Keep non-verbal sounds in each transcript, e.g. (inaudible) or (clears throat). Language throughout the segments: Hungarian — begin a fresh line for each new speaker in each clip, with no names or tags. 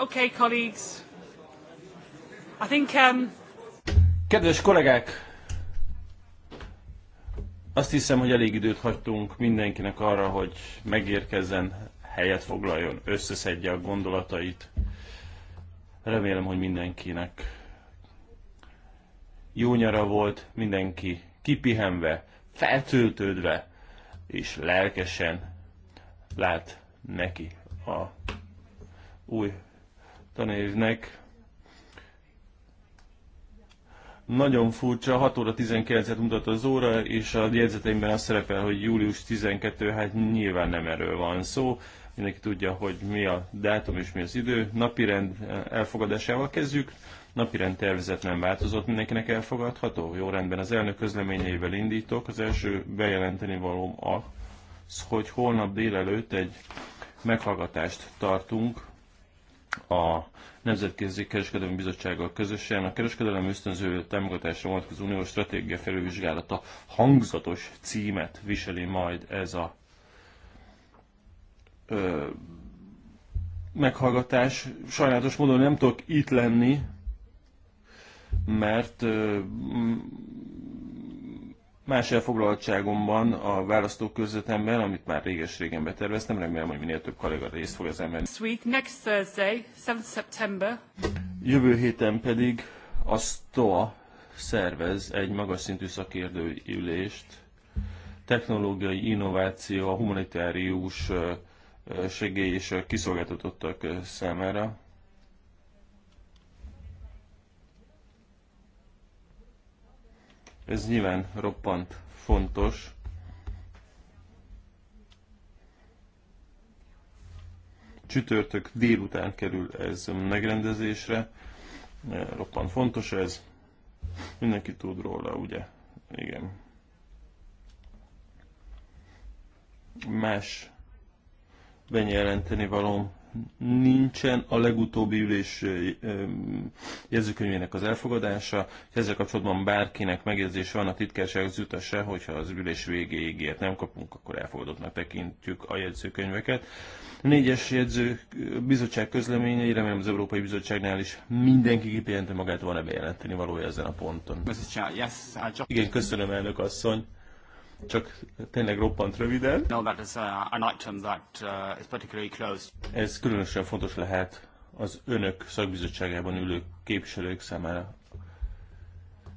Okay, colleagues. I think, um...
Kedves kollégák! Azt hiszem, hogy elég időt hagytunk mindenkinek arra, hogy megérkezzen, helyet foglaljon, összeszedje a gondolatait. Remélem, hogy mindenkinek jó nyara volt, mindenki kipihenve, feltöltődve és lelkesen lát neki a új tanévnek. Nagyon furcsa, 6 óra 19-et mutat az óra, és a jegyzeteimben az szerepel, hogy július 12, hát nyilván nem erről van szó. Mindenki tudja, hogy mi a dátum és mi az idő. Napirend elfogadásával kezdjük. Napirend tervezet nem változott, mindenkinek elfogadható. Jó rendben, az elnök közleményeivel indítok. Az első bejelenteni valóm az, hogy holnap délelőtt egy meghallgatást tartunk a Nemzetközi Kereskedelmi Bizottsággal közösen a kereskedelem ösztönző támogatásra vonatkozó uniós stratégia felülvizsgálata hangzatos címet viseli majd ez a ö, meghallgatás. Sajnálatos módon nem tudok itt lenni, mert ö, Más elfoglaltságomban a választók közvetemben, amit már réges-régen beterveztem, remélem, hogy minél több kollega részt fog az ember.
next Thursday, 7 September.
Jövő héten pedig a STOA szervez egy magas szintű szakértői ülést, technológiai innováció, a humanitárius segély és a kiszolgáltatottak számára. Ez nyilván roppant fontos. Csütörtök délután kerül ez megrendezésre. Eh, roppant fontos ez. Mindenki tud róla, ugye? Igen. Más bejelenteni való nincsen. A legutóbbi ülés jegyzőkönyvének az elfogadása. Ezzel kapcsolatban bárkinek megjegyzése van a titkárság az jutassa, hogyha az ülés végéig ért nem kapunk, akkor elfogadottnak tekintjük a jegyzőkönyveket. A négyes jegyző bizottság közleménye remélem az Európai Bizottságnál is mindenki kipihente magát, van-e bejelenteni valója ezen a ponton. Igen, köszönöm elnök asszony. Csak tényleg roppant röviden. No, that is uh, an item that uh, is particularly close. Ez különösen fontos lehet az önök szakbizottságában ülő képviselők számára.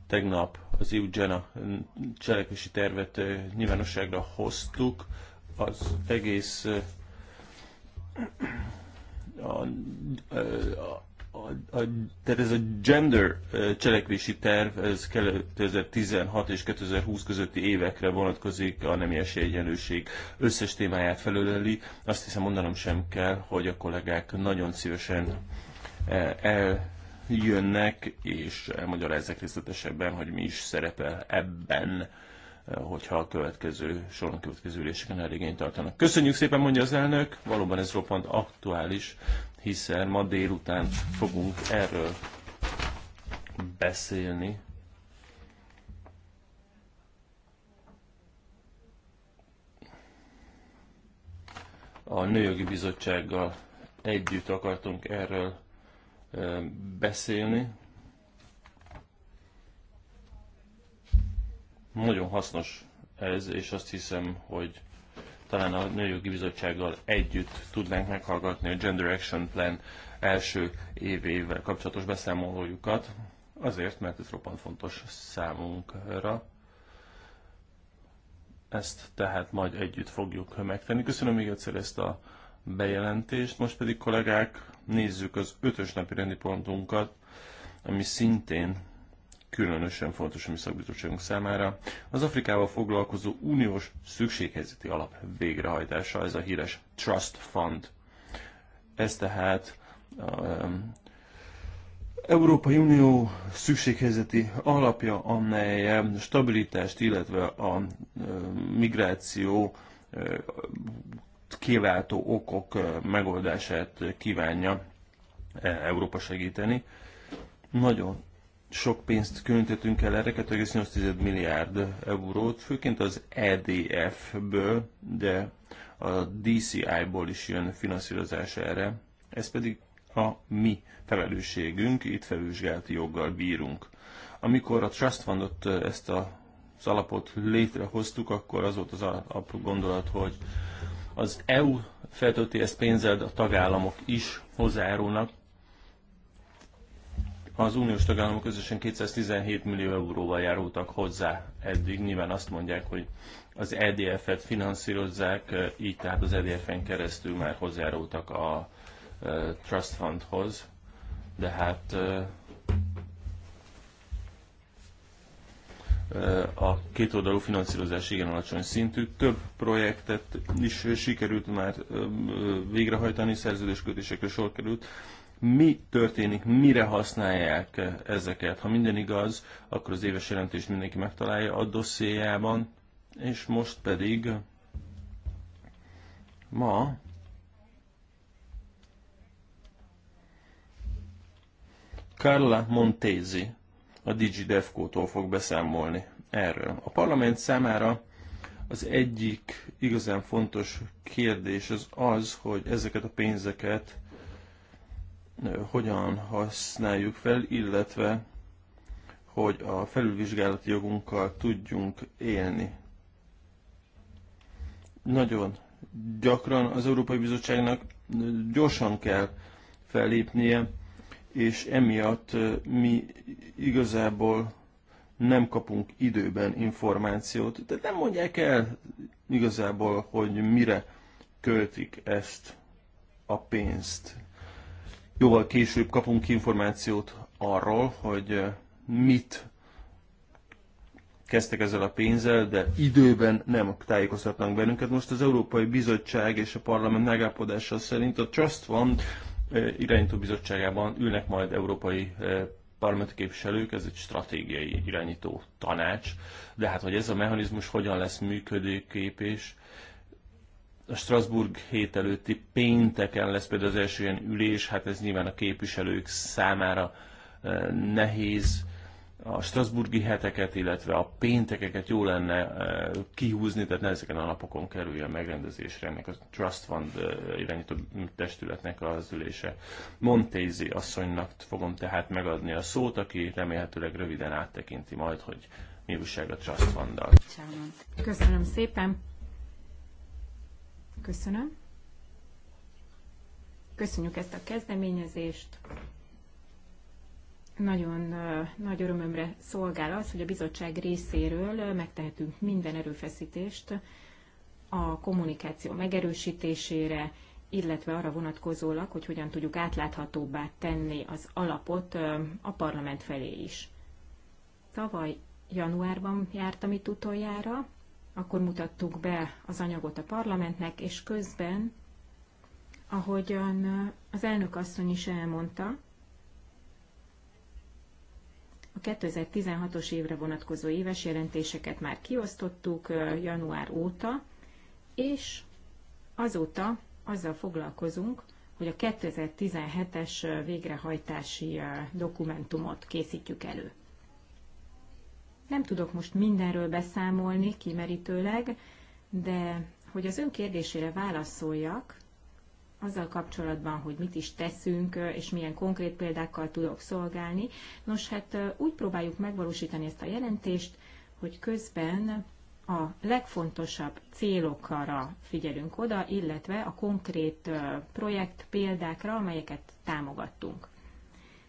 Tegnap az eu cselekvési tervet uh, nyilvánosságra hoztuk. Az egész a, a, a, a, tehát ez a gender cselekvési terv, ez 2016 és 2020 közötti évekre vonatkozik, a nemi esélyegyenlőség összes témáját felöleli. Azt hiszem mondanom sem kell, hogy a kollégák nagyon szívesen e, eljönnek, és elmagyarázzák részletesebben, hogy mi is szerepel ebben hogyha a következő soron következő üléseken elégényt tartanak. Köszönjük szépen, mondja az elnök, valóban ez roppant aktuális, hiszen ma délután fogunk erről beszélni. A Nőjogi Bizottsággal együtt akartunk erről beszélni, Nagyon hasznos ez, és azt hiszem, hogy talán a Nőjogi Bizottsággal együtt tudnánk meghallgatni a Gender Action Plan első évével kapcsolatos beszámolójukat, azért, mert ez roppant fontos számunkra. Ezt tehát majd együtt fogjuk megtenni. Köszönöm még egyszer ezt a bejelentést. Most pedig kollégák, nézzük az ötös napi rendi pontunkat, ami szintén különösen fontos a mi szakbizottságunk számára. Az Afrikával foglalkozó uniós szükséghelyzeti alap végrehajtása, ez a híres Trust Fund. Ez tehát um, Európai Unió szükséghelyzeti alapja, amely stabilitást, illetve a um, migráció um, kiváltó okok um, megoldását kívánja e, Európa segíteni. Nagyon sok pénzt különítettünk el erre, 2,8 milliárd eurót, főként az EDF-ből, de a DCI-ból is jön finanszírozás erre. Ez pedig a mi felelősségünk, itt felvizsgálati joggal bírunk. Amikor a Trust Fundot, ezt a, az alapot létrehoztuk, akkor az volt az apró gondolat, hogy az EU feltölti ezt pénzzel, de a tagállamok is hozzájárulnak, az uniós tagállamok közösen 217 millió euróval járultak hozzá eddig. Nyilván azt mondják, hogy az EDF-et finanszírozzák, így tehát az EDF-en keresztül már hozzájárultak a Trust Fundhoz, de hát a kétoldalú finanszírozás igen alacsony szintű. Több projektet is sikerült már végrehajtani, szerződéskötésekre sor került, mi történik, mire használják ezeket. Ha minden igaz, akkor az éves jelentést mindenki megtalálja a dossziéjában, és most pedig ma Carla Montesi a digidevco tól fog beszámolni erről. A parlament számára az egyik igazán fontos kérdés az az, hogy ezeket a pénzeket hogyan használjuk fel, illetve hogy a felülvizsgálati jogunkkal tudjunk élni. Nagyon gyakran az Európai Bizottságnak gyorsan kell fellépnie, és emiatt mi igazából nem kapunk időben információt, Tehát nem mondják el igazából, hogy mire költik ezt a pénzt. Jóval később kapunk információt arról, hogy mit kezdtek ezzel a pénzzel, de időben nem tájékoztatnak bennünket. Most az Európai Bizottság és a Parlament megállapodása szerint a Trust Fund irányító bizottságában ülnek majd európai parlamenti képviselők, ez egy stratégiai irányító tanács, de hát hogy ez a mechanizmus hogyan lesz működőképes, a Strasbourg hét előtti pénteken lesz például az első ilyen ülés, hát ez nyilván a képviselők számára eh, nehéz. A Strasburgi heteket, illetve a péntekeket jó lenne eh, kihúzni, tehát ne ezeken a napokon kerüljön megrendezésre ennek a Trust Fund eh, irányító testületnek az ülése. Montézi asszonynak fogom tehát megadni a szót, aki remélhetőleg röviden áttekinti majd, hogy mi újság a Trust fund Fund-dal.
Köszönöm szépen! Köszönöm. Köszönjük ezt a kezdeményezést. Nagyon nagy örömömre szolgál az, hogy a bizottság részéről megtehetünk minden erőfeszítést a kommunikáció megerősítésére, illetve arra vonatkozólag, hogy hogyan tudjuk átláthatóbbá tenni az alapot a parlament felé is. Tavaly januárban jártam itt utoljára, akkor mutattuk be az anyagot a parlamentnek, és közben, ahogyan az elnök asszony is elmondta, a 2016-os évre vonatkozó éves jelentéseket már kiosztottuk január óta, és azóta azzal foglalkozunk, hogy a 2017-es végrehajtási dokumentumot készítjük elő. Nem tudok most mindenről beszámolni kimerítőleg, de hogy az ön kérdésére válaszoljak, azzal kapcsolatban, hogy mit is teszünk, és milyen konkrét példákkal tudok szolgálni. Nos, hát úgy próbáljuk megvalósítani ezt a jelentést, hogy közben a legfontosabb célokra figyelünk oda, illetve a konkrét projekt példákra, amelyeket támogattunk.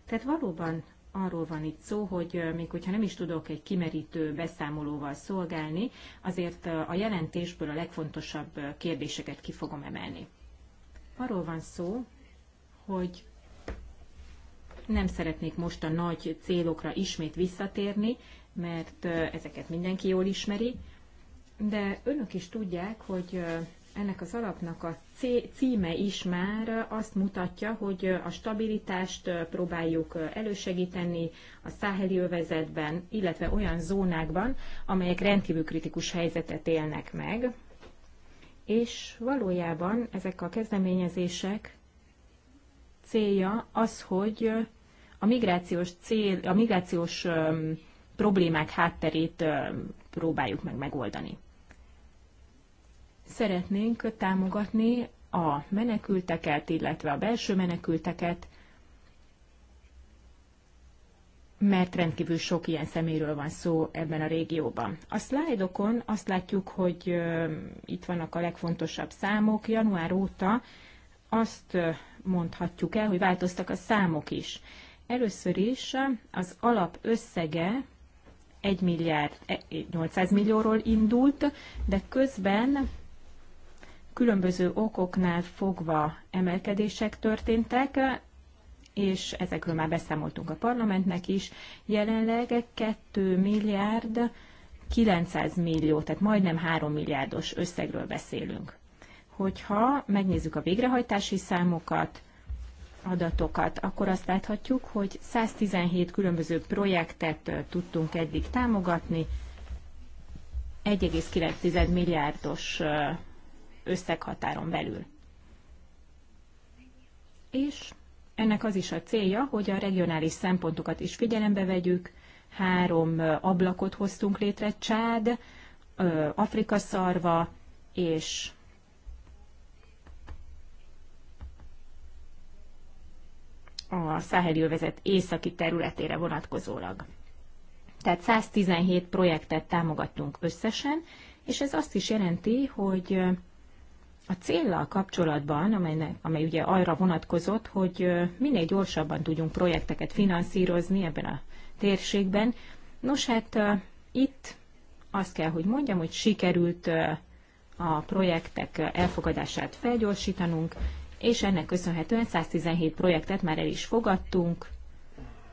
Tehát valóban arról van itt szó, hogy még hogyha nem is tudok egy kimerítő beszámolóval szolgálni, azért a jelentésből a legfontosabb kérdéseket ki fogom emelni. Arról van szó, hogy nem szeretnék most a nagy célokra ismét visszatérni, mert ezeket mindenki jól ismeri, de önök is tudják, hogy ennek az alapnak a címe is már azt mutatja, hogy a stabilitást próbáljuk elősegíteni a száheli övezetben, illetve olyan zónákban, amelyek rendkívül kritikus helyzetet élnek meg. És valójában ezek a kezdeményezések célja az, hogy a migrációs, cél, a migrációs problémák hátterét próbáljuk meg megoldani. Szeretnénk támogatni a menekülteket, illetve a belső menekülteket, mert rendkívül sok ilyen szeméről van szó ebben a régióban. A szlájdokon azt látjuk, hogy itt vannak a legfontosabb számok. Január óta azt mondhatjuk el, hogy változtak a számok is. Először is az alap összege 1 milliárd 800 e, millióról indult, de közben különböző okoknál fogva emelkedések történtek, és ezekről már beszámoltunk a parlamentnek is. Jelenleg 2 milliárd 900 millió, tehát majdnem 3 milliárdos összegről beszélünk. Hogyha megnézzük a végrehajtási számokat, adatokat, akkor azt láthatjuk, hogy 117 különböző projektet tudtunk eddig támogatni, 1,9 milliárdos összeghatáron belül. És ennek az is a célja, hogy a regionális szempontokat is figyelembe vegyük. Három ablakot hoztunk létre, Csád, Afrika szarva és a száheli övezet északi területére vonatkozólag. Tehát 117 projektet támogattunk összesen, és ez azt is jelenti, hogy a céllal kapcsolatban, amely, amely ugye arra vonatkozott, hogy minél gyorsabban tudjunk projekteket finanszírozni ebben a térségben, nos hát itt azt kell, hogy mondjam, hogy sikerült a projektek elfogadását felgyorsítanunk, és ennek köszönhetően 117 projektet már el is fogadtunk,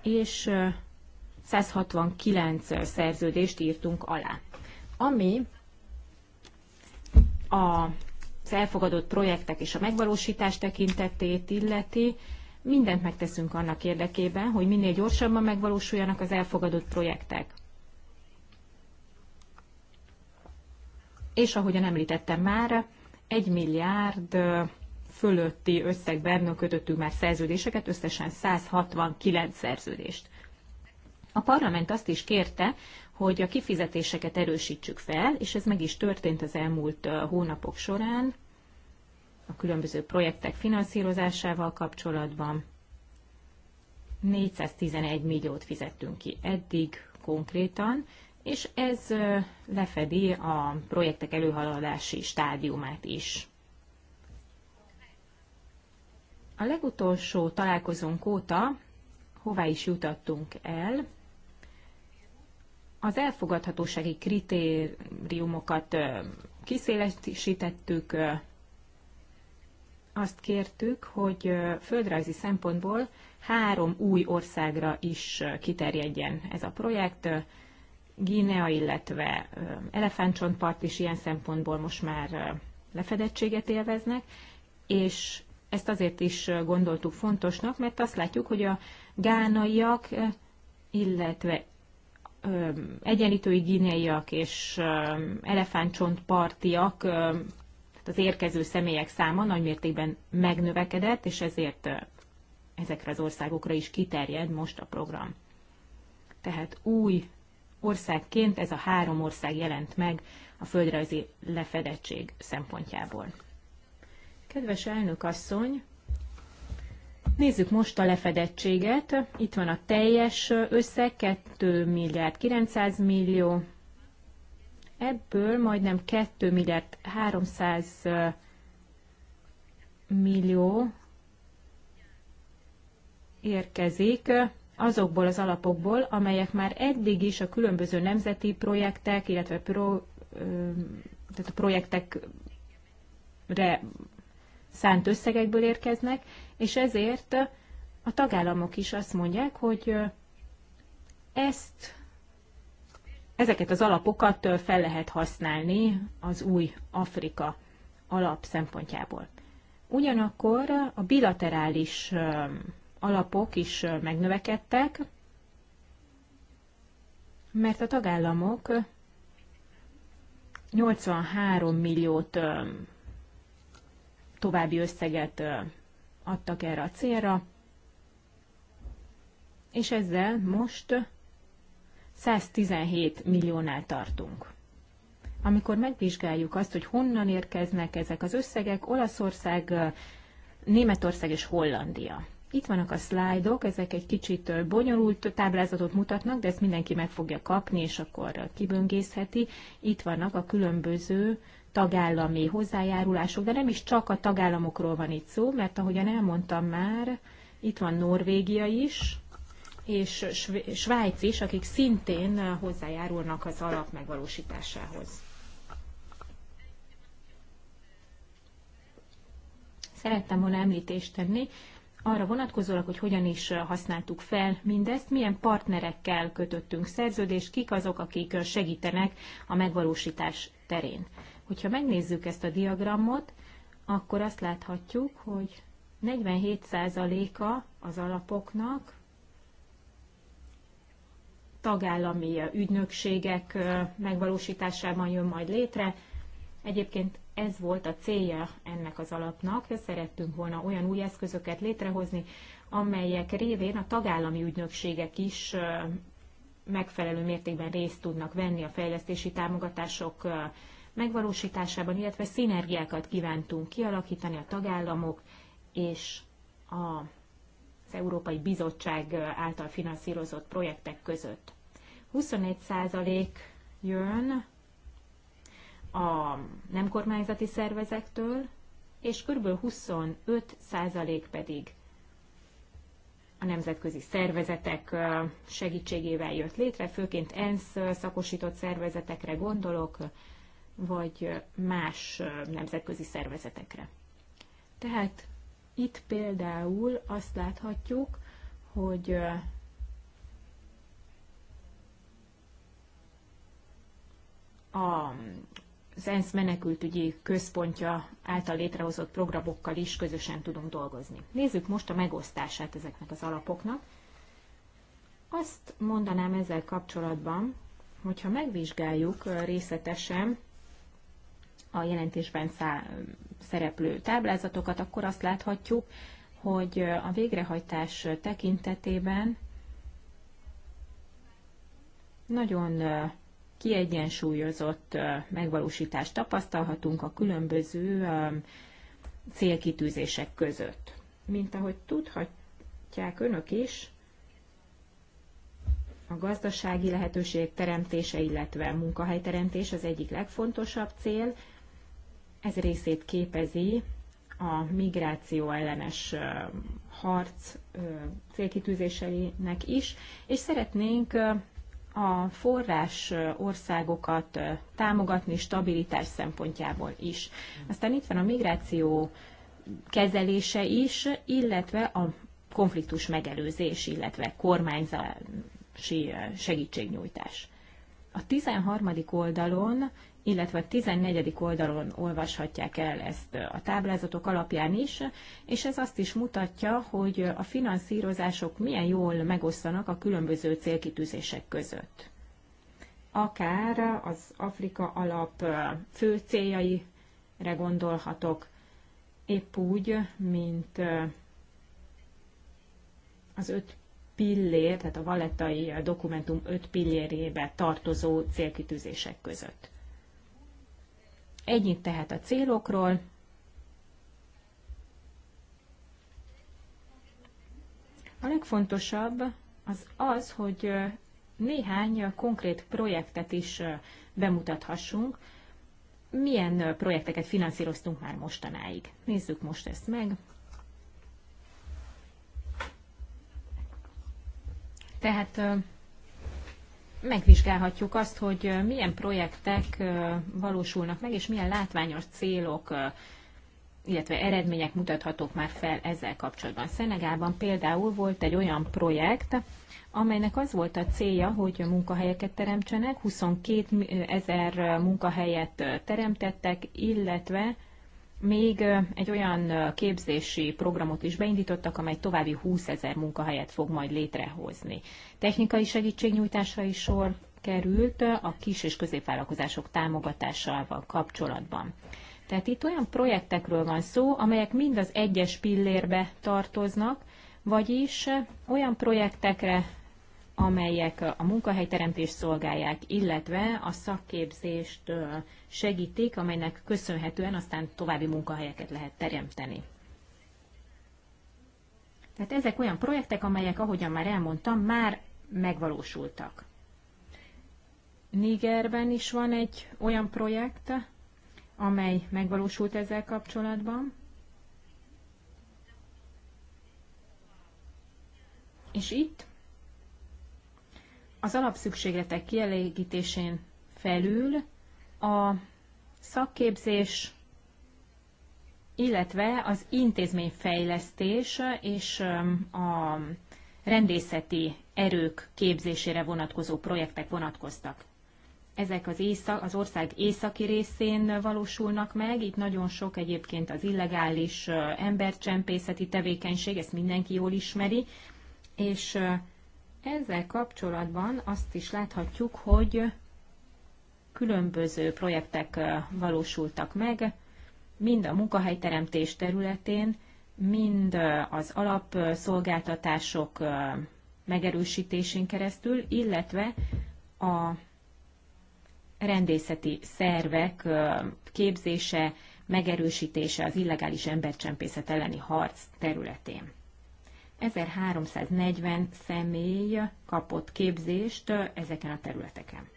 és 169 szerződést írtunk alá. Ami a az elfogadott projektek és a megvalósítás tekintetét illeti, mindent megteszünk annak érdekében, hogy minél gyorsabban megvalósuljanak az elfogadott projektek. És ahogyan említettem már, egy milliárd fölötti összegben kötöttünk már szerződéseket, összesen 169 szerződést. A parlament azt is kérte, hogy a kifizetéseket erősítsük fel, és ez meg is történt az elmúlt hónapok során a különböző projektek finanszírozásával kapcsolatban. 411 milliót fizettünk ki eddig konkrétan, és ez lefedi a projektek előhaladási stádiumát is. A legutolsó találkozónk óta hová is jutattunk el, az elfogadhatósági kritériumokat kiszélesítettük, azt kértük, hogy földrajzi szempontból három új országra is kiterjedjen ez a projekt. Guinea, illetve elefántcsontpart is ilyen szempontból most már lefedettséget élveznek, és ezt azért is gondoltuk fontosnak, mert azt látjuk, hogy a gánaiak, illetve egyenlítői guineaiak és elefántcsontpartiak, tehát az érkező személyek száma nagymértékben megnövekedett, és ezért ezekre az országokra is kiterjed most a program. Tehát új országként ez a három ország jelent meg a földrajzi lefedettség szempontjából. Kedves elnök asszony, Nézzük most a lefedettséget. Itt van a teljes összeg, 2 milliárd 900 millió. Ebből majdnem 2 milliárd 300 millió érkezik azokból az alapokból, amelyek már eddig is a különböző nemzeti projektek, illetve pro, tehát a projektekre szánt összegekből érkeznek, és ezért a tagállamok is azt mondják, hogy ezt, ezeket az alapokat fel lehet használni az új Afrika alap szempontjából. Ugyanakkor a bilaterális alapok is megnövekedtek, mert a tagállamok 83 milliót további összeget adtak erre a célra, és ezzel most 117 milliónál tartunk. Amikor megvizsgáljuk azt, hogy honnan érkeznek ezek az összegek, Olaszország, Németország és Hollandia. Itt vannak a szlájdok, ezek egy kicsit bonyolult táblázatot mutatnak, de ezt mindenki meg fogja kapni, és akkor kiböngészheti. Itt vannak a különböző tagállami hozzájárulások, de nem is csak a tagállamokról van itt szó, mert ahogyan elmondtam már, itt van Norvégia is, és Svájc is, akik szintén hozzájárulnak az alap megvalósításához. Szerettem volna említést tenni arra vonatkozólag, hogy hogyan is használtuk fel mindezt, milyen partnerekkel kötöttünk szerződést, kik azok, akik segítenek a megvalósítás terén. Hogyha megnézzük ezt a diagramot, akkor azt láthatjuk, hogy 47%-a az alapoknak tagállami ügynökségek megvalósításában jön majd létre. Egyébként ez volt a célja ennek az alapnak, hogy szerettünk volna olyan új eszközöket létrehozni, amelyek révén a tagállami ügynökségek is megfelelő mértékben részt tudnak venni a fejlesztési támogatások megvalósításában, illetve szinergiákat kívántunk kialakítani a tagállamok és a az Európai Bizottság által finanszírozott projektek között. 21% jön a nem kormányzati szervezektől, és kb. 25% pedig a nemzetközi szervezetek segítségével jött létre, főként ENSZ szakosított szervezetekre gondolok, vagy más nemzetközi szervezetekre. Tehát itt például azt láthatjuk, hogy a az ENSZ menekültügyi központja által létrehozott programokkal is közösen tudunk dolgozni. Nézzük most a megosztását ezeknek az alapoknak. Azt mondanám ezzel kapcsolatban, hogyha megvizsgáljuk részletesen a jelentésben szá, szereplő táblázatokat, akkor azt láthatjuk, hogy a végrehajtás tekintetében nagyon kiegyensúlyozott megvalósítást tapasztalhatunk a különböző célkitűzések között. Mint ahogy tudhatják önök is, a gazdasági lehetőségek teremtése, illetve munkahelyteremtés az egyik legfontosabb cél, ez részét képezi a migráció ellenes harc célkitűzéseinek is, és szeretnénk a forrás országokat támogatni stabilitás szempontjából is. Aztán itt van a migráció kezelése is, illetve a konfliktus megelőzés, illetve kormányzási segítségnyújtás. A 13. oldalon illetve a 14. oldalon olvashatják el ezt a táblázatok alapján is, és ez azt is mutatja, hogy a finanszírozások milyen jól megosztanak a különböző célkitűzések között. Akár az Afrika alap fő céljaire gondolhatok, épp úgy, mint az öt pillér, tehát a valettai dokumentum öt pillérébe tartozó célkitűzések között. Ennyit tehát a célokról. A legfontosabb az az, hogy néhány konkrét projektet is bemutathassunk. Milyen projekteket finanszíroztunk már mostanáig? Nézzük most ezt meg. Tehát megvizsgálhatjuk azt, hogy milyen projektek valósulnak meg, és milyen látványos célok, illetve eredmények mutathatók már fel ezzel kapcsolatban. Szenegában például volt egy olyan projekt, amelynek az volt a célja, hogy munkahelyeket teremtsenek, 22 ezer munkahelyet teremtettek, illetve még egy olyan képzési programot is beindítottak, amely további 20 ezer munkahelyet fog majd létrehozni. Technikai segítségnyújtásra is sor került a kis és középvállalkozások támogatásával kapcsolatban. Tehát itt olyan projektekről van szó, amelyek mind az egyes pillérbe tartoznak, vagyis olyan projektekre amelyek a munkahelyteremtést szolgálják, illetve a szakképzést segítik, amelynek köszönhetően aztán további munkahelyeket lehet teremteni. Tehát ezek olyan projektek, amelyek, ahogyan már elmondtam, már megvalósultak. Nigerben is van egy olyan projekt, amely megvalósult ezzel kapcsolatban. És itt az alapszükségletek kielégítésén felül a szakképzés, illetve az intézményfejlesztés és a rendészeti erők képzésére vonatkozó projektek vonatkoztak. Ezek az, észak, az ország északi részén valósulnak meg, itt nagyon sok egyébként az illegális embercsempészeti tevékenység, ezt mindenki jól ismeri, és ezzel kapcsolatban azt is láthatjuk, hogy különböző projektek valósultak meg, mind a munkahelyteremtés területén, mind az alapszolgáltatások megerősítésén keresztül, illetve a rendészeti szervek képzése, megerősítése az illegális embercsempészet elleni harc területén. 1340 személy kapott képzést ezeken a területeken.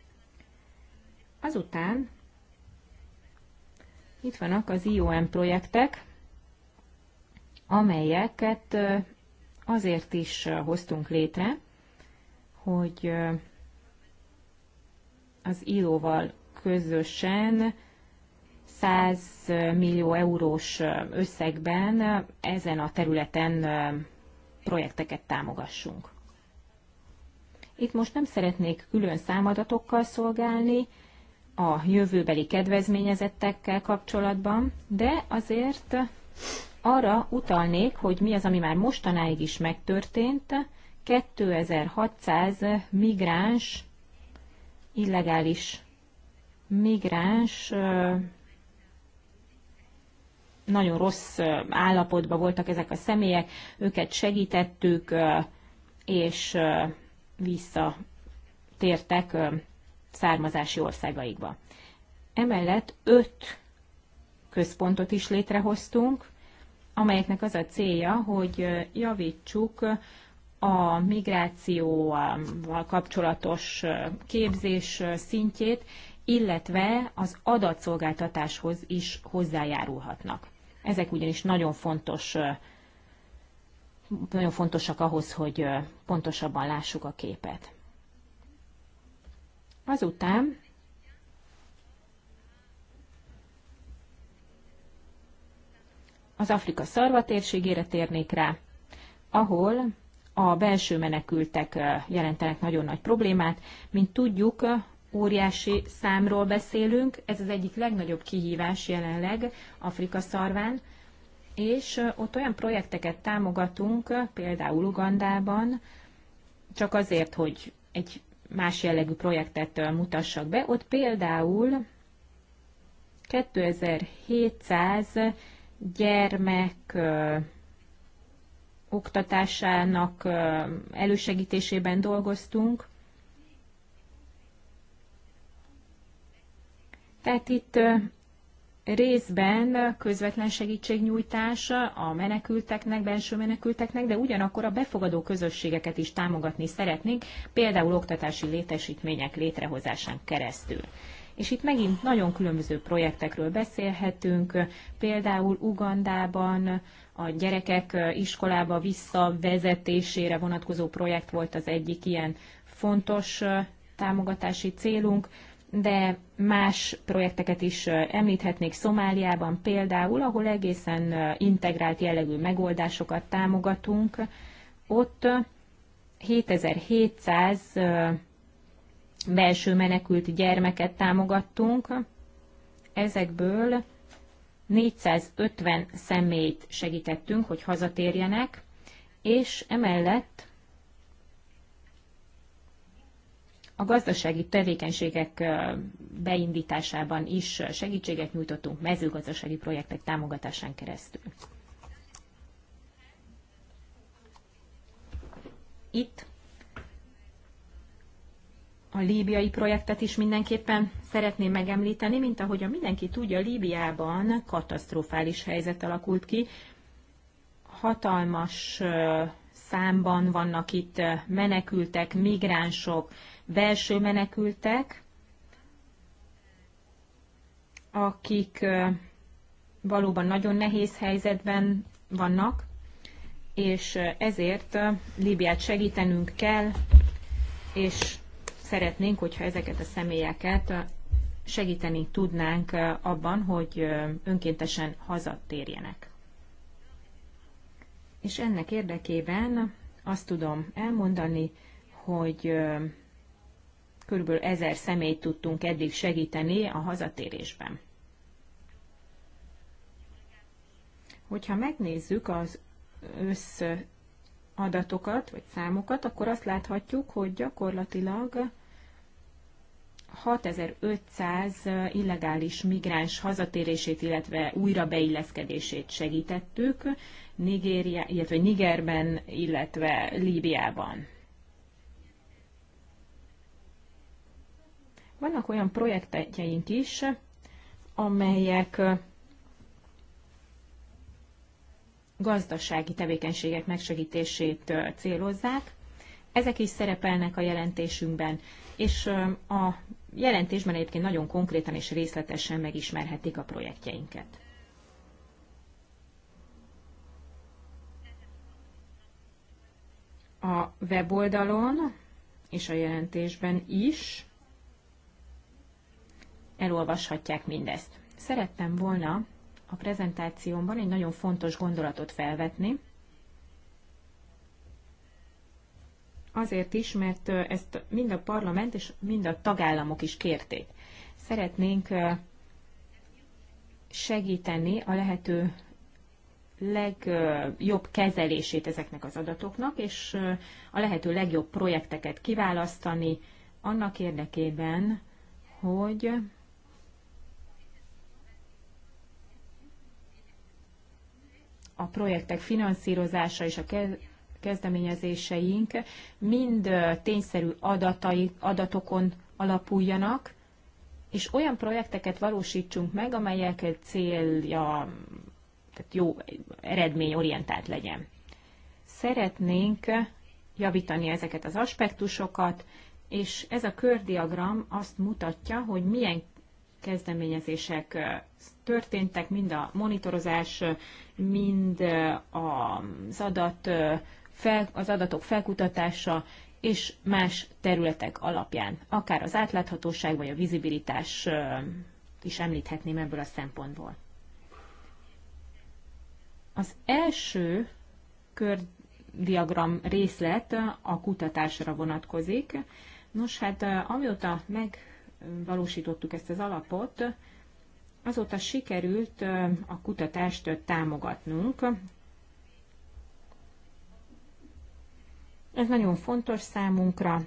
Azután itt vannak az IOM projektek, amelyeket azért is hoztunk létre, hogy az ILO-val közösen 100 millió eurós összegben ezen a területen projekteket támogassunk. Itt most nem szeretnék külön számadatokkal szolgálni a jövőbeli kedvezményezettekkel kapcsolatban, de azért arra utalnék, hogy mi az, ami már mostanáig is megtörtént. 2600 migráns, illegális migráns nagyon rossz állapotban voltak ezek a személyek, őket segítettük, és visszatértek származási országaikba. Emellett öt központot is létrehoztunk, amelyeknek az a célja, hogy javítsuk a migrációval kapcsolatos képzés szintjét, illetve az adatszolgáltatáshoz is hozzájárulhatnak. Ezek ugyanis nagyon fontos nagyon fontosak ahhoz, hogy pontosabban lássuk a képet. Azután az Afrika szarva térségére térnék rá, ahol a belső menekültek jelentenek nagyon nagy problémát. Mint tudjuk, óriási számról beszélünk, ez az egyik legnagyobb kihívás jelenleg Afrika szarván, és ott olyan projekteket támogatunk, például Ugandában, csak azért, hogy egy más jellegű projektet mutassak be. Ott például 2700 gyermek oktatásának elősegítésében dolgoztunk, Tehát itt részben közvetlen segítségnyújtása a menekülteknek, belső menekülteknek, de ugyanakkor a befogadó közösségeket is támogatni szeretnénk, például oktatási létesítmények létrehozásán keresztül. És itt megint nagyon különböző projektekről beszélhetünk, például Ugandában a gyerekek iskolába visszavezetésére vonatkozó projekt volt az egyik ilyen fontos támogatási célunk, de más projekteket is említhetnék Szomáliában például, ahol egészen integrált jellegű megoldásokat támogatunk. Ott 7700 belső menekült gyermeket támogattunk, ezekből 450 személyt segítettünk, hogy hazatérjenek, és emellett gazdasági tevékenységek beindításában is segítséget nyújtottunk mezőgazdasági projektek támogatásán keresztül. Itt a líbiai projektet is mindenképpen szeretném megemlíteni, mint ahogy a mindenki tudja, Líbiában katasztrofális helyzet alakult ki. Hatalmas számban vannak itt menekültek, migránsok, belső menekültek, akik valóban nagyon nehéz helyzetben vannak, és ezért Líbiát segítenünk kell, és szeretnénk, hogyha ezeket a személyeket segíteni tudnánk abban, hogy önkéntesen hazatérjenek. És ennek érdekében azt tudom elmondani, hogy Körülbelül ezer személyt tudtunk eddig segíteni a hazatérésben. Hogyha megnézzük az össz adatokat vagy számokat, akkor azt láthatjuk, hogy gyakorlatilag 6500 illegális migráns hazatérését, illetve újra beilleszkedését segítettük, Nigéria, illetve Nigerben, illetve Líbiában. Vannak olyan projektjeink is, amelyek gazdasági tevékenységek megsegítését célozzák. Ezek is szerepelnek a jelentésünkben, és a jelentésben egyébként nagyon konkrétan és részletesen megismerhetik a projektjeinket. A weboldalon és a jelentésben is elolvashatják mindezt. Szerettem volna a prezentációmban egy nagyon fontos gondolatot felvetni, azért is, mert ezt mind a parlament és mind a tagállamok is kérték. Szeretnénk segíteni a lehető legjobb kezelését ezeknek az adatoknak, és a lehető legjobb projekteket kiválasztani annak érdekében, hogy a projektek finanszírozása és a kezdeményezéseink mind tényszerű adatai, adatokon alapuljanak, és olyan projekteket valósítsunk meg, amelyek célja tehát jó eredményorientált legyen. Szeretnénk javítani ezeket az aspektusokat, és ez a kördiagram azt mutatja, hogy milyen kezdeményezések történtek, mind a monitorozás, mind az, adat, fel, az adatok felkutatása, és más területek alapján, akár az átláthatóság vagy a vizibilitás is említhetném ebből a szempontból. Az első kördiagram részlet a kutatásra vonatkozik. Nos, hát amióta meg valósítottuk ezt az alapot, azóta sikerült a kutatást támogatnunk. Ez nagyon fontos számunkra.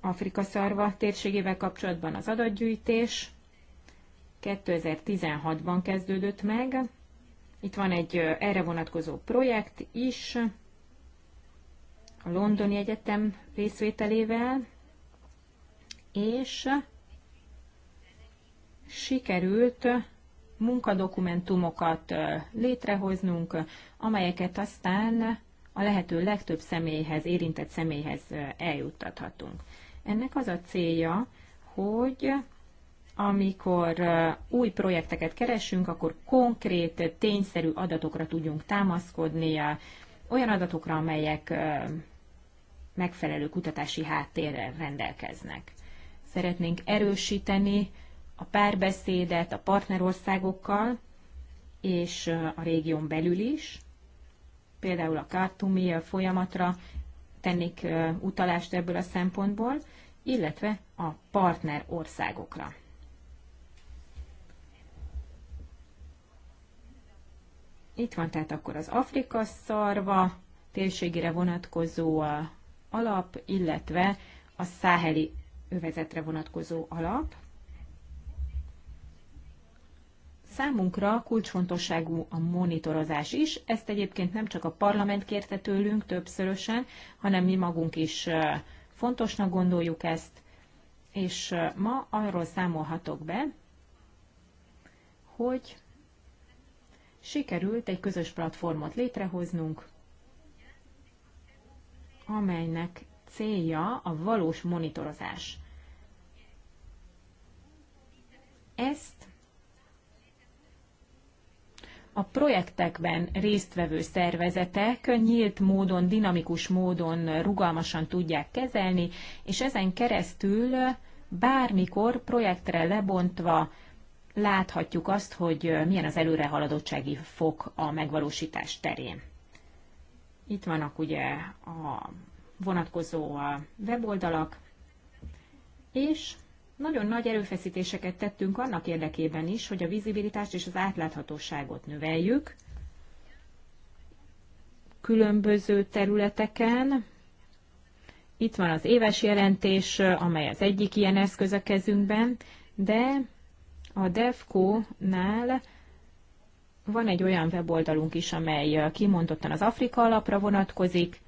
Afrika szarva térségével kapcsolatban az adatgyűjtés 2016-ban kezdődött meg. Itt van egy erre vonatkozó projekt is, a Londoni Egyetem részvételével, és sikerült munkadokumentumokat létrehoznunk, amelyeket aztán a lehető legtöbb személyhez, érintett személyhez eljuttathatunk. Ennek az a célja, hogy amikor új projekteket keresünk, akkor konkrét, tényszerű adatokra tudjunk támaszkodni, olyan adatokra, amelyek megfelelő kutatási háttérrel rendelkeznek szeretnénk erősíteni a párbeszédet a partnerországokkal és a régión belül is. Például a kártumi folyamatra tennék utalást ebből a szempontból, illetve a partner országokra. Itt van tehát akkor az Afrika szarva, térségére vonatkozó alap, illetve a száheli övezetre vonatkozó alap. Számunkra kulcsfontosságú a monitorozás is, ezt egyébként nem csak a parlament kérte tőlünk többszörösen, hanem mi magunk is fontosnak gondoljuk ezt, és ma arról számolhatok be, hogy sikerült egy közös platformot létrehoznunk, amelynek célja a valós monitorozás. Ezt a projektekben résztvevő szervezetek nyílt módon, dinamikus módon, rugalmasan tudják kezelni, és ezen keresztül bármikor projektre lebontva láthatjuk azt, hogy milyen az előrehaladottsági fok a megvalósítás terén. Itt vannak ugye a vonatkozó a weboldalak, és nagyon nagy erőfeszítéseket tettünk annak érdekében is, hogy a vizibilitást és az átláthatóságot növeljük különböző területeken. Itt van az éves jelentés, amely az egyik ilyen eszköz a kezünkben, de a DEFCO-nál van egy olyan weboldalunk is, amely kimondottan az Afrika alapra vonatkozik,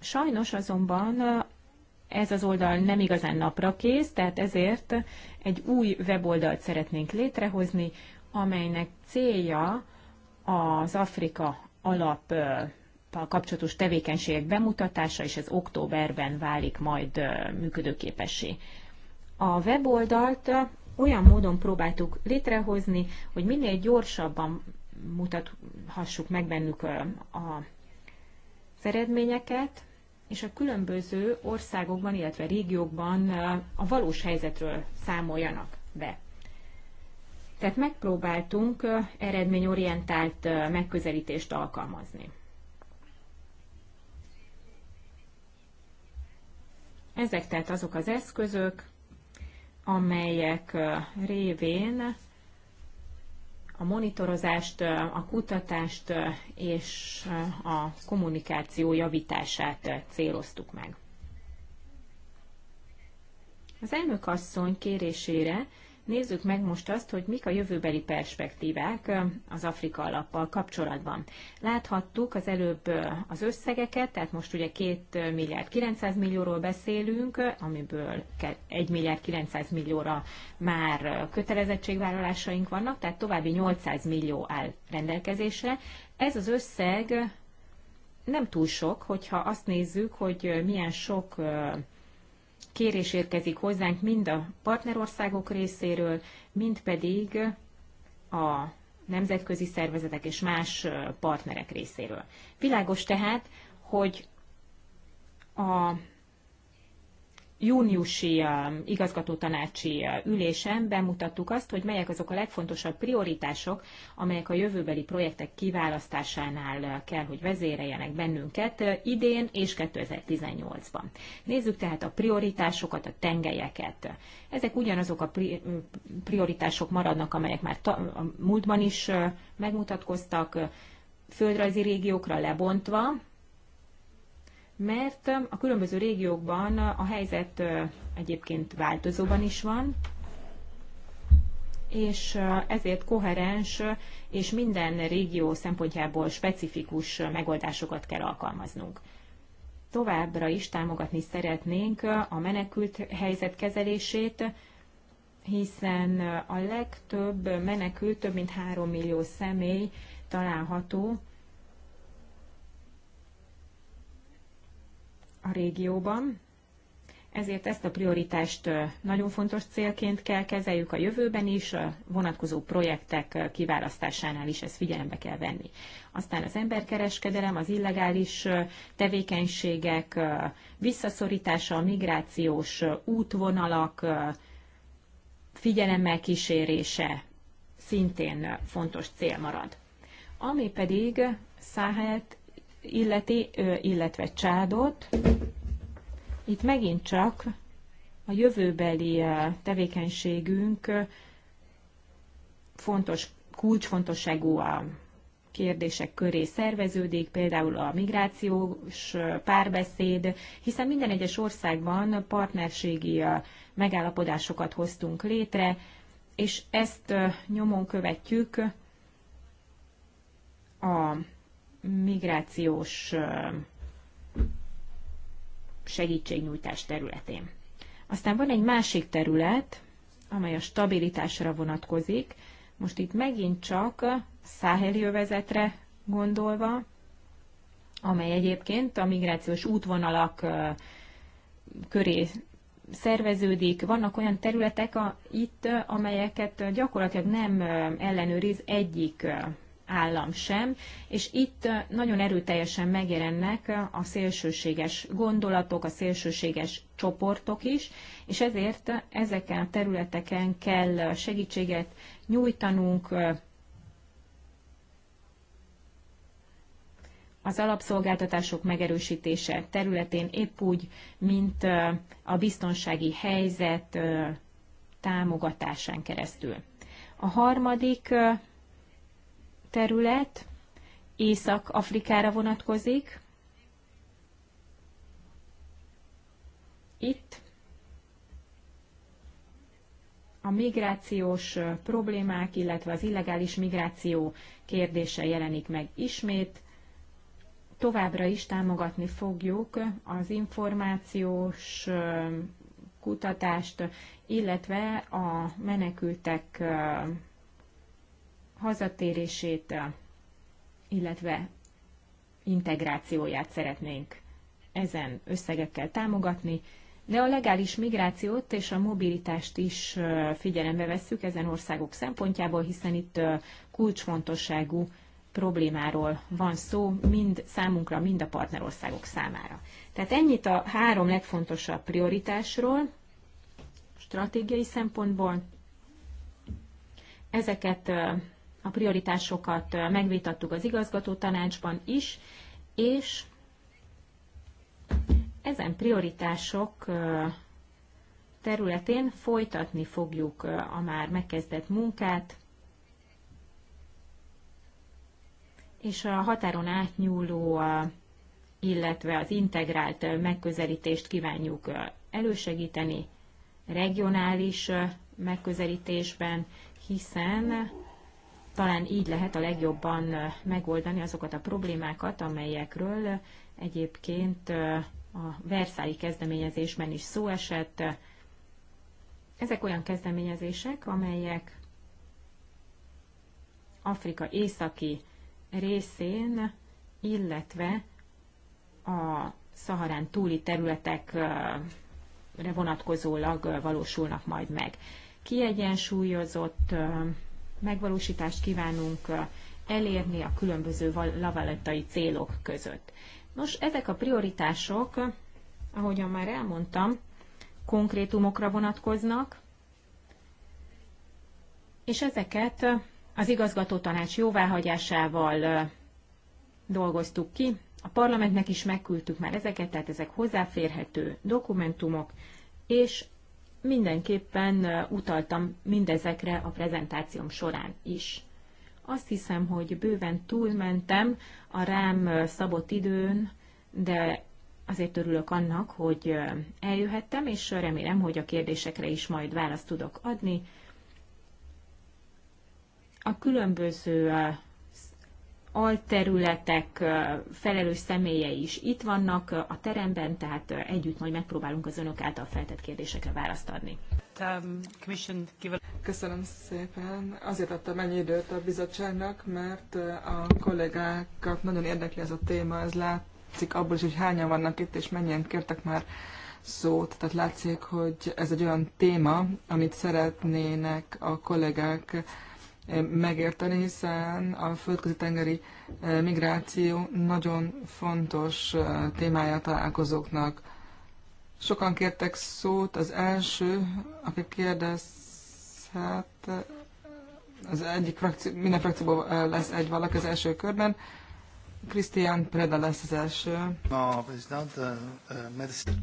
Sajnos azonban ez az oldal nem igazán napra kész, tehát ezért egy új weboldalt szeretnénk létrehozni, amelynek célja az Afrika alap kapcsolatos tevékenységek bemutatása, és ez októberben válik majd működőképessé. A weboldalt olyan módon próbáltuk létrehozni, hogy minél gyorsabban mutathassuk meg bennük a, az eredményeket, és a különböző országokban, illetve régiókban a valós helyzetről számoljanak be. Tehát megpróbáltunk eredményorientált megközelítést alkalmazni. Ezek tehát azok az eszközök, amelyek révén a monitorozást, a kutatást és a kommunikáció javítását céloztuk meg. Az elnök asszony kérésére Nézzük meg most azt, hogy mik a jövőbeli perspektívák az Afrika alappal kapcsolatban. Láthattuk az előbb az összegeket, tehát most ugye 2 milliárd 900 millióról beszélünk, amiből 1 milliárd 900 millióra már kötelezettségvállalásaink vannak, tehát további 800 millió áll rendelkezésre. Ez az összeg nem túl sok, hogyha azt nézzük, hogy milyen sok kérés érkezik hozzánk mind a partnerországok részéről, mind pedig a nemzetközi szervezetek és más partnerek részéről. Világos tehát, hogy a júniusi igazgatótanácsi ülésen bemutattuk azt, hogy melyek azok a legfontosabb prioritások, amelyek a jövőbeli projektek kiválasztásánál kell, hogy vezéreljenek bennünket idén és 2018-ban. Nézzük tehát a prioritásokat, a tengelyeket. Ezek ugyanazok a prioritások maradnak, amelyek már a múltban is megmutatkoztak, földrajzi régiókra lebontva, mert a különböző régiókban a helyzet egyébként változóban is van, és ezért koherens és minden régió szempontjából specifikus megoldásokat kell alkalmaznunk. Továbbra is támogatni szeretnénk a menekült helyzet kezelését, hiszen a legtöbb menekült, több mint 3 millió személy található a régióban, ezért ezt a prioritást nagyon fontos célként kell kezeljük a jövőben is, a vonatkozó projektek kiválasztásánál is ezt figyelembe kell venni. Aztán az emberkereskedelem, az illegális tevékenységek, visszaszorítása, a migrációs útvonalak figyelemmel kísérése szintén fontos cél marad. Ami pedig Száhelt illeti, illetve csádot. Itt megint csak a jövőbeli tevékenységünk fontos, kulcsfontosságú a kérdések köré szerveződik, például a migrációs párbeszéd, hiszen minden egyes országban partnerségi megállapodásokat hoztunk létre, és ezt nyomon követjük a migrációs segítségnyújtás területén. Aztán van egy másik terület, amely a stabilitásra vonatkozik. Most itt megint csak száheli övezetre gondolva, amely egyébként a migrációs útvonalak köré szerveződik. Vannak olyan területek a, itt, amelyeket gyakorlatilag nem ellenőriz egyik állam sem, és itt nagyon erőteljesen megjelennek a szélsőséges gondolatok, a szélsőséges csoportok is, és ezért ezeken a területeken kell segítséget nyújtanunk, az alapszolgáltatások megerősítése területén épp úgy, mint a biztonsági helyzet támogatásán keresztül. A harmadik terület Észak-Afrikára vonatkozik. Itt a migrációs problémák, illetve az illegális migráció kérdése jelenik meg ismét. Továbbra is támogatni fogjuk az információs kutatást, illetve a menekültek hazatérését, illetve integrációját szeretnénk ezen összegekkel támogatni, de a legális migrációt és a mobilitást is figyelembe vesszük ezen országok szempontjából, hiszen itt kulcsfontosságú problémáról van szó, mind számunkra, mind a partnerországok számára. Tehát ennyit a három legfontosabb prioritásról, stratégiai szempontból. Ezeket a prioritásokat megvitattuk az igazgató tanácsban is, és ezen prioritások területén folytatni fogjuk a már megkezdett munkát, és a határon átnyúló, illetve az integrált megközelítést kívánjuk elősegíteni regionális megközelítésben, hiszen talán így lehet a legjobban megoldani azokat a problémákat, amelyekről egyébként a verszályi kezdeményezésben is szó esett. Ezek olyan kezdeményezések, amelyek Afrika északi részén, illetve a Szaharán túli területekre vonatkozólag valósulnak majd meg. Kiegyensúlyozott megvalósítást kívánunk elérni a különböző lavalettai célok között. Nos, ezek a prioritások, ahogyan már elmondtam, konkrétumokra vonatkoznak, és ezeket az igazgató tanács jóváhagyásával dolgoztuk ki. A parlamentnek is megküldtük már ezeket, tehát ezek hozzáférhető dokumentumok, és mindenképpen utaltam mindezekre a prezentációm során is. Azt hiszem, hogy bőven túlmentem a rám szabott időn, de azért örülök annak, hogy eljöhettem, és remélem, hogy a kérdésekre is majd választ tudok adni. A különböző alterületek felelős személye is itt vannak a teremben, tehát együtt majd megpróbálunk az önök által feltett kérdésekre választ adni.
Köszönöm szépen. Azért adtam ennyi időt a bizottságnak, mert a kollégákat nagyon érdekli ez a téma, ez látszik abból is, hogy hányan vannak itt, és mennyien kértek már szót. Tehát látszik, hogy ez egy olyan téma, amit szeretnének a kollégák megérteni, hiszen a földközi tengeri eh, migráció nagyon fontos eh, témája a találkozóknak. Sokan kértek szót, az első, aki kérdezhet, eh, az egyik frakció, minden frakcióból lesz egy valaki az első körben. Christian Preda lesz az első.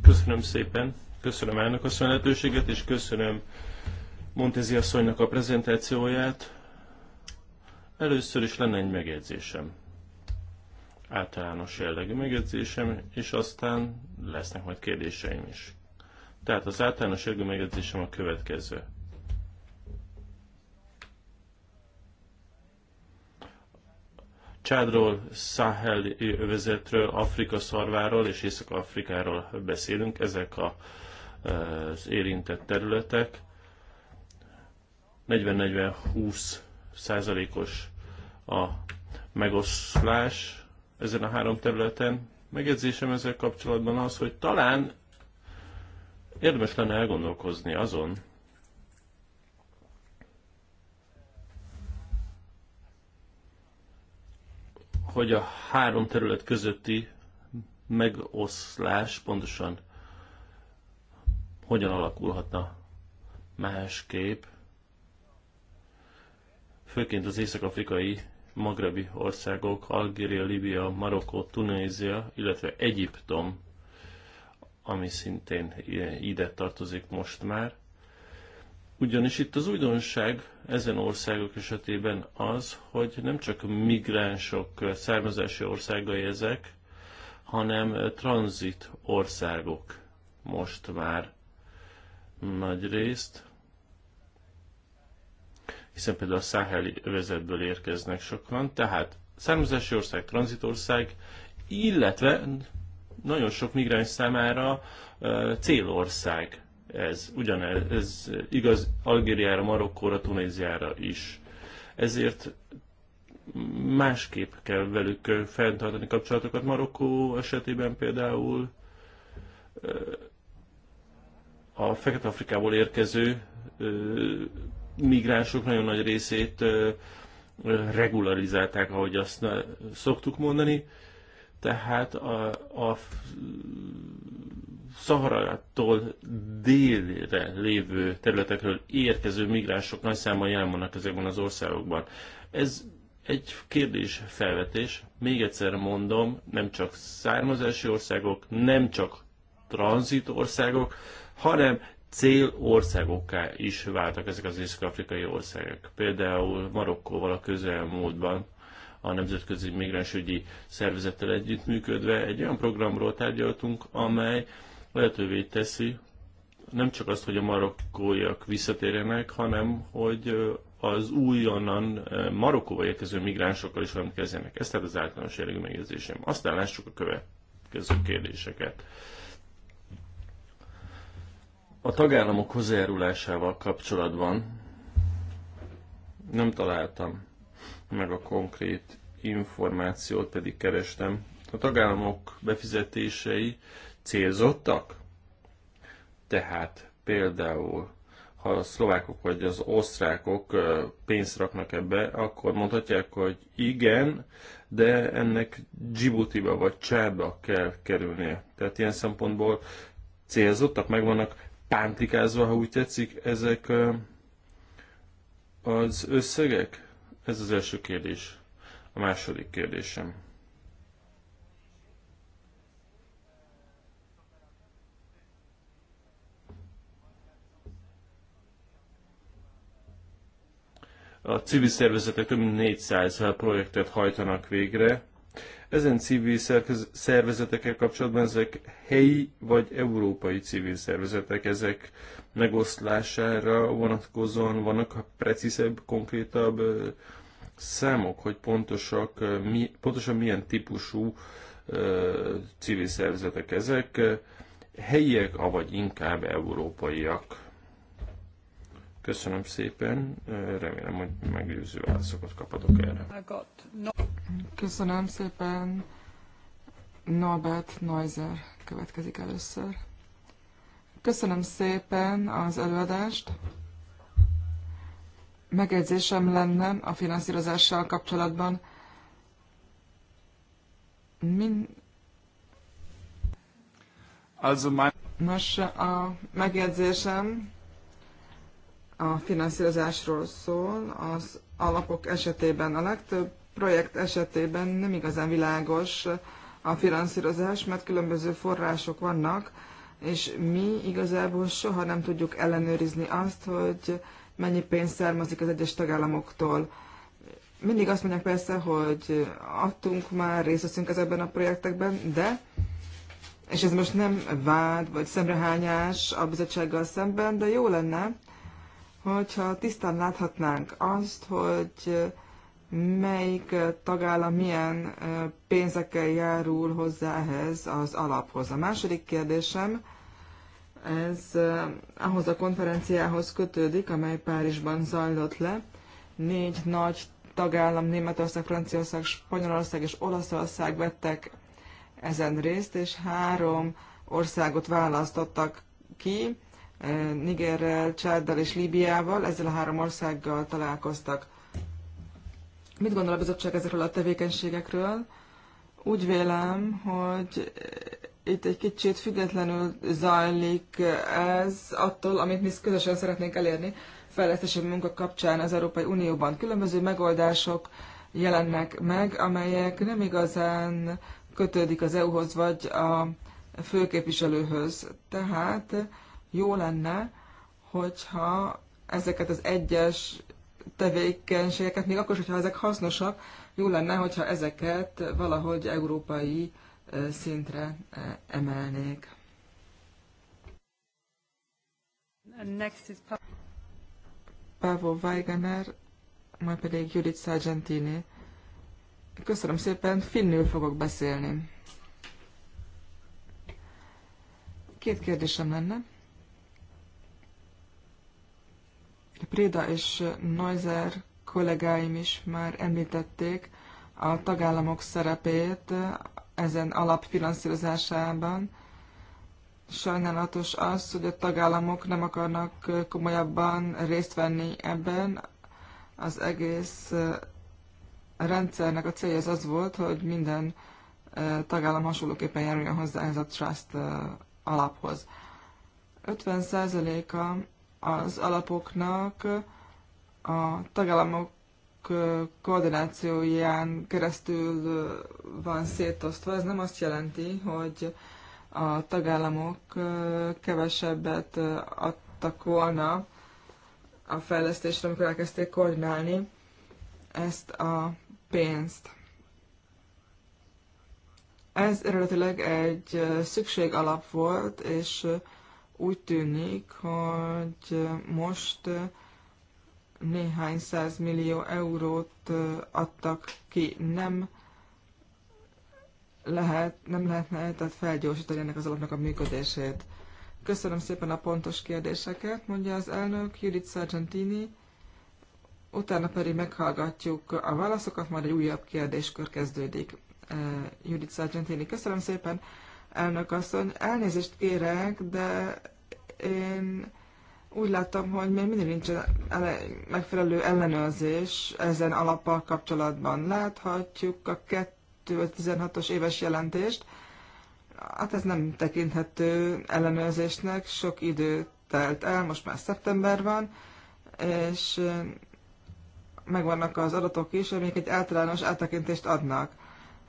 Köszönöm szépen, köszönöm elnök a lehetőséget, és köszönöm Montezi asszonynak a prezentációját Először is lenne egy megjegyzésem. Általános jellegű megjegyzésem, és aztán lesznek majd kérdéseim is. Tehát az általános jellegű megjegyzésem a következő. Csádról, Száhel övezetről, Afrika szarváról és Észak-Afrikáról beszélünk. Ezek a, az érintett területek. 40-40-20 százalékos a megoszlás ezen a három területen. Megjegyzésem ezzel kapcsolatban az, hogy talán érdemes lenne elgondolkozni azon, hogy a három terület közötti megoszlás pontosan hogyan alakulhatna másképp főként az észak-afrikai magrebi országok, Algéria, Libia, Marokkó, Tunézia, illetve Egyiptom, ami szintén ide tartozik most már. Ugyanis itt az újdonság ezen országok esetében az, hogy nem csak migránsok származási országai ezek, hanem tranzit országok most már nagy részt hiszen például a száheli övezetből érkeznek sokan, tehát származási ország, tranzitország, illetve nagyon sok migráns számára célország ez. Ugyanez ez igaz Algériára, Marokkóra, Tunéziára is. Ezért másképp kell velük fenntartani kapcsolatokat. Marokkó esetében például a Fekete-Afrikából érkező migránsok nagyon nagy részét regularizálták, ahogy azt szoktuk mondani. Tehát a, a Szaharától délre lévő területekről érkező migránsok nagy számban jelen vannak ezekben az országokban. Ez egy kérdés felvetés, még egyszer mondom, nem csak származási országok, nem csak tranzit országok, hanem célországokká is váltak ezek az észak-afrikai országok. Például Marokkóval a közelmúltban a Nemzetközi Migránsügyi Szervezettel együttműködve egy olyan programról tárgyaltunk, amely lehetővé teszi nem csak azt, hogy a marokkóiak visszatérjenek, hanem hogy az újonnan Marokkóba érkező migránsokkal is valamit kezdjenek. Ez tehát az általános jellegű megjegyzésem. Aztán lássuk a következő kérdéseket. A tagállamok hozzájárulásával kapcsolatban nem találtam meg a konkrét információt, pedig kerestem. A tagállamok befizetései célzottak? Tehát például, ha a szlovákok vagy az osztrákok pénzt raknak ebbe, akkor mondhatják, hogy igen, de ennek Djibouti-ba vagy Csába kell kerülnie. Tehát ilyen szempontból célzottak, meg vannak pántikázva, ha úgy tetszik, ezek az összegek? Ez az első kérdés. A második kérdésem. A civil szervezetek több mint 400 projektet hajtanak végre, ezen civil szervezetekkel kapcsolatban ezek helyi vagy európai civil szervezetek, ezek megoszlására vonatkozóan vannak precízebb, konkrétabb számok, hogy pontosak, mi, pontosan milyen típusú civil szervezetek ezek, helyiek, avagy inkább európaiak. Köszönöm szépen, remélem, hogy meggyőző válaszokat kapatok erre.
Köszönöm szépen. Norbert Neuser következik először. Köszönöm szépen az előadást. Megjegyzésem lenne a finanszírozással kapcsolatban. Min... Also mein... Nos, a megjegyzésem a finanszírozásról szól. Az alapok esetében a legtöbb projekt esetében nem igazán világos a finanszírozás, mert különböző források vannak, és mi igazából soha nem tudjuk ellenőrizni azt, hogy mennyi pénz származik az egyes tagállamoktól. Mindig azt mondják persze, hogy adtunk már, részt veszünk ezekben a projektekben, de, és ez most nem vád vagy szemrehányás a bizottsággal szemben, de jó lenne, hogyha tisztán láthatnánk azt, hogy melyik tagállam milyen pénzekkel járul hozzá ehhez az alaphoz. A második kérdésem, ez ahhoz a konferenciához kötődik, amely Párizsban zajlott le. Négy nagy tagállam, Németország, Franciaország, Spanyolország és Olaszország vettek ezen részt, és három országot választottak ki, Nigerrel, Csáddal és Líbiával, ezzel a három országgal találkoztak Mit gondol a bizottság ezekről a tevékenységekről? Úgy vélem, hogy itt egy kicsit függetlenül zajlik ez attól, amit mi közösen szeretnénk elérni fejlesztési munka kapcsán az Európai Unióban. Különböző megoldások jelennek meg, amelyek nem igazán kötődik az EU-hoz vagy a főképviselőhöz. Tehát jó lenne, hogyha ezeket az egyes tevékenységeket, még akkor is, hogyha ezek hasznosak, jó lenne, hogyha ezeket valahogy európai szintre emelnék. Next is pa Pavo Weigener, majd pedig Judith Sargentini. Köszönöm szépen, finnül fogok beszélni. Két kérdésem lenne. Préda és Neuser kollégáim is már említették a tagállamok szerepét ezen alapfinanszírozásában. Sajnálatos az, hogy a tagállamok nem akarnak komolyabban részt venni ebben. Az egész rendszernek a célja az az volt, hogy minden tagállam hasonlóképpen járuljon hozzá ez a trust alaphoz. 50%-a az alapoknak a tagállamok koordinációján keresztül van szétosztva. Ez nem azt jelenti, hogy a tagállamok kevesebbet adtak volna a fejlesztésre, amikor elkezdték koordinálni ezt a pénzt. Ez eredetileg egy szükség alap volt, és úgy tűnik, hogy most néhány millió eurót adtak ki. Nem lehet, nem lehetne tehát felgyorsítani ennek az alapnak a működését. Köszönöm szépen a pontos kérdéseket, mondja az elnök Judith Sargentini. Utána pedig meghallgatjuk a válaszokat, majd egy újabb kérdéskör kezdődik. Eh, Judith Sargentini, köszönöm szépen elnök asszony. Elnézést kérek, de én úgy láttam, hogy még mindig nincs megfelelő ellenőrzés ezen alappal kapcsolatban. Láthatjuk a 2016-os éves jelentést. Hát ez nem tekinthető ellenőrzésnek, sok idő telt el, most már szeptember van, és megvannak az adatok is, amik egy általános áttekintést adnak.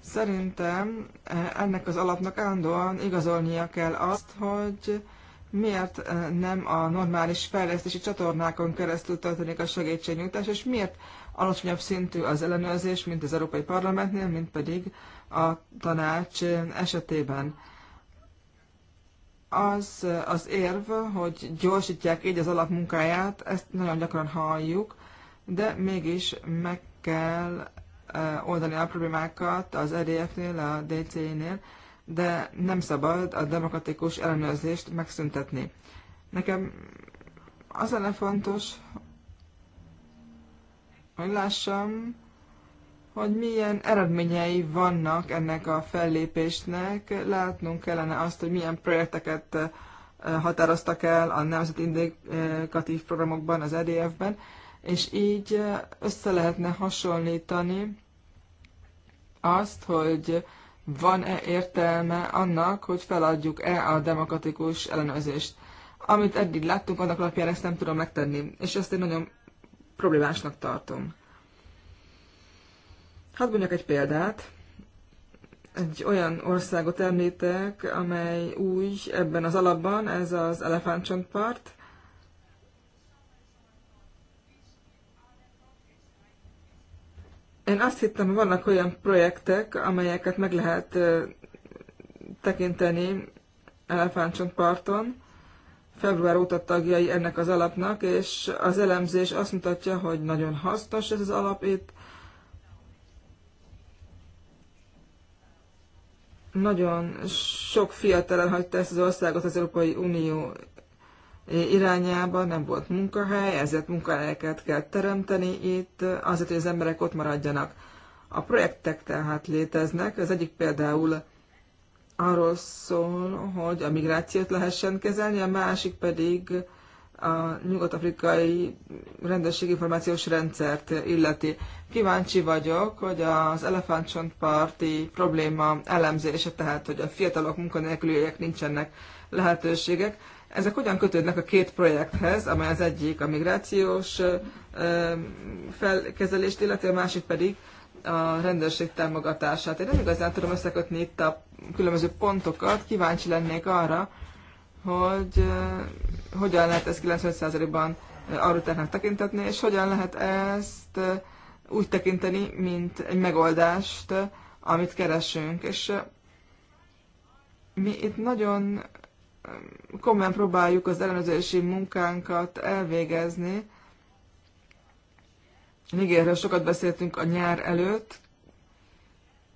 Szerintem eh, ennek az alapnak állandóan igazolnia kell azt, hogy miért eh, nem a normális fejlesztési csatornákon keresztül történik a segítségnyújtás, és miért alacsonyabb szintű az ellenőrzés, mint az Európai Parlamentnél, mint pedig a tanács eh, esetében. Az, az érv, hogy gyorsítják így az alapmunkáját, ezt nagyon gyakran halljuk, de mégis meg kell oldani a problémákat az EDF-nél, a DC-nél, de nem szabad a demokratikus ellenőrzést megszüntetni. Nekem az a fontos, hogy lássam, hogy milyen eredményei vannak ennek a fellépésnek. Látnunk kellene azt, hogy milyen projekteket határoztak el a nemzeti indikatív programokban, az EDF-ben, és így össze lehetne hasonlítani azt, hogy van-e értelme annak, hogy feladjuk-e a demokratikus ellenőrzést. Amit eddig láttunk, annak alapján ezt nem tudom megtenni, és ezt én nagyon problémásnak tartom. Hadd mondjak egy példát. Egy olyan országot említek, amely új ebben az alapban, ez az elefántcsontpart, Én azt hittem, hogy vannak olyan projektek, amelyeket meg lehet tekinteni Elefántcsontparton. Február óta tagjai ennek az alapnak, és az elemzés azt mutatja, hogy nagyon hasznos ez az alap itt. Nagyon sok fiatal hagyta ezt az országot az Európai Unió irányába, nem volt munkahely, ezért munkahelyeket kell teremteni itt, azért, hogy az emberek ott maradjanak. A projektek tehát léteznek, az egyik például arról szól, hogy a migrációt lehessen kezelni, a másik pedig a nyugat-afrikai információs rendszert illeti. Kíváncsi vagyok, hogy az elefántcsontparti probléma elemzése, tehát hogy a fiatalok munkanélküliek nincsenek lehetőségek, ezek hogyan kötődnek a két projekthez, amely az egyik a migrációs felkezelést, illetve a másik pedig a rendőrség támogatását. Én nem igazán tudom összekötni itt a különböző pontokat, kíváncsi lennék arra, hogy hogyan lehet ezt 95%-ban arrutárnak tekintetni, és hogyan lehet ezt úgy tekinteni, mint egy megoldást, amit keresünk. És mi itt nagyon komolyan próbáljuk az ellenőrzési munkánkat elvégezni. Nigerről sokat beszéltünk a nyár előtt,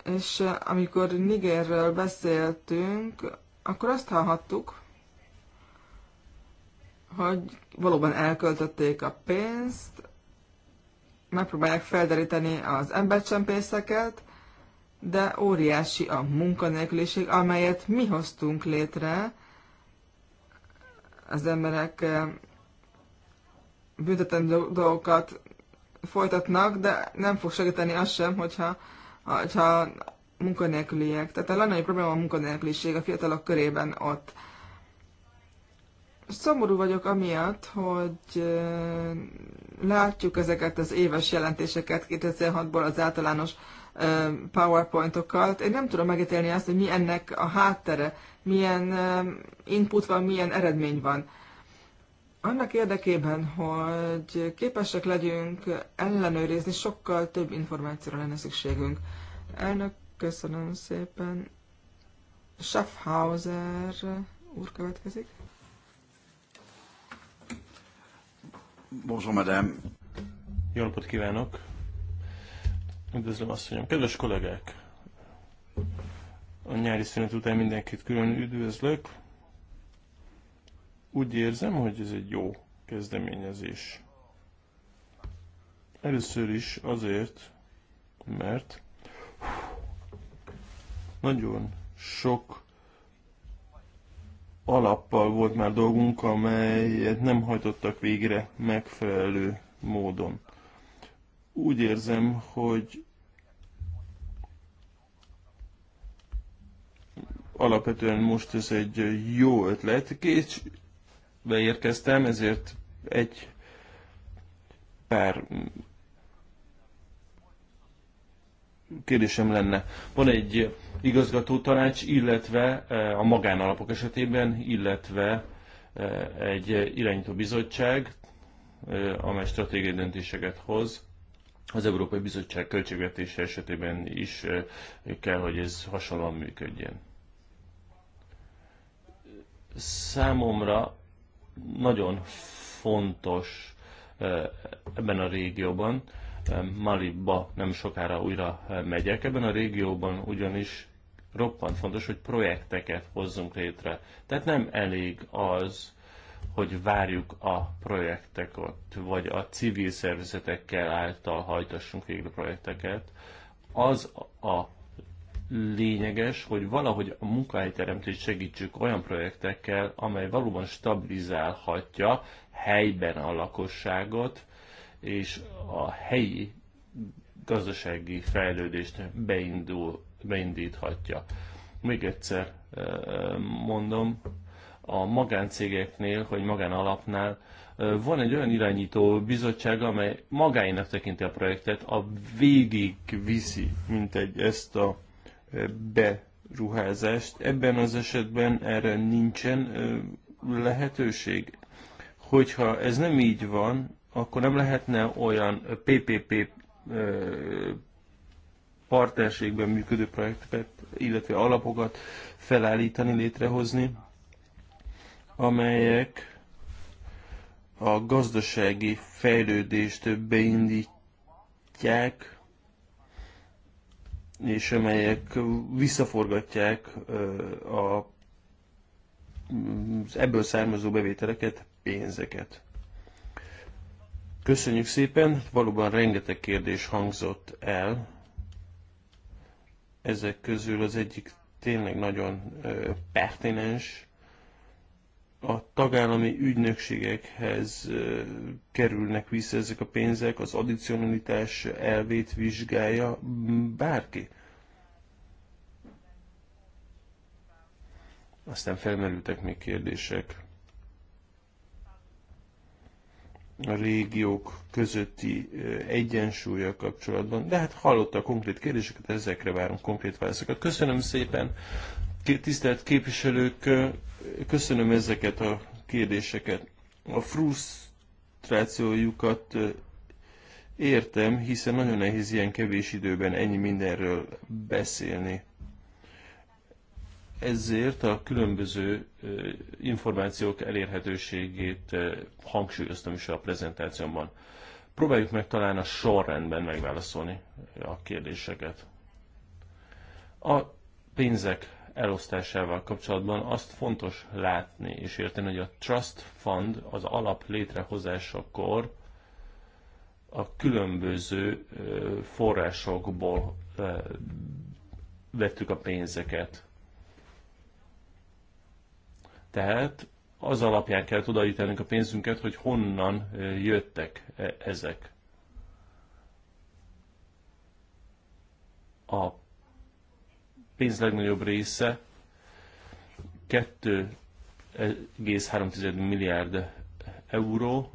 és amikor Nigerről beszéltünk, akkor azt hallhattuk, hogy valóban elköltötték a pénzt, megpróbálják felderíteni az embercsempészeket, de óriási a munkanélküliség, amelyet mi hoztunk létre, az emberek büntetendő dolgokat folytatnak, de nem fog segíteni az sem, hogyha, hogyha munkanélküliek. Tehát a legnagyobb probléma a munkanélküliség a fiatalok körében ott. Szomorú vagyok amiatt, hogy látjuk ezeket az éves jelentéseket 2006-ból az általános PowerPointokkal. Én nem tudom megítélni azt, hogy mi ennek a háttere milyen um, input van, milyen eredmény van. Annak érdekében, hogy képesek legyünk ellenőrizni, sokkal több információra lenne szükségünk. Elnök, köszönöm szépen. Schaffhauser úr következik. Bonjour, madame.
Jó napot kívánok! Üdvözlöm, asszonyom! Kedves kollégák! a nyári szünet után mindenkit külön üdvözlök. Úgy érzem, hogy ez egy jó kezdeményezés. Először is azért, mert nagyon sok alappal volt már dolgunk, amelyet nem hajtottak végre megfelelő módon. Úgy érzem, hogy alapvetően most ez egy jó ötlet. Késbe Beérkeztem ezért egy pár kérdésem lenne. Van egy igazgató tanács, illetve e, a magánalapok esetében, illetve e, egy irányító bizottság, e, amely stratégiai döntéseket hoz. Az Európai Bizottság költségvetése esetében is kell, hogy ez hasonlóan működjön. Számomra nagyon fontos eh, ebben a régióban, eh, Maliba nem sokára újra eh, megyek, ebben a régióban ugyanis roppant fontos, hogy projekteket hozzunk létre. Tehát nem elég az, hogy várjuk a projekteket, vagy a civil szervezetekkel által hajtassunk végre projekteket. Az a lényeges, hogy valahogy a munkahelyteremtést segítsük olyan projektekkel, amely valóban stabilizálhatja helyben a lakosságot, és a helyi gazdasági fejlődést beindul, beindíthatja. Még egyszer mondom, a magáncégeknél, vagy magánalapnál van egy olyan irányító bizottság, amely magáinak tekinti a projektet, a végig viszi, mint egy ezt a beruházást. Ebben az esetben erre nincsen lehetőség. Hogyha ez nem így van, akkor nem lehetne olyan PPP partnerségben működő projekteket, illetve alapokat felállítani, létrehozni, amelyek a gazdasági fejlődést beindítják, és amelyek visszaforgatják a, az ebből származó bevételeket, pénzeket. Köszönjük szépen, valóban rengeteg kérdés hangzott el. Ezek közül az egyik tényleg nagyon pertinens, a tagállami ügynökségekhez kerülnek vissza ezek a pénzek, az addicionalitás elvét vizsgálja bárki. Aztán felmerültek még kérdések. A régiók közötti egyensúlya kapcsolatban. De hát hallotta a konkrét kérdéseket, ezekre várom konkrét válaszokat. Köszönöm szépen, tisztelt képviselők, Köszönöm ezeket a kérdéseket. A frusztrációjukat értem, hiszen nagyon nehéz ilyen kevés időben ennyi mindenről beszélni. Ezért a különböző információk elérhetőségét hangsúlyoztam is a prezentációmban. Próbáljuk meg talán a sorrendben megválaszolni a kérdéseket. A pénzek elosztásával kapcsolatban azt fontos látni és érteni, hogy a Trust Fund az alap létrehozásakor a különböző forrásokból vettük a pénzeket. Tehát az alapján kell odaítelnünk a pénzünket, hogy honnan jöttek e, ezek. A pénz legnagyobb része 2,3 milliárd euró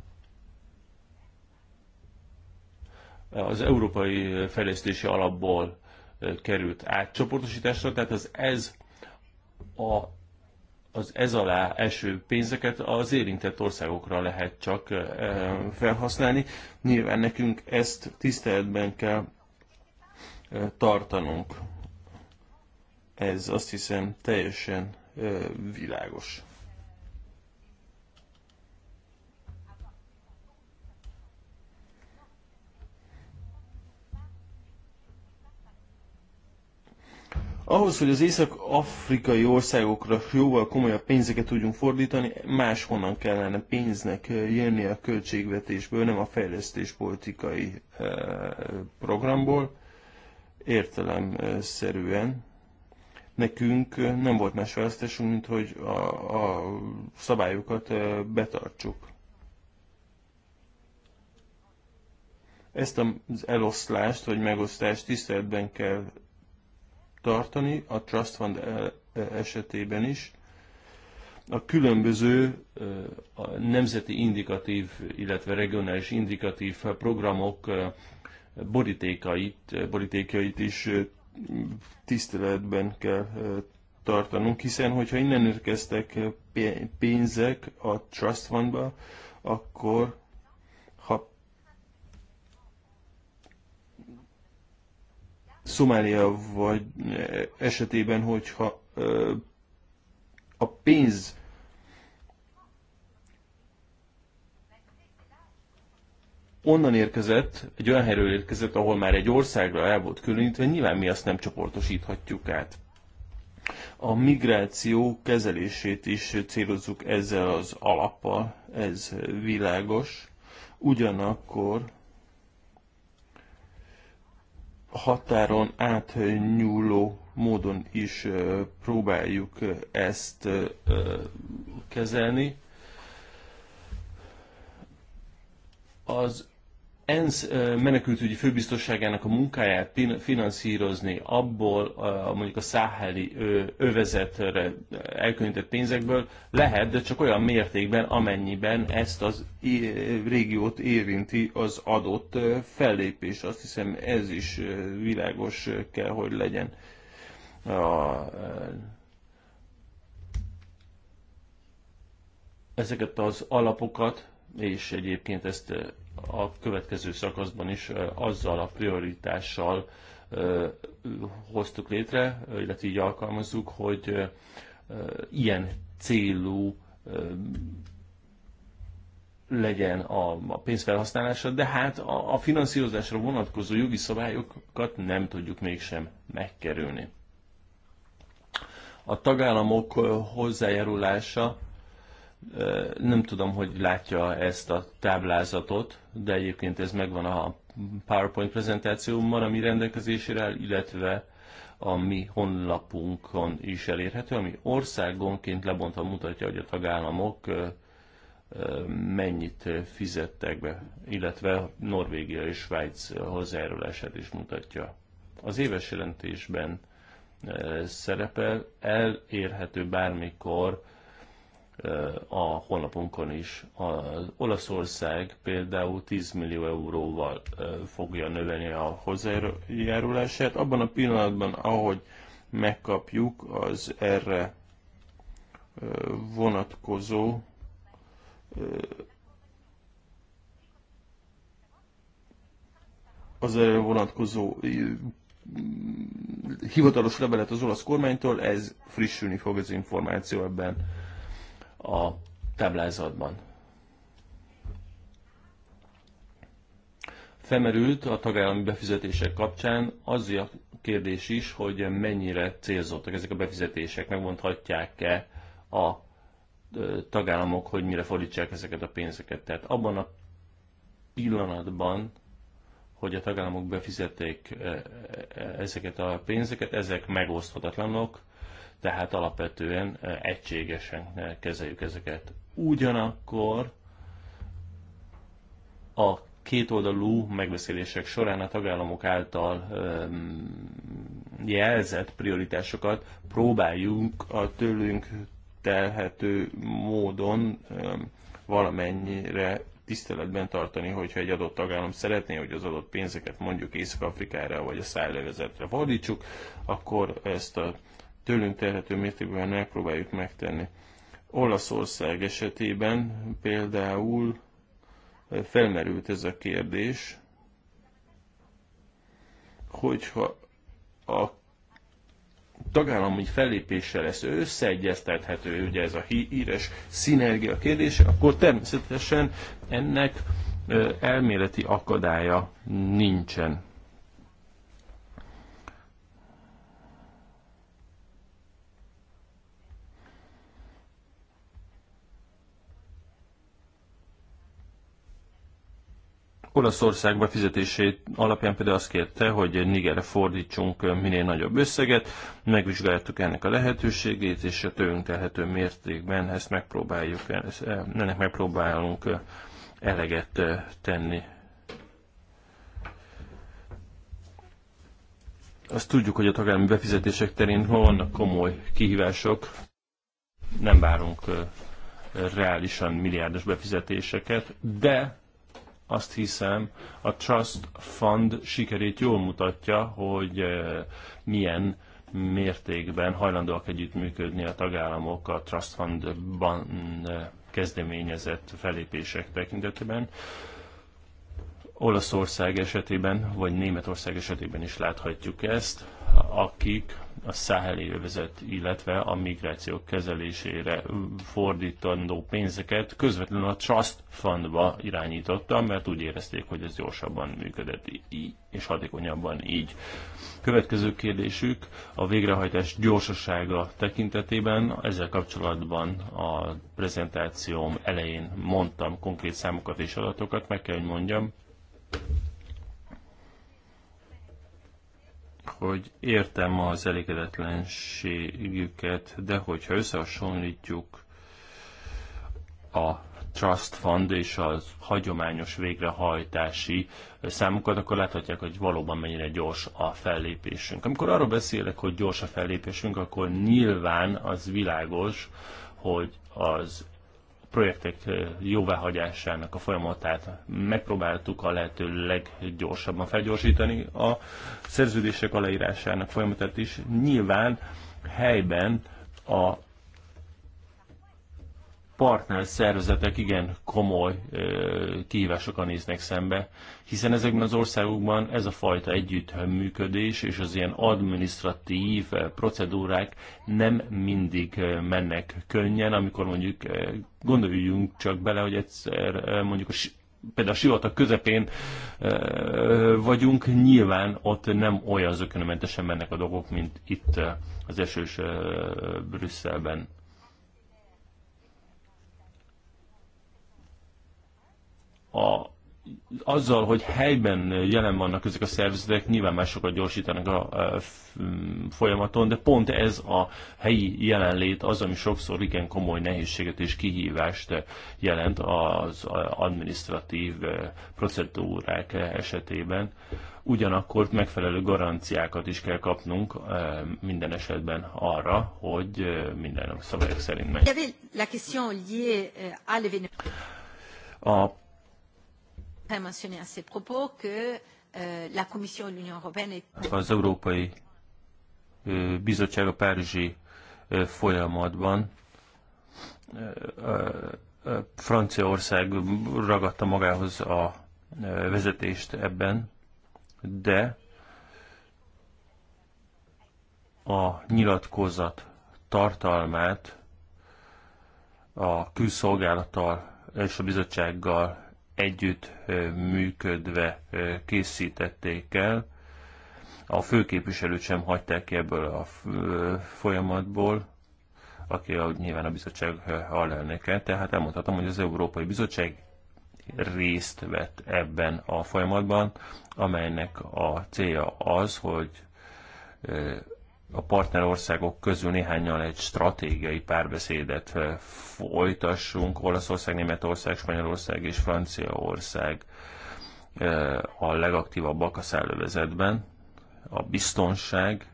az Európai Fejlesztési Alapból került átcsoportosításra, tehát az ez a az ez alá eső pénzeket az érintett országokra lehet csak felhasználni. Nyilván nekünk ezt tiszteletben kell tartanunk. Ez azt hiszem teljesen világos. Ahhoz, hogy az észak-afrikai országokra jóval komolyabb pénzeket tudjunk fordítani, máshonnan kellene pénznek jönni a költségvetésből, nem a fejlesztéspolitikai programból. Értelemszerűen nekünk nem volt más választásunk, mint hogy a, a szabályokat betartsuk. Ezt az eloszlást vagy megosztást tiszteletben kell tartani, a Trust Fund esetében is. A különböző a nemzeti indikatív, illetve regionális indikatív programok borítékait, borítékait is tiszteletben kell tartanunk, hiszen hogyha innen érkeztek pénzek a Trust Fundba, akkor ha Szomália vagy esetében, hogyha a pénz onnan érkezett, egy olyan helyről érkezett, ahol már egy országra el volt különítve, nyilván mi azt nem csoportosíthatjuk át. A migráció kezelését is célozzuk ezzel az alappal, ez világos. Ugyanakkor határon átnyúló módon is próbáljuk ezt kezelni. Az ENSZ menekültügyi főbiztosságának a munkáját finanszírozni abból mondjuk a száheli övezetre elkülönített pénzekből lehet, de csak olyan mértékben, amennyiben ezt az régiót érinti az adott fellépés. Azt hiszem ez is világos kell, hogy legyen. A, ezeket az alapokat, és egyébként ezt a következő szakaszban is azzal a prioritással hoztuk létre, illetve így alkalmazzuk, hogy ilyen célú legyen a, pénzfelhasználása, de hát a, a finanszírozásra vonatkozó jogi szabályokat nem tudjuk mégsem megkerülni. A tagállamok hozzájárulása nem tudom, hogy látja ezt a táblázatot, de egyébként ez megvan a PowerPoint prezentációmmal, ami rendelkezésére áll, illetve a mi honlapunkon is elérhető, ami országonként lebontva mutatja, hogy a tagállamok mennyit fizettek be, illetve Norvégia és Svájc hozzájárulását is mutatja. Az éves jelentésben szerepel, elérhető bármikor a honlapunkon is. Az Olaszország például 10 millió euróval fogja növelni a hozzájárulását. Abban a pillanatban, ahogy megkapjuk az erre vonatkozó az erre vonatkozó hivatalos levelet az olasz kormánytól, ez frissülni fog az információ ebben a táblázatban. Femerült a tagállami befizetések kapcsán az a kérdés is, hogy mennyire célzottak ezek a befizetések, megmondhatják-e a tagállamok, hogy mire fordítsák ezeket a pénzeket. Tehát abban a pillanatban, hogy a tagállamok befizették ezeket a pénzeket, ezek megoszthatatlanok, tehát alapvetően egységesen kezeljük ezeket. Ugyanakkor a kétoldalú megbeszélések során a tagállamok által jelzett prioritásokat próbáljuk a tőlünk telhető módon valamennyire tiszteletben tartani, hogyha egy adott tagállam szeretné, hogy az adott pénzeket mondjuk Észak-Afrikára vagy a szállövezetre fordítsuk, akkor ezt a tőlünk telhető mértékben megpróbáljuk megtenni. Olaszország esetében például felmerült ez a kérdés, hogyha a tagállami fellépéssel lesz összeegyeztethető, ugye ez a híres szinergia kérdése, akkor természetesen ennek elméleti akadálya nincsen. Olaszországba fizetését alapján például azt kérte, hogy Nigerre fordítsunk minél nagyobb összeget, megvizsgáltuk ennek a lehetőségét, és a tőlünk telhető mértékben ezt megpróbáljuk, eh, ennek megpróbálunk eh, eleget eh, tenni. Azt tudjuk, hogy a tagállami befizetések terén vannak komoly kihívások, nem várunk reálisan milliárdos befizetéseket, de azt hiszem a Trust Fund sikerét jól mutatja, hogy eh, milyen mértékben hajlandóak együttműködni a tagállamok a Trust Fundban eh, kezdeményezett felépések tekintetében. Olaszország esetében, vagy Németország esetében is láthatjuk ezt, akik a száheli övezet, illetve a migráció kezelésére fordítandó pénzeket közvetlenül a Trust Fundba irányította, mert úgy érezték, hogy ez gyorsabban működött így, és hatékonyabban így. Következő kérdésük a végrehajtás gyorsasága tekintetében. Ezzel kapcsolatban a prezentációm elején mondtam konkrét számokat és adatokat, meg kell, hogy mondjam, hogy értem az elégedetlenségüket, de hogyha összehasonlítjuk a Trust Fund és az hagyományos végrehajtási számokat, akkor láthatják, hogy valóban mennyire gyors a fellépésünk. Amikor arról beszélek, hogy gyors a fellépésünk, akkor nyilván az világos, hogy az projektek jóváhagyásának a folyamatát megpróbáltuk a lehető leggyorsabban felgyorsítani, a szerződések aláírásának folyamatát is. Nyilván helyben a partner szervezetek igen komoly kihívásokkal néznek szembe, hiszen ezekben az országokban ez a fajta együttműködés és az ilyen administratív eh, procedúrák nem mindig eh, mennek könnyen, amikor mondjuk eh, gondoljunk csak bele, hogy egyszer mondjuk a például a sivatag közepén vagyunk, nyilván ott nem olyan zökönömentesen mennek a dolgok, mint itt az esős Brüsszelben. A azzal, hogy helyben jelen vannak ezek a szervezetek, nyilván már sokat gyorsítanak a e, folyamaton, de pont ez a helyi jelenlét az, ami sokszor igen komoly nehézséget és kihívást jelent az administratív e, procedúrák esetében. Ugyanakkor megfelelő garanciákat is kell kapnunk e, minden esetben arra, hogy minden szabályok szerint megy. A
Euh, Az
Európai Bizottság a Párizsi folyamatban Franciaország ragadta magához a vezetést ebben, de a nyilatkozat tartalmát a külszolgálattal és a bizottsággal együtt működve készítették el. A főképviselőt sem hagyták ki ebből a folyamatból, aki a, nyilván a bizottság alelnöke, tehát elmondhatom, hogy az Európai Bizottság részt vett ebben a folyamatban, amelynek a célja az, hogy a partnerországok közül néhányan egy stratégiai párbeszédet eh, folytassunk. Olaszország, Németország, Spanyolország és Franciaország eh, a legaktívabbak a szállövezetben. A biztonság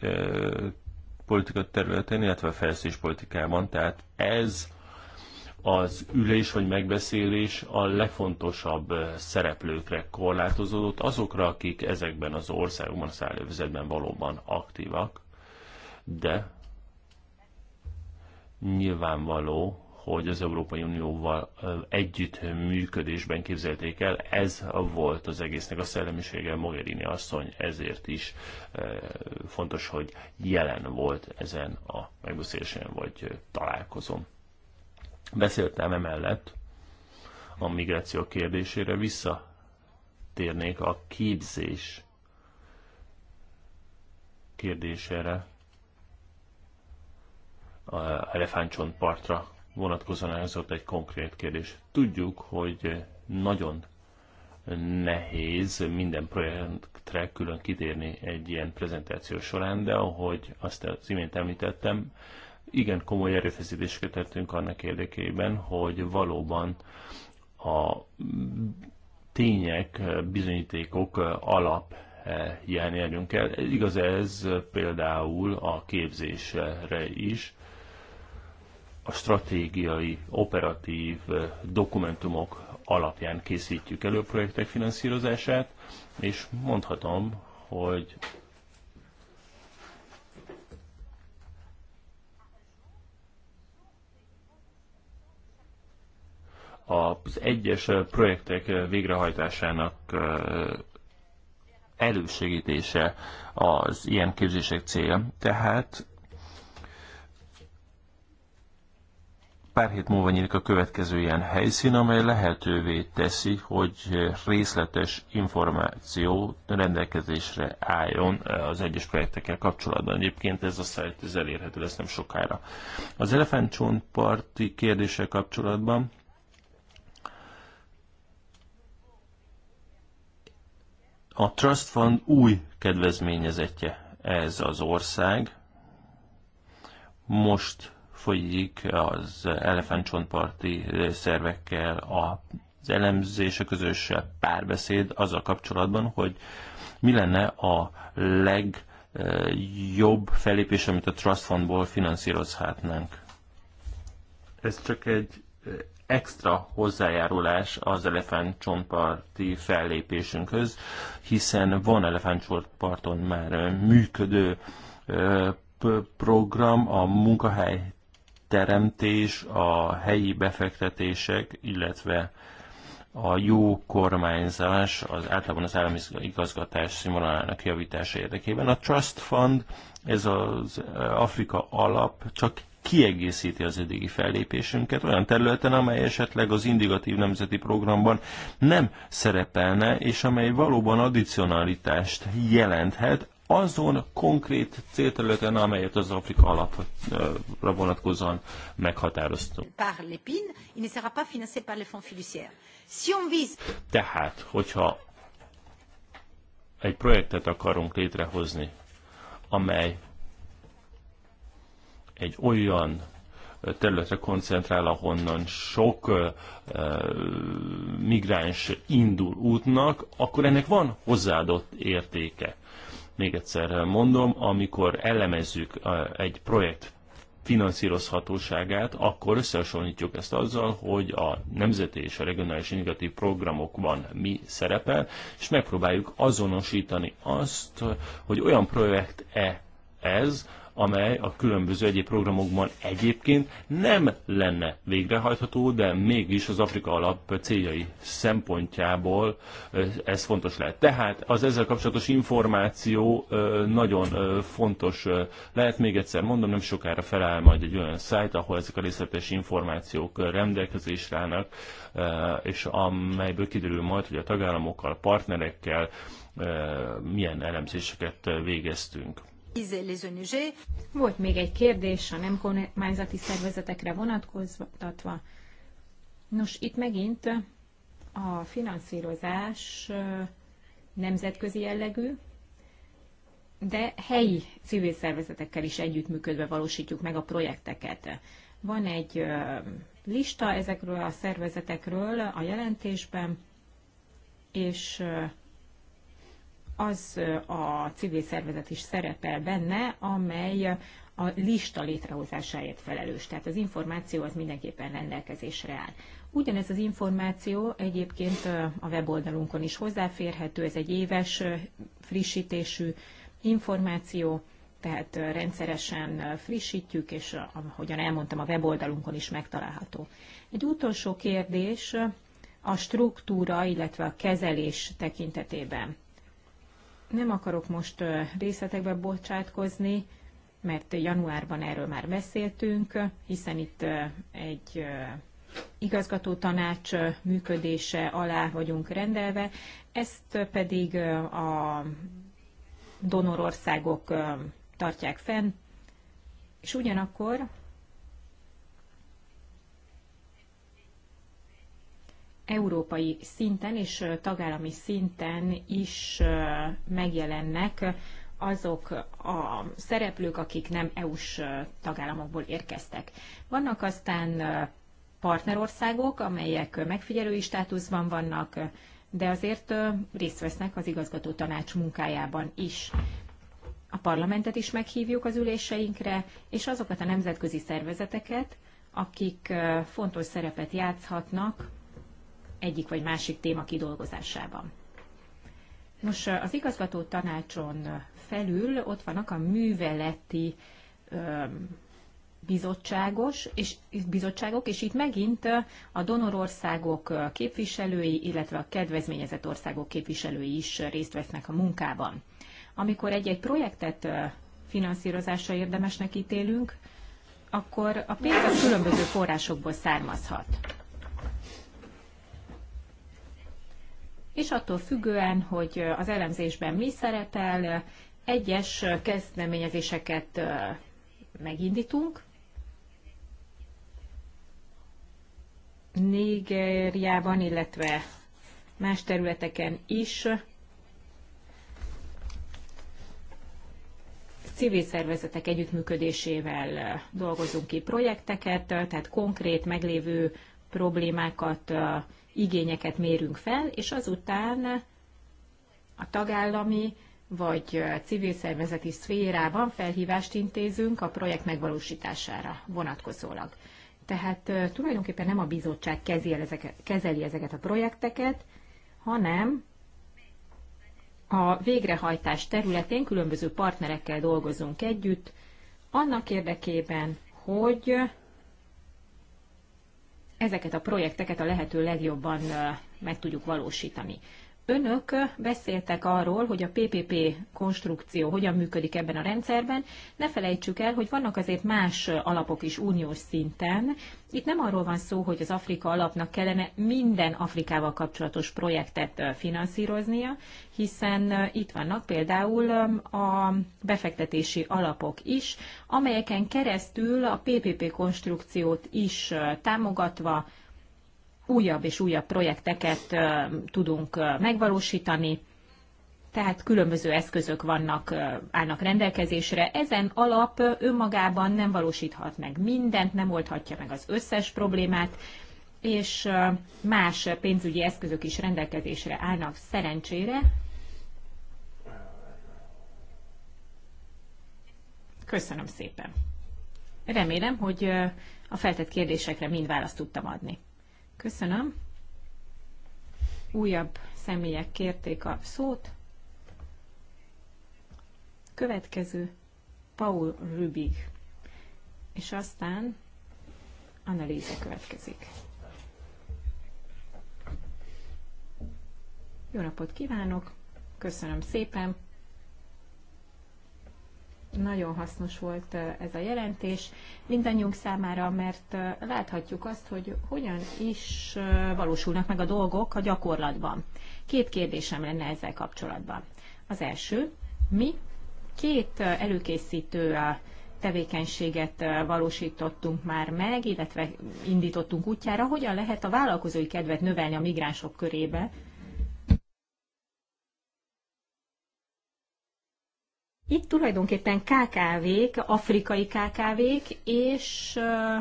eh, politika területén, illetve a fejlesztés politikában. Tehát ez az ülés vagy megbeszélés a legfontosabb szereplőkre korlátozódott, azokra, akik ezekben az országokban, a szállóvezetben valóban aktívak, de nyilvánvaló, hogy az Európai Unióval együtt működésben képzelték el. Ez volt az egésznek a szellemisége, Mogherini asszony ezért is fontos, hogy jelen volt ezen a megbeszélésen vagy találkozón. Beszéltem emellett a migráció kérdésére, visszatérnék a képzés kérdésére, a partra vonatkozóan elhozott egy konkrét kérdés. Tudjuk, hogy nagyon nehéz minden projektre külön kitérni egy ilyen prezentáció során, de ahogy azt az imént említettem, igen komoly erőfeszítéseket tettünk annak érdekében, hogy valóban a tények, bizonyítékok alap jelen el. Igaz ez például a képzésre is, a stratégiai, operatív dokumentumok alapján készítjük elő projektek finanszírozását, és mondhatom, hogy az egyes projektek végrehajtásának elősegítése az ilyen képzések célja. Tehát pár hét múlva nyílik a következő ilyen helyszín, amely lehetővé teszi, hogy részletes információ rendelkezésre álljon az egyes projektekkel kapcsolatban. Egyébként ez a szájt ez elérhető lesz nem sokára. Az elefántcsontparti kérdéssel kapcsolatban A Trust Fund új kedvezményezetje ez az ország. Most folyik az elefántcsontparti szervekkel az elemzés, a közös párbeszéd azzal kapcsolatban, hogy mi lenne a legjobb felépés, amit a Trust Fundból finanszírozhatnánk. Ez csak egy extra hozzájárulás az elefántcsontparti fellépésünkhöz, hiszen van elefántcsontparton már működő program, a munkahely teremtés, a helyi befektetések, illetve a jó kormányzás, az általában az állami igazgatás színvonalának javítása érdekében. A Trust Fund, ez az Afrika alap csak kiegészíti az eddigi fellépésünket olyan területen, amely esetleg az indikatív nemzeti programban nem szerepelne, és amely valóban addicionalitást jelenthet, azon konkrét célterületen, amelyet az Afrika alapra vonatkozóan meghatároztunk. Tehát, hogyha egy projektet akarunk létrehozni, amely egy olyan területre koncentrál, ahonnan sok uh, migráns indul útnak, akkor ennek van hozzáadott értéke. Még egyszer mondom, amikor elemezzük egy projekt finanszírozhatóságát, akkor összehasonlítjuk ezt azzal, hogy a nemzeti és a regionális integratív programokban mi szerepel, és megpróbáljuk azonosítani azt, hogy olyan projekt-e ez, amely a különböző egyéb programokban egyébként nem lenne végrehajtható, de mégis az Afrika alap céljai szempontjából ez fontos lehet. Tehát az ezzel kapcsolatos információ nagyon fontos lehet. Még egyszer mondom, nem sokára feláll majd egy olyan szájt, ahol ezek a részletes információk rendelkezésre állnak, és amelyből kiderül majd, hogy a tagállamokkal, partnerekkel milyen elemzéseket végeztünk.
Izé, Volt még egy kérdés a nem kormányzati szervezetekre vonatkoztatva. Nos, itt megint a finanszírozás nemzetközi jellegű, de helyi civil szervezetekkel is együttműködve valósítjuk meg a projekteket. Van egy lista ezekről a szervezetekről a jelentésben, és az a civil szervezet is szerepel benne, amely a lista létrehozásáért felelős. Tehát az információ az mindenképpen rendelkezésre áll. Ugyanez az információ egyébként a weboldalunkon is hozzáférhető, ez egy éves frissítésű információ, tehát rendszeresen frissítjük, és ahogyan elmondtam, a weboldalunkon is megtalálható. Egy utolsó kérdés a struktúra, illetve a kezelés tekintetében. Nem akarok most részletekbe bocsátkozni, mert januárban erről már beszéltünk, hiszen itt egy igazgató tanács működése alá vagyunk rendelve, ezt pedig a donorországok tartják fenn, és ugyanakkor európai szinten és tagállami szinten is megjelennek azok a szereplők, akik nem EU-s tagállamokból érkeztek. Vannak aztán partnerországok, amelyek megfigyelői státuszban vannak, de azért részt vesznek az igazgató tanács munkájában is. A parlamentet is meghívjuk az üléseinkre, és azokat a nemzetközi szervezeteket, akik fontos szerepet játszhatnak egyik vagy másik téma kidolgozásában. Most az igazgató tanácson felül ott vannak a műveleti bizottságos és bizottságok, és itt megint a donorországok képviselői, illetve a kedvezményezett országok képviselői is részt vesznek a munkában. Amikor egy-egy projektet finanszírozásra érdemesnek ítélünk, akkor a pénz a különböző forrásokból származhat. és attól függően, hogy az elemzésben mi szerepel, egyes kezdeményezéseket megindítunk. Nigériában, illetve más területeken is civil szervezetek együttműködésével dolgozunk ki projekteket, tehát konkrét meglévő problémákat igényeket mérünk fel, és azután a tagállami vagy civil szervezeti szférában felhívást intézünk a projekt megvalósítására vonatkozólag. Tehát tulajdonképpen nem a bizottság kezeli ezeket, kezeli ezeket a projekteket, hanem a végrehajtás területén különböző partnerekkel dolgozunk együtt, annak érdekében, hogy ezeket a projekteket a lehető legjobban meg tudjuk valósítani. Önök beszéltek arról, hogy a PPP konstrukció hogyan működik ebben a rendszerben. Ne felejtsük el, hogy vannak azért más alapok is uniós szinten. Itt nem arról van szó, hogy az Afrika alapnak kellene minden Afrikával kapcsolatos projektet finanszíroznia, hiszen itt vannak például a befektetési alapok is, amelyeken keresztül a PPP konstrukciót is támogatva újabb és újabb projekteket tudunk megvalósítani, tehát különböző eszközök vannak, állnak rendelkezésre. Ezen alap önmagában nem valósíthat meg mindent, nem oldhatja meg az összes problémát, és más pénzügyi eszközök is rendelkezésre állnak szerencsére. Köszönöm szépen. Remélem, hogy a feltett kérdésekre mind választ tudtam adni. Köszönöm. Újabb személyek kérték a szót. Következő Paul Rübig, és aztán analíze következik. Jó napot kívánok, köszönöm szépen! Nagyon hasznos volt ez a jelentés mindannyiunk számára, mert láthatjuk azt, hogy hogyan is valósulnak meg a dolgok a gyakorlatban. Két kérdésem lenne ezzel kapcsolatban. Az első, mi két előkészítő tevékenységet valósítottunk már meg, illetve indítottunk útjára, hogyan lehet a vállalkozói kedvet növelni a migránsok körébe, Itt tulajdonképpen KKV-k, afrikai KKV-k és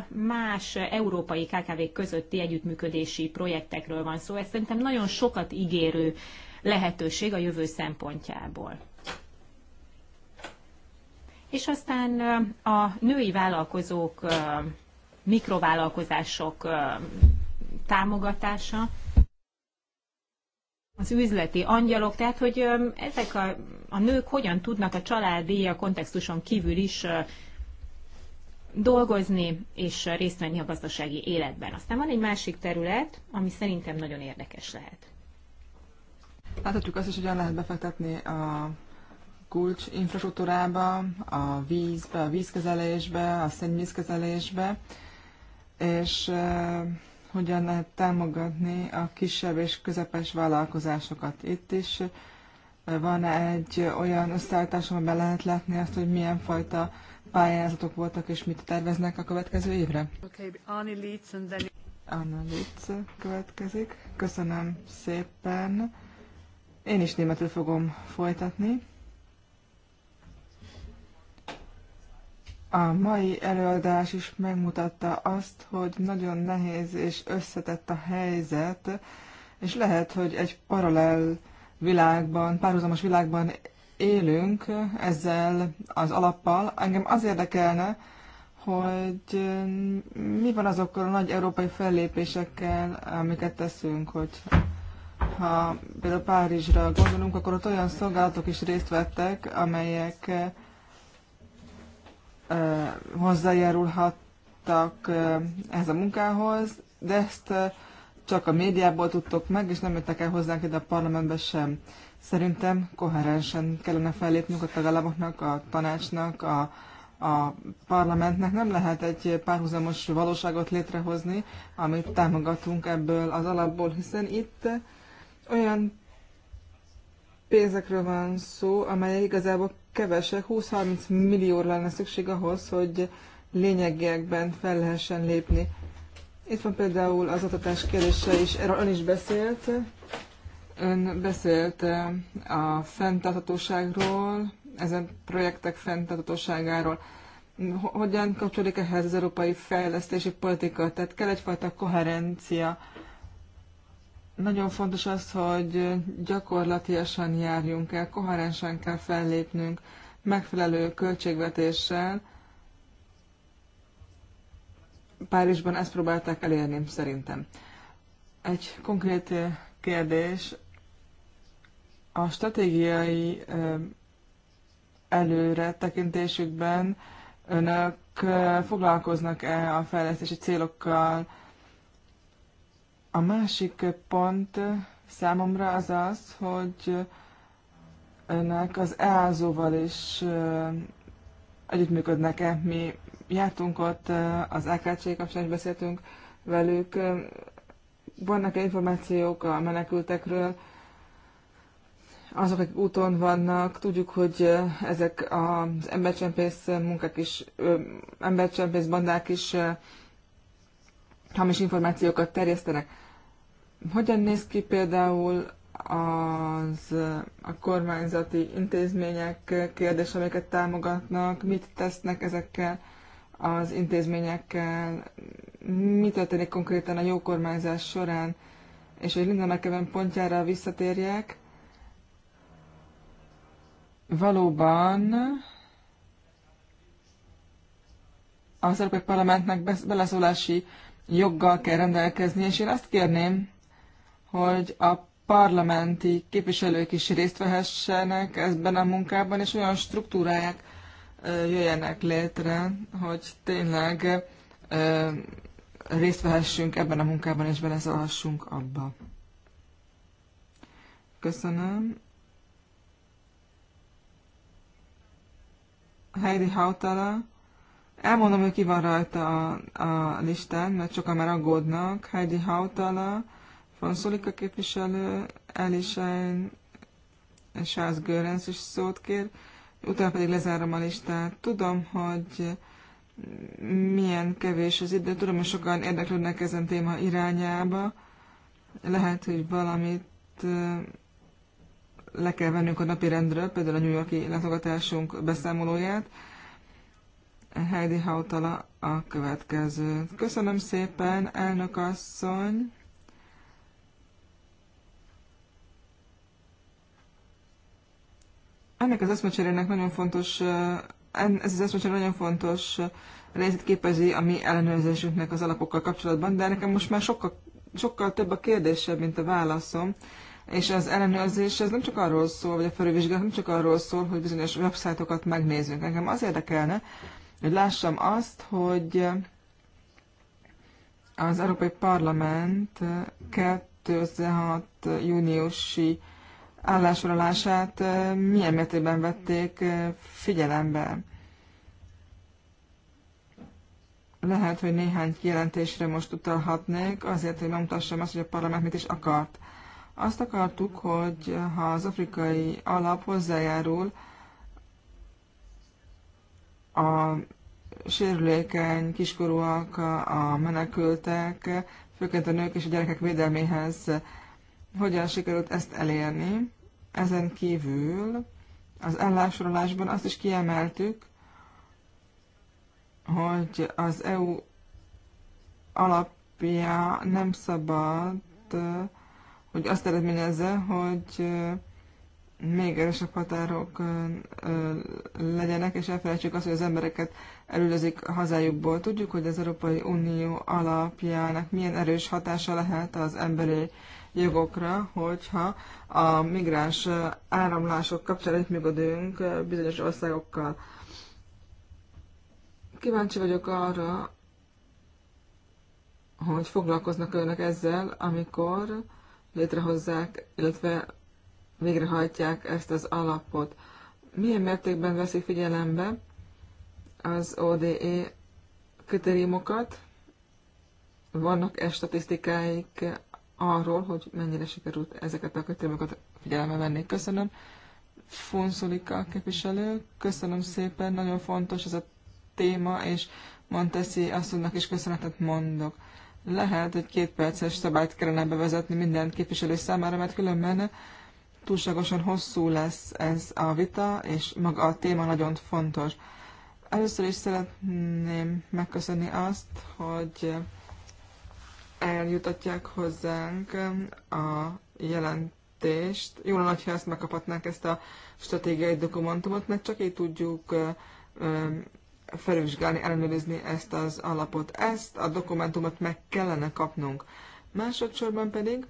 más európai KKV-k közötti együttműködési projektekről van szó. Ez szerintem nagyon sokat ígérő lehetőség a jövő szempontjából. És aztán a női vállalkozók, mikrovállalkozások támogatása az üzleti angyalok, tehát hogy ezek a, a nők hogyan tudnak a családi a kontextuson kívül is dolgozni és részt venni a gazdasági életben. Aztán van egy másik terület, ami szerintem nagyon érdekes lehet.
Láthatjuk azt is, hogy lehet befektetni a kulcs infrastruktúrába, a vízbe, a vízkezelésbe, a szennyvízkezelésbe, és hogyan lehet támogatni a kisebb és közepes vállalkozásokat. Itt is van -e egy olyan összeállítás, amiben lehet látni azt, hogy milyen fajta pályázatok voltak, és mit terveznek a következő évre? Okay, Anna Litz, következik. Köszönöm szépen. Én is németül fogom folytatni. A mai előadás is megmutatta azt, hogy nagyon nehéz és összetett a helyzet, és lehet, hogy egy paralel világban, párhuzamos világban élünk ezzel az alappal. Engem az érdekelne, hogy mi van azokkal a nagy európai fellépésekkel, amiket teszünk, hogy ha például Párizsra gondolunk, akkor ott olyan szolgálatok is részt vettek, amelyek hozzájárulhattak ehhez a munkához, de ezt csak a médiából tudtok meg, és nem jöttek el hozzánk ide a parlamentbe sem. Szerintem koherensen kellene fellépnünk a tagállamoknak, a tanácsnak, a, a parlamentnek. Nem lehet egy párhuzamos valóságot létrehozni, amit támogatunk ebből az alapból, hiszen itt olyan pénzekről van szó, amelyek igazából kevesek, 20-30 millióra lenne szükség ahhoz, hogy lényegekben fel lehessen lépni. Itt van például az oktatás kérdése is, erről ön is beszélt. Ön beszélt eh, a fenntarthatóságról, ezen projektek fenntarthatóságáról. Hogyan kapcsolódik ehhez az európai fejlesztési politika? Tehát kell egyfajta koherencia nagyon fontos az, hogy gyakorlatilag járjunk el, koherensen kell fellépnünk, megfelelő költségvetéssel. Párizsban ezt próbálták elérni, szerintem. Egy konkrét kérdés. A stratégiai előre tekintésükben önök foglalkoznak-e a fejlesztési célokkal, a másik pont számomra az az, hogy önök az EASO-val is együttműködnek-e. Mi jártunk ott, az AKC kapcsán is beszéltünk velük. Vannak-e információk a menekültekről? Azok, akik úton vannak, tudjuk, hogy ezek az embercsempész munkák is, embercsempész bandák is hamis információkat terjesztenek. Hogyan néz ki például az, a kormányzati intézmények kérdés, amiket támogatnak, mit tesznek ezekkel az intézményekkel, mi történik konkrétan a jó kormányzás során, és hogy Linda McEwen pontjára visszatérjek, valóban az Európai Parlamentnek beleszólási joggal kell rendelkezni, és én azt kérném, hogy a parlamenti képviselők is részt vehessenek ebben a munkában, és olyan struktúrák jöjjenek létre, hogy tényleg részt vehessünk ebben a munkában, és beleszólhassunk abba. Köszönöm. Heidi Hautala Elmondom, hogy ki van rajta a, a listán, mert sokan már aggódnak. Heidi Hautala, Franzolika képviselő, Elisein, Charles Görens is szót kér, utána pedig lezárom a listát. Tudom, hogy milyen kevés az idő, tudom, hogy sokan érdeklődnek ezen téma irányába. Lehet, hogy valamit le kell vennünk a napi rendről, például a New Yorki látogatásunk beszámolóját. Heidi Hautala a következő. Köszönöm szépen, elnök asszony! Ennek az eszmecserének nagyon fontos, ez az eszmecsere nagyon fontos részét képezi a mi ellenőrzésünknek az alapokkal kapcsolatban, de nekem most már sokkal, sokkal több a kérdésebb, mint a válaszom. És az ellenőrzés ez nem csak arról szól, vagy a felülvizsgálat nem csak arról szól, hogy bizonyos websájtokat megnézzünk. Engem az érdekelne, hogy lássam azt, hogy az Európai Parlament 2006. júniusi állásolását eh, milyen mértékben vették eh, figyelembe. Lehet, hogy néhány kijelentésre most utalhatnék, azért, hogy megmutassam azt, hogy a parlament mit is akart. Azt akartuk, hogy ha az afrikai alap hozzájárul a sérülékeny kiskorúak, a menekültek, főként a nők és a gyerekek védelméhez hogyan sikerült ezt elérni. Ezen kívül az ellásorolásban azt is kiemeltük, hogy az EU alapja nem szabad, hogy azt eredményezze, hogy még erősebb határok legyenek, és elfelejtsük azt, hogy az embereket elülözik hazájukból. Tudjuk, hogy az Európai Unió alapjának milyen erős hatása lehet az emberi jogokra, hogyha a migráns áramlások kapcsán együttműködünk bizonyos országokkal. Kíváncsi vagyok arra, hogy foglalkoznak önök ezzel, amikor létrehozzák, illetve végrehajtják ezt az alapot. Milyen mértékben veszik figyelembe az ODE kritériumokat? Vannak-e statisztikáik arról, hogy mennyire sikerült ezeket a kritériumokat figyelembe venni? Köszönöm. Funszulika képviselő, köszönöm szépen, nagyon fontos ez a téma, és Monteszi asszonynak is köszönetet mondok. Lehet, hogy két perces szabályt kellene bevezetni minden képviselő számára, mert különben túlságosan hosszú lesz ez a vita, és maga a téma nagyon fontos. Először is szeretném megköszönni azt, hogy eljutatják hozzánk a jelentést. Jó lenne, ha ezt megkaphatnánk, ezt a stratégiai dokumentumot, mert csak így tudjuk felvizsgálni, ellenőrizni ezt az alapot. Ezt a dokumentumot meg kellene kapnunk. Másodszorban pedig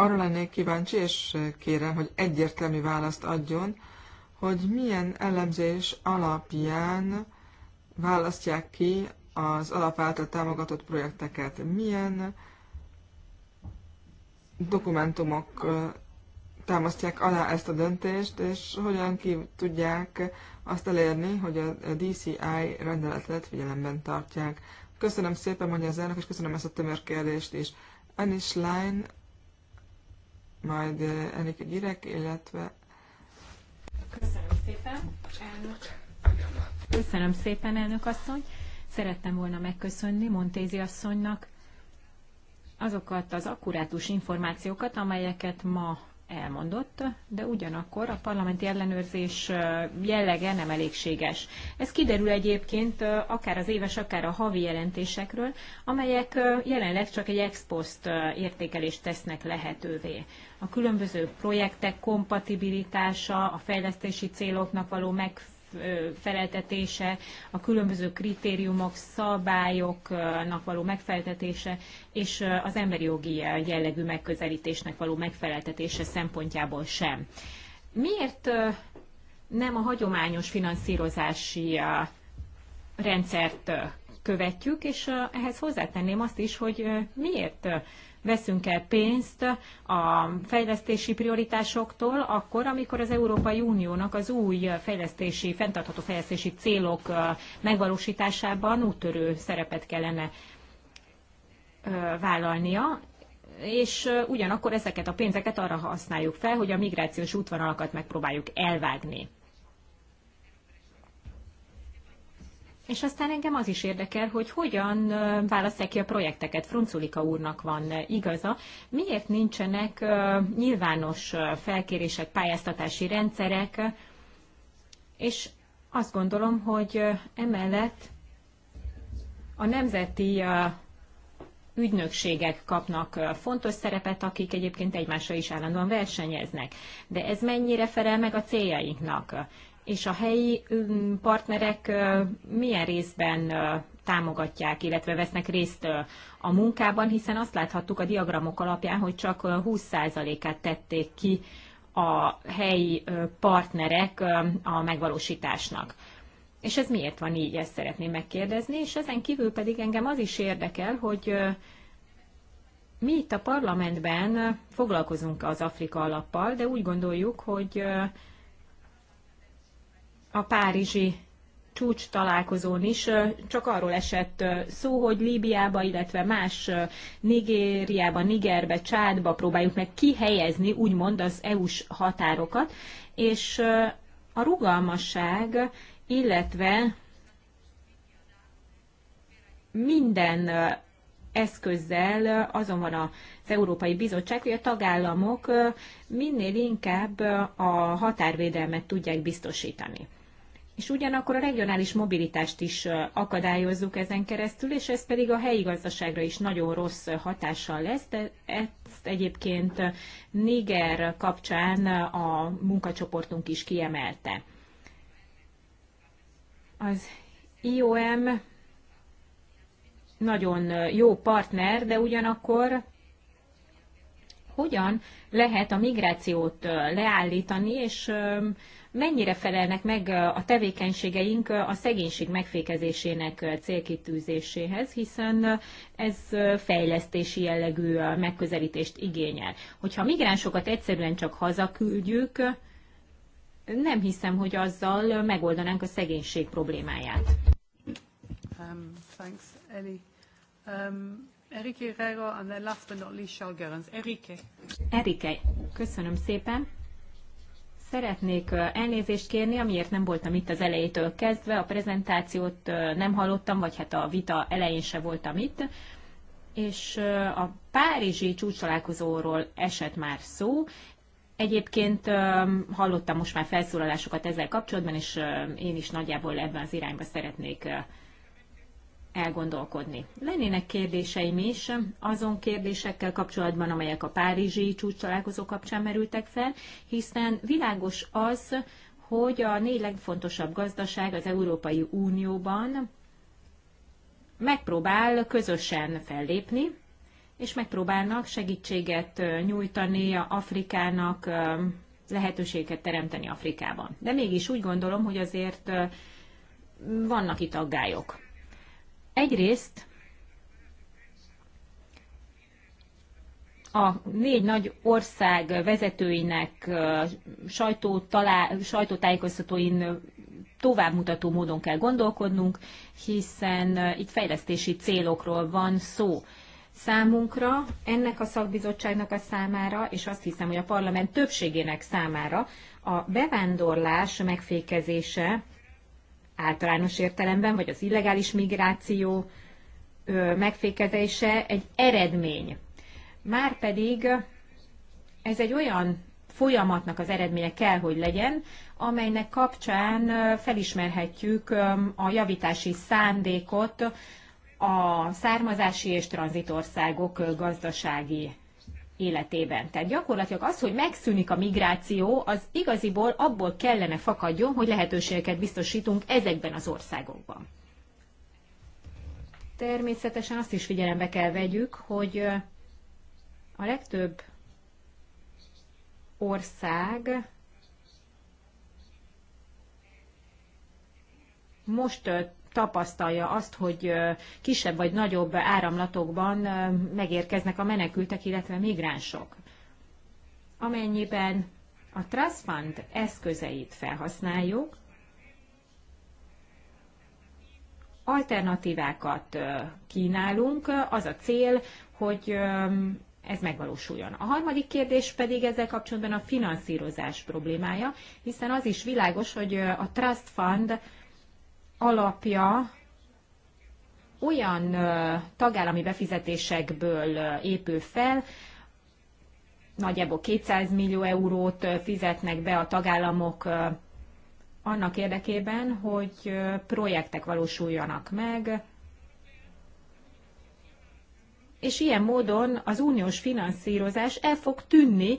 arra lennék kíváncsi, és kérem, hogy egyértelmű választ adjon, hogy milyen elemzés alapján választják ki az alap által támogatott projekteket, milyen dokumentumok támasztják alá ezt a döntést, és hogyan ki tudják azt elérni, hogy a DCI rendeletet figyelemben tartják. Köszönöm szépen, mondja az elnök, és köszönöm ezt a tömör kérdést is. Annie Line,
majd a gyerek, illetve... Köszönöm szépen, elnök. Köszönöm szépen, elnök asszony. Szerettem volna megköszönni Montézi asszonynak azokat az akkurátus információkat, amelyeket ma elmondott, de ugyanakkor a parlamenti ellenőrzés jellege nem elégséges. Ez kiderül egyébként akár az éves, akár a havi jelentésekről, amelyek jelenleg csak egy ex post értékelést tesznek lehetővé. A különböző projektek kompatibilitása, a fejlesztési céloknak való megfelelő, megfeleltetése, a különböző kritériumok, szabályoknak való megfeleltetése és az emberi jogi jellegű megközelítésnek való megfeleltetése szempontjából sem. Miért nem a hagyományos finanszírozási rendszert követjük, és ehhez hozzátenném azt is, hogy miért veszünk el pénzt a fejlesztési prioritásoktól, akkor, amikor az Európai Uniónak az új fejlesztési, fenntartható fejlesztési célok megvalósításában úttörő szerepet kellene vállalnia, és ugyanakkor ezeket a pénzeket arra használjuk fel, hogy a migrációs útvonalakat megpróbáljuk elvágni. És aztán engem az is érdekel, hogy hogyan választják ki a projekteket. Frunculika úrnak van igaza. Miért nincsenek nyilvános felkérések, pályáztatási rendszerek, és azt gondolom, hogy emellett a nemzeti ügynökségek kapnak fontos szerepet, akik egyébként egymással is állandóan versenyeznek. De ez mennyire felel meg a céljainknak? és a helyi mm, partnerek milyen részben támogatják, illetve vesznek részt a munkában, hiszen azt láthattuk a diagramok alapján, hogy csak 20%-át tették ki a helyi partnerek a megvalósításnak. És ez miért van így, ezt szeretném megkérdezni, és ezen kívül pedig engem az is érdekel, hogy mi itt a parlamentben foglalkozunk az Afrika alappal, de úgy gondoljuk, hogy a párizsi csúcs találkozón is csak arról esett szó, hogy Líbiába, illetve más Nigériába, Nigerbe, Csádba próbáljuk meg kihelyezni úgymond az EU-s határokat, és a rugalmasság, illetve minden eszközzel azon van az Európai Bizottság, hogy a tagállamok minél inkább a határvédelmet tudják biztosítani és ugyanakkor a regionális mobilitást is akadályozzuk ezen keresztül, és ez pedig a helyi gazdaságra is nagyon rossz hatással lesz, de ezt egyébként Niger kapcsán a munkacsoportunk is kiemelte. Az IOM nagyon jó partner, de ugyanakkor hogyan lehet a migrációt leállítani, és mennyire felelnek meg a tevékenységeink a szegénység megfékezésének célkitűzéséhez, hiszen ez fejlesztési jellegű megközelítést igényel. Hogyha migránsokat egyszerűen csak hazaküldjük, nem hiszem, hogy azzal megoldanánk a szegénység problémáját. Um, thanks, Eli. Um, Erike Rega, and then last but not least, Charles Erike. Erike, köszönöm szépen. Szeretnék elnézést kérni, amiért nem voltam itt az elejétől kezdve, a prezentációt nem hallottam, vagy hát a vita elején se voltam itt, és a párizsi csúcsalálkozóról esett már szó. Egyébként hallottam most már felszólalásokat ezzel kapcsolatban, és én is nagyjából ebben az irányba szeretnék elgondolkodni. Lennének kérdéseim is azon kérdésekkel kapcsolatban, amelyek a párizsi csúcs találkozó kapcsán merültek fel, hiszen világos az, hogy a négy legfontosabb gazdaság az Európai Unióban megpróbál közösen fellépni, és megpróbálnak segítséget nyújtani Afrikának, lehetőséget teremteni Afrikában. De mégis úgy gondolom, hogy azért vannak itt aggályok. Egyrészt a négy nagy ország vezetőinek sajtótájékoztatóin továbbmutató módon kell gondolkodnunk, hiszen itt fejlesztési célokról van szó számunkra, ennek a szakbizottságnak a számára, és azt hiszem, hogy a parlament többségének számára a bevándorlás megfékezése általános értelemben, vagy az illegális migráció megfékezése egy eredmény. Márpedig ez egy olyan folyamatnak az eredménye kell, hogy legyen, amelynek kapcsán felismerhetjük a javítási szándékot a származási és tranzitországok gazdasági életében. Tehát gyakorlatilag az, hogy megszűnik a migráció, az igaziból abból kellene fakadjon, hogy lehetőségeket biztosítunk ezekben az országokban. Természetesen azt is figyelembe kell vegyük, hogy a legtöbb ország most tapasztalja azt, hogy kisebb vagy nagyobb áramlatokban megérkeznek a menekültek, illetve migránsok. Amennyiben a Trust Fund eszközeit felhasználjuk, alternatívákat kínálunk, az a cél, hogy ez megvalósuljon. A harmadik kérdés pedig ezzel kapcsolatban a finanszírozás problémája, hiszen az is világos, hogy a Trust Fund alapja olyan tagállami befizetésekből épül fel, nagyjából 200 millió eurót fizetnek be a tagállamok annak érdekében, hogy projektek valósuljanak meg, és ilyen módon az uniós finanszírozás el fog tűnni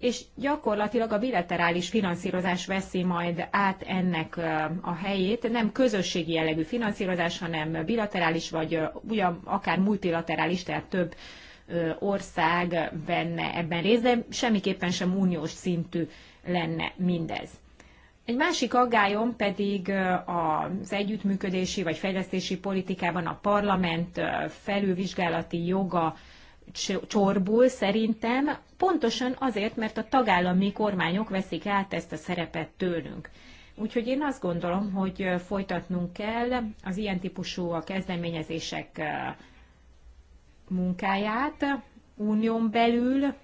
és gyakorlatilag a bilaterális finanszírozás veszi majd át ennek a helyét, nem közösségi jellegű finanszírozás, hanem bilaterális, vagy ugyan akár multilaterális, tehát több ország venne ebben részt, de semmiképpen sem uniós szintű lenne mindez. Egy másik aggályom pedig az együttműködési vagy fejlesztési politikában a parlament felülvizsgálati joga csorbul szerintem pontosan azért, mert a tagállami kormányok veszik át ezt a szerepet tőlünk. Úgyhogy én azt gondolom, hogy folytatnunk kell az ilyen típusú a kezdeményezések munkáját unión belül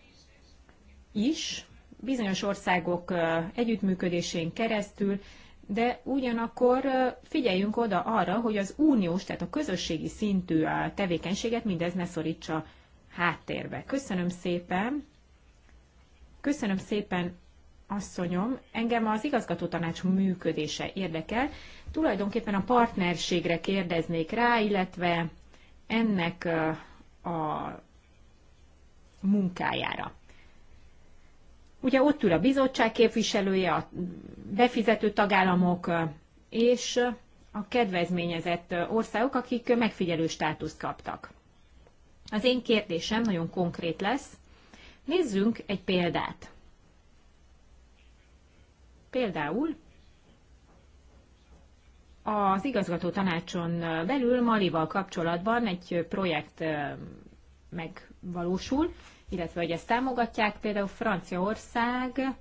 is, bizonyos országok együttműködésén keresztül, de ugyanakkor figyeljünk oda arra, hogy az uniós, tehát a közösségi szintű tevékenységet mindez ne szorítsa háttérbe. Köszönöm szépen! Köszönöm szépen, asszonyom. Engem az igazgató tanács működése érdekel. Tulajdonképpen a partnerségre kérdeznék rá, illetve ennek a munkájára. Ugye ott ül a bizottság képviselője, a befizető tagállamok és a kedvezményezett országok, akik megfigyelő státuszt kaptak. Az én kérdésem nagyon konkrét lesz. Nézzünk egy példát. Például az igazgató tanácson belül Malival kapcsolatban egy projekt megvalósul, illetve hogy ezt támogatják, például Franciaország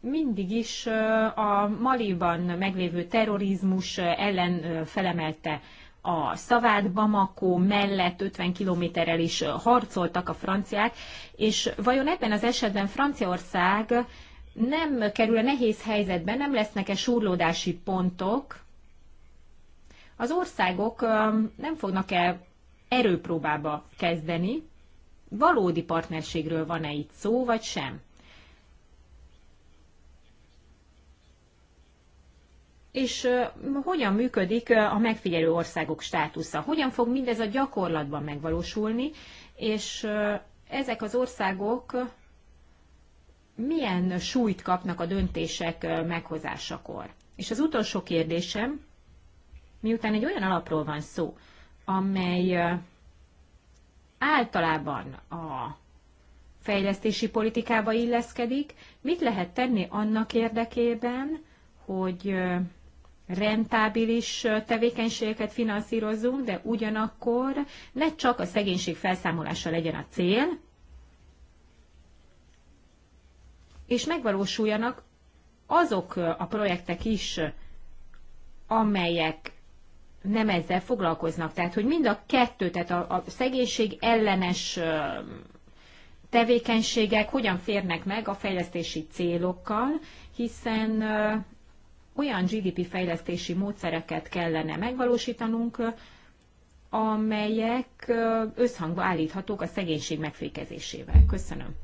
mindig is a Maliban meglévő terrorizmus ellen felemelte a Szavád Bamako mellett 50 kilométerrel is harcoltak a franciák, és vajon ebben az esetben Franciaország nem kerül a nehéz helyzetben, nem lesznek-e súrlódási pontok, az országok nem fognak-e erőpróbába kezdeni, valódi partnerségről van-e itt szó, vagy sem? és hogyan működik a megfigyelő országok státusza? Hogyan fog mindez a gyakorlatban megvalósulni, és ezek az országok milyen súlyt kapnak a döntések meghozásakor? És az utolsó kérdésem, miután egy olyan alapról van szó, amely általában a fejlesztési politikába illeszkedik, mit lehet tenni annak érdekében, hogy rentábilis tevékenységeket finanszírozzunk, de ugyanakkor ne csak a szegénység felszámolása legyen a cél, és megvalósuljanak azok a projektek is, amelyek nem ezzel foglalkoznak. Tehát, hogy mind a kettő, tehát a, a szegénység ellenes tevékenységek hogyan férnek meg a fejlesztési célokkal, hiszen olyan GDP fejlesztési módszereket kellene megvalósítanunk, amelyek összhangba állíthatók a szegénység megfékezésével. Köszönöm.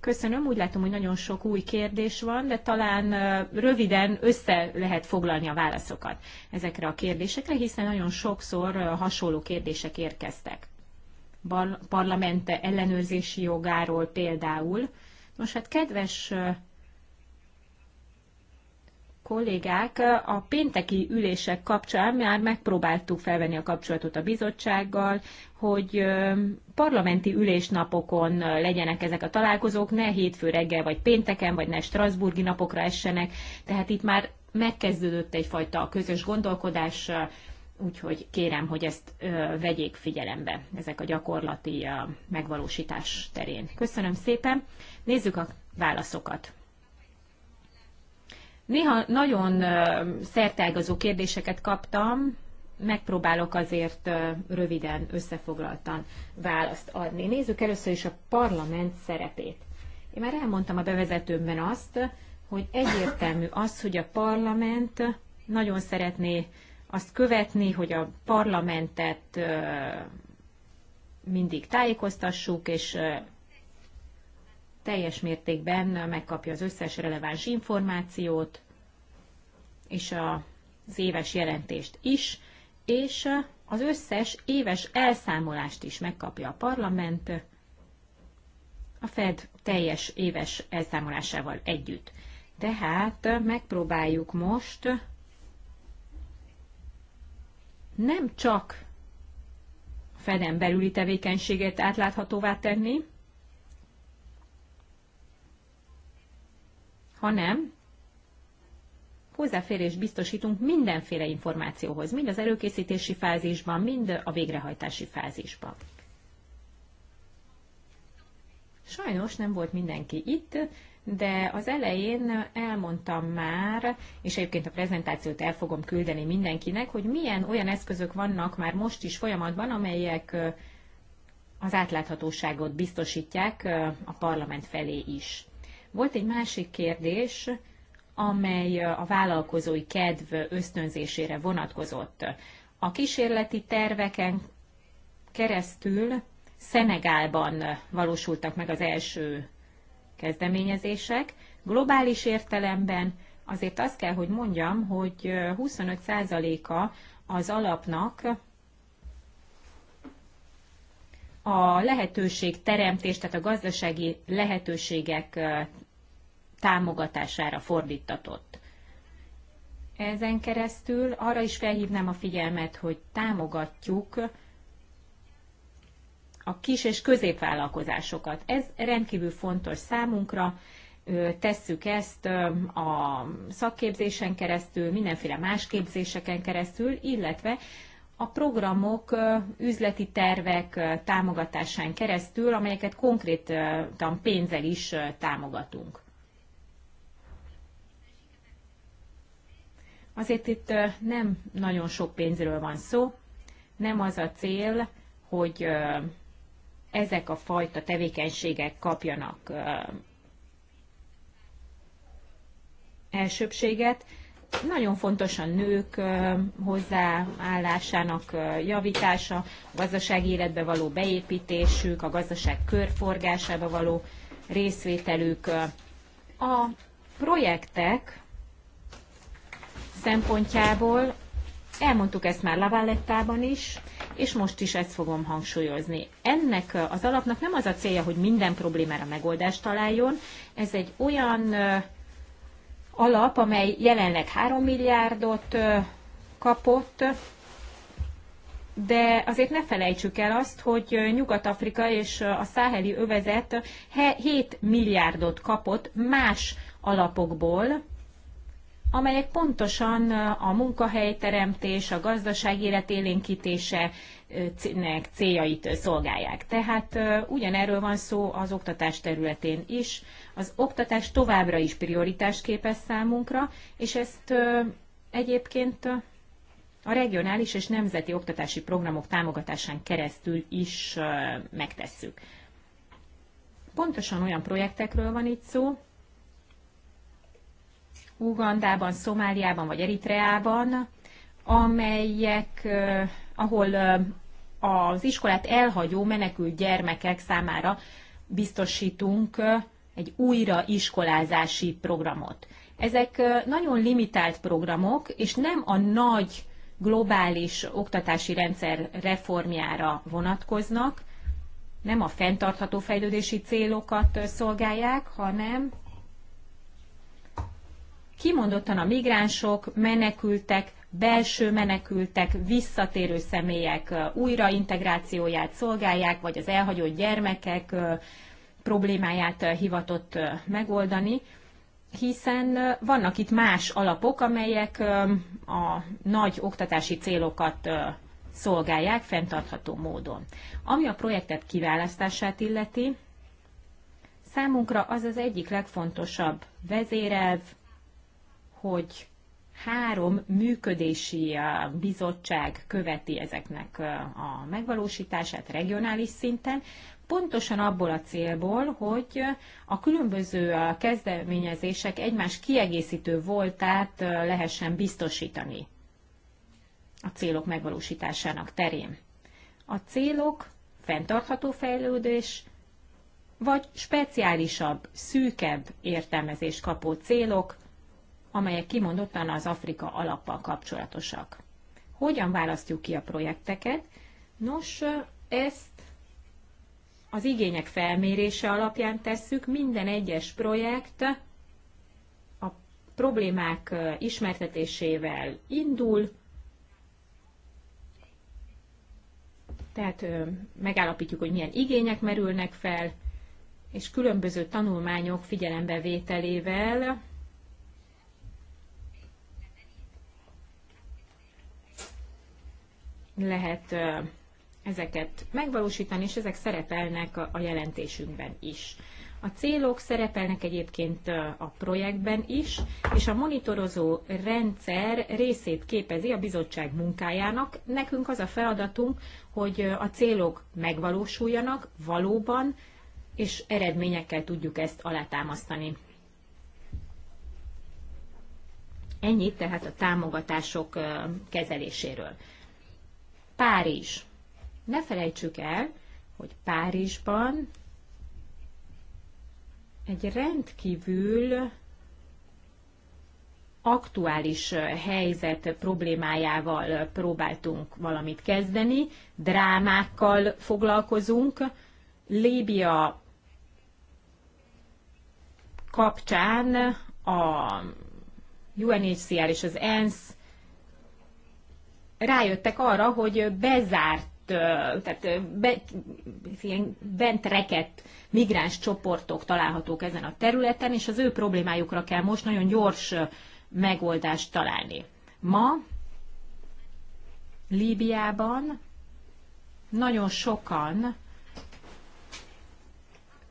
Köszönöm, úgy látom, hogy nagyon sok új kérdés van, de talán röviden össze lehet foglalni a válaszokat ezekre a kérdésekre, hiszen nagyon sokszor hasonló kérdések érkeztek. parlamente ellenőrzési jogáról például. Nos, hát kedves kollégák a pénteki ülések kapcsán már megpróbáltuk felvenni a kapcsolatot a bizottsággal, hogy parlamenti ülésnapokon legyenek ezek a találkozók, ne hétfő reggel, vagy pénteken, vagy ne Strasburgi napokra essenek. Tehát itt már megkezdődött egyfajta közös gondolkodás, úgyhogy kérem, hogy ezt vegyék figyelembe, ezek a gyakorlati megvalósítás terén. Köszönöm szépen. Nézzük a válaszokat. Néha nagyon szertágazó kérdéseket kaptam, megpróbálok azért röviden, összefoglaltan választ adni. Nézzük először is a parlament szerepét. Én már elmondtam a bevezetőmben azt, hogy egyértelmű az, hogy a parlament nagyon szeretné azt követni, hogy a parlamentet mindig tájékoztassuk, és teljes mértékben megkapja az összes releváns információt, és az éves jelentést is, és az összes éves elszámolást is megkapja a parlament a Fed teljes éves elszámolásával együtt. Tehát megpróbáljuk most nem csak Feden belüli tevékenységet átláthatóvá tenni, hanem hozzáférés biztosítunk mindenféle információhoz, mind az előkészítési fázisban, mind a végrehajtási fázisban. Sajnos nem volt mindenki itt, de az elején elmondtam már, és egyébként a prezentációt el fogom küldeni mindenkinek, hogy milyen olyan eszközök vannak már most is folyamatban, amelyek az átláthatóságot biztosítják a parlament felé is. Volt egy másik kérdés, amely a vállalkozói kedv ösztönzésére vonatkozott. A kísérleti terveken keresztül Szenegálban valósultak meg az első kezdeményezések. Globális értelemben azért azt kell, hogy mondjam, hogy 25%-a az alapnak a lehetőség teremtés, tehát a gazdasági lehetőségek támogatására fordítatott. Ezen keresztül arra is felhívnám a figyelmet, hogy támogatjuk a kis és középvállalkozásokat. Ez rendkívül fontos számunkra, tesszük ezt a szakképzésen keresztül, mindenféle más képzéseken keresztül, illetve a programok üzleti tervek támogatásán keresztül, amelyeket konkrétan pénzzel is támogatunk. Azért itt nem nagyon sok pénzről van szó, nem az a cél, hogy ezek a fajta tevékenységek kapjanak elsőbséget, nagyon fontos a nők hozzáállásának javítása, a gazdaság életbe való beépítésük, a gazdaság körforgásába való részvételük. A projektek szempontjából elmondtuk ezt már Lavallettában is, és most is ezt fogom hangsúlyozni. Ennek az alapnak nem az a célja, hogy minden problémára megoldást találjon, ez egy olyan alap, amely jelenleg 3 milliárdot kapott, de azért ne felejtsük el azt, hogy Nyugat-Afrika és a száheli övezet 7 milliárdot kapott más alapokból, amelyek pontosan a munkahelyteremtés, a gazdaság életélénkítése céljait szolgálják. Tehát ugyanerről van szó az oktatás területén is, az oktatás továbbra is prioritás képez számunkra, és ezt egyébként a regionális és nemzeti oktatási programok támogatásán keresztül is megtesszük. Pontosan olyan projektekről van itt szó, Ugandában, Szomáliában vagy Eritreában, amelyek, ahol az iskolát elhagyó menekült gyermekek számára biztosítunk egy újra iskolázási programot. Ezek nagyon limitált programok, és nem a nagy globális oktatási rendszer reformjára vonatkoznak, nem a fenntartható fejlődési célokat szolgálják, hanem kimondottan a migránsok, menekültek, belső menekültek, visszatérő személyek újraintegrációját szolgálják, vagy az elhagyott gyermekek problémáját eh, hivatott eh, megoldani, hiszen eh, vannak itt más alapok, amelyek a nagy oktatási célokat szolgálják fenntartható módon. Ami a projektet kiválasztását illeti, számunkra az az egyik legfontosabb vezérelv, hogy három működési bizottság követi ezeknek a megvalósítását regionális szinten, pontosan abból a célból, hogy a különböző kezdeményezések egymás kiegészítő voltát lehessen biztosítani a célok megvalósításának terén. A célok fenntartható fejlődés, vagy speciálisabb, szűkebb értelmezést kapó célok, amelyek kimondottan az Afrika alappal kapcsolatosak. Hogyan választjuk ki a projekteket? Nos, ezt az igények felmérése alapján tesszük, minden egyes projekt a problémák ismertetésével indul, tehát megállapítjuk, hogy milyen igények merülnek fel, és különböző tanulmányok figyelembevételével lehet ezeket megvalósítani, és ezek szerepelnek a jelentésünkben is. A célok szerepelnek egyébként a projektben is, és a monitorozó rendszer részét képezi a bizottság munkájának. Nekünk az a feladatunk, hogy a célok megvalósuljanak valóban, és eredményekkel tudjuk ezt alátámasztani. Ennyit tehát a támogatások kezeléséről. Párizs. Ne felejtsük el, hogy Párizsban egy rendkívül aktuális helyzet problémájával próbáltunk valamit kezdeni, drámákkal foglalkozunk. Líbia kapcsán a UNHCR és az ENSZ rájöttek arra, hogy bezárt tehát ilyen bent rekett migráns csoportok találhatók ezen a területen, és az ő problémájukra kell most nagyon gyors megoldást találni. Ma Líbiában nagyon sokan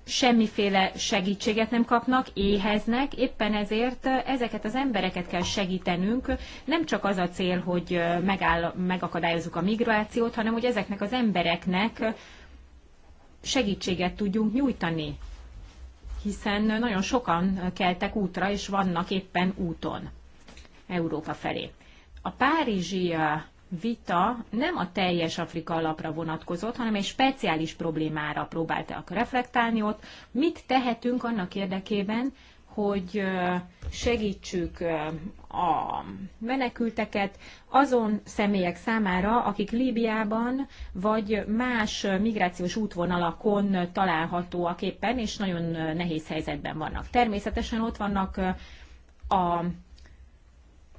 semmiféle segítséget nem kapnak, éheznek, éppen ezért ezeket az embereket kell segítenünk. Nem csak az a cél, hogy megáll, megakadályozzuk a migrációt, hanem hogy ezeknek az embereknek segítséget tudjunk nyújtani, hiszen nagyon sokan keltek útra, és vannak éppen úton Európa felé. A párizsi vita nem a teljes Afrika alapra vonatkozott, hanem egy speciális problémára próbáltak reflektálni ott. Mit tehetünk annak érdekében, hogy segítsük a menekülteket azon személyek számára, akik Líbiában vagy más migrációs útvonalakon találhatóak éppen, és nagyon nehéz helyzetben vannak. Természetesen ott vannak a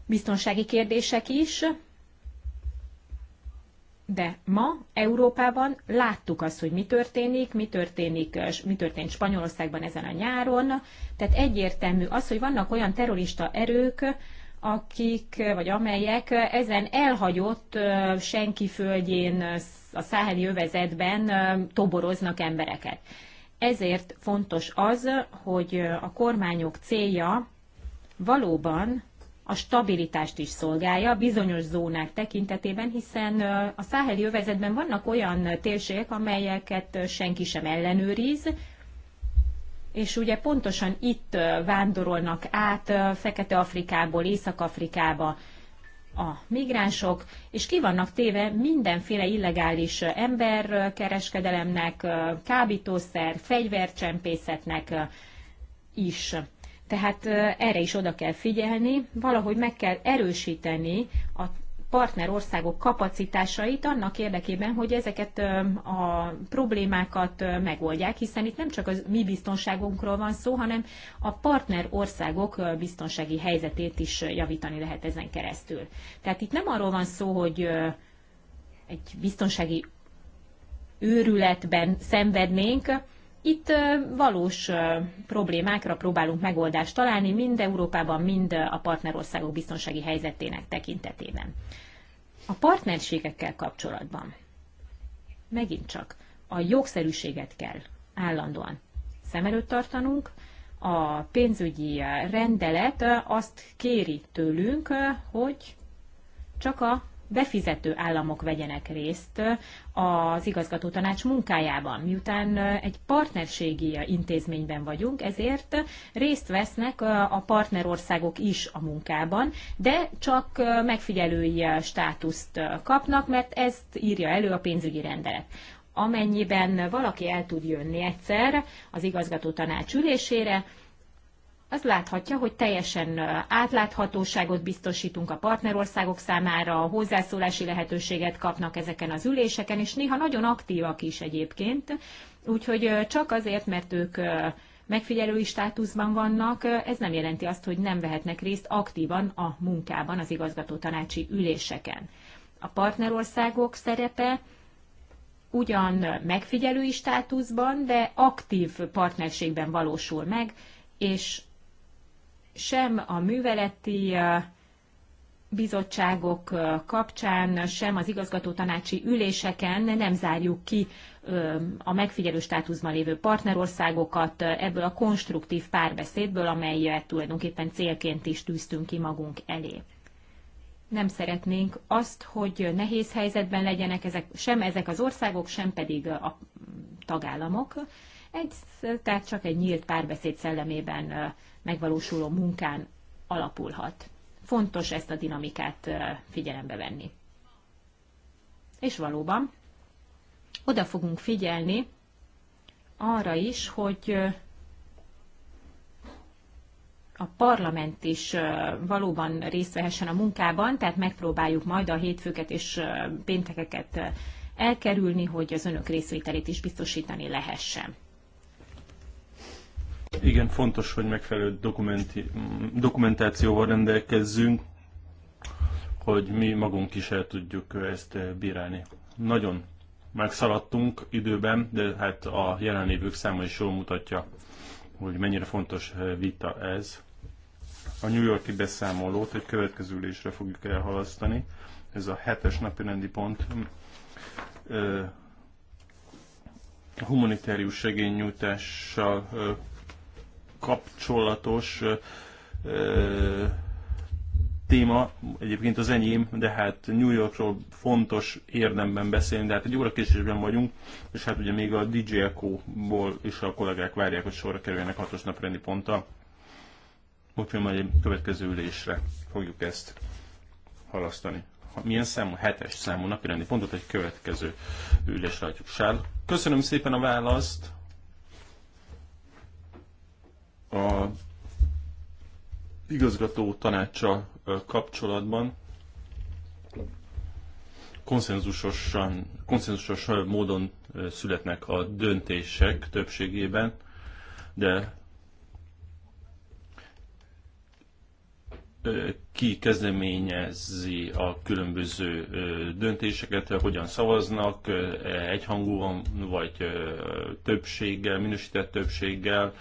biztonsági kérdések is, de ma Európában láttuk azt, hogy mi történik, mi történik, eh, mi történt Spanyolországban ezen a nyáron. Tehát egyértelmű az, hogy vannak olyan terrorista erők, akik, eh, vagy amelyek eh, ezen elhagyott senki földjén, a száheli övezetben toboroznak embereket. Ezért fontos az, hogy a kormányok célja valóban a stabilitást is szolgálja bizonyos zónák tekintetében, hiszen a száheli övezetben vannak olyan térségek, amelyeket senki sem ellenőriz, és ugye pontosan itt vándorolnak át Fekete-Afrikából, Észak-Afrikába a migránsok, és ki vannak téve mindenféle illegális emberkereskedelemnek, kábítószer, fegyvercsempészetnek is. Tehát erre is oda kell figyelni, valahogy meg kell erősíteni a partnerországok kapacitásait annak érdekében, hogy ezeket a problémákat megoldják, hiszen itt nem csak az mi biztonságunkról van szó, hanem a partnerországok biztonsági helyzetét is javítani lehet ezen keresztül. Tehát itt nem arról van szó, hogy egy biztonsági őrületben szenvednénk, itt valós problémákra próbálunk megoldást találni, mind Európában, mind a partnerországok biztonsági helyzetének tekintetében. A partnerségekkel kapcsolatban megint csak a jogszerűséget kell állandóan szem előtt tartanunk. A pénzügyi rendelet azt kéri tőlünk, hogy csak a befizető államok vegyenek részt az igazgató tanács munkájában. Miután egy partnerségi intézményben vagyunk, ezért részt vesznek a partnerországok is a munkában, de csak megfigyelői státuszt kapnak, mert ezt írja elő a pénzügyi rendelet amennyiben valaki el tud jönni egyszer az igazgató tanács ülésére, az láthatja, hogy teljesen átláthatóságot biztosítunk a partnerországok számára, a hozzászólási lehetőséget kapnak ezeken az üléseken, és néha nagyon aktívak is egyébként, úgyhogy csak azért, mert ők megfigyelői státuszban vannak, ez nem jelenti azt, hogy nem vehetnek részt aktívan a munkában, az igazgató tanácsi üléseken. A partnerországok szerepe ugyan megfigyelői státuszban, de aktív partnerségben valósul meg, és sem a műveleti bizottságok kapcsán, sem az igazgató tanácsi üléseken nem zárjuk ki a megfigyelő státuszban lévő partnerországokat ebből a konstruktív párbeszédből, amelyet tulajdonképpen célként is tűztünk ki magunk elé. Nem szeretnénk azt, hogy nehéz helyzetben legyenek ezek, sem ezek az országok, sem pedig a tagállamok. Egy, tehát csak egy nyílt párbeszéd szellemében megvalósuló munkán alapulhat. Fontos ezt a dinamikát figyelembe venni. És valóban oda fogunk figyelni arra is, hogy a parlament is valóban részt vehessen a munkában, tehát megpróbáljuk majd a hétfőket és péntekeket elkerülni, hogy az önök részvételét is biztosítani lehessen.
Igen, fontos, hogy megfelelő dokumentációval rendelkezzünk, hogy mi magunk is el tudjuk ezt bírálni. Nagyon megszaladtunk időben, de hát a jelenlévők száma is jól mutatja, hogy mennyire fontos vita ez. A New Yorki beszámolót egy következő ülésre fogjuk elhalasztani. Ez a hetes napi rendi pont. A humanitárius segélynyújtással kapcsolatos ö, téma, egyébként az enyém, de hát New Yorkról fontos érdemben beszélni, de hát egy óra késésben vagyunk, és hát ugye még a DJ Echo-ból is a kollégák várják, hogy sorra kerüljenek hatos naprendi ponttal. Úgyhogy majd egy következő ülésre fogjuk ezt halasztani. Milyen számú? Hetes számú napirendi pontot egy következő ülésre adjuk. Sár. Köszönöm szépen a választ! a igazgató tanácsa kapcsolatban konszenzusosan, konszenzusos módon születnek a döntések többségében, de ki kezdeményezi a különböző döntéseket, hogyan szavaznak, egyhangúan vagy többséggel, minősített többséggel,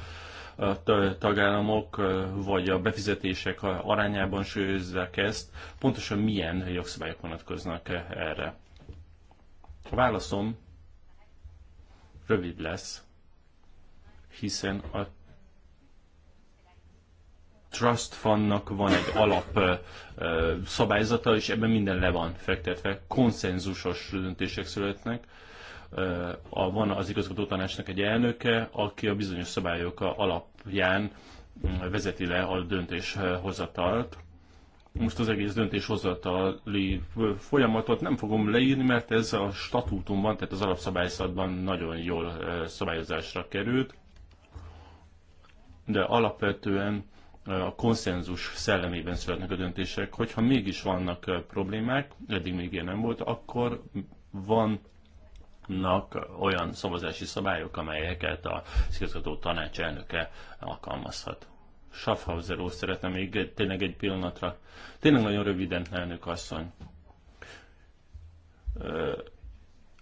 tagállamok vagy a befizetések arányában sőzve ezt, pontosan milyen jogszabályok vonatkoznak erre? A válaszom rövid lesz, hiszen a Trust Fundnak van egy alap szabályzata, és ebben minden le van fektetve, konszenzusos döntések születnek a, van az igazgató tanácsnak egy elnöke, aki a bizonyos szabályok alapján mm, vezeti le a döntéshozatalt. Most az egész döntéshozatali folyamatot nem fogom leírni, mert ez a statútumban, tehát az alapszabályzatban nagyon jól szabályozásra került, de alapvetően a konszenzus szellemében születnek a döntések. Hogyha mégis vannak problémák, eddig még ilyen nem volt, akkor van olyan szavazási szabályok, amelyeket a szigazgató tanács elnöke alkalmazhat. Schaffhauser úr szeretne még tényleg egy pillanatra. Tényleg nagyon röviden, elnök asszony.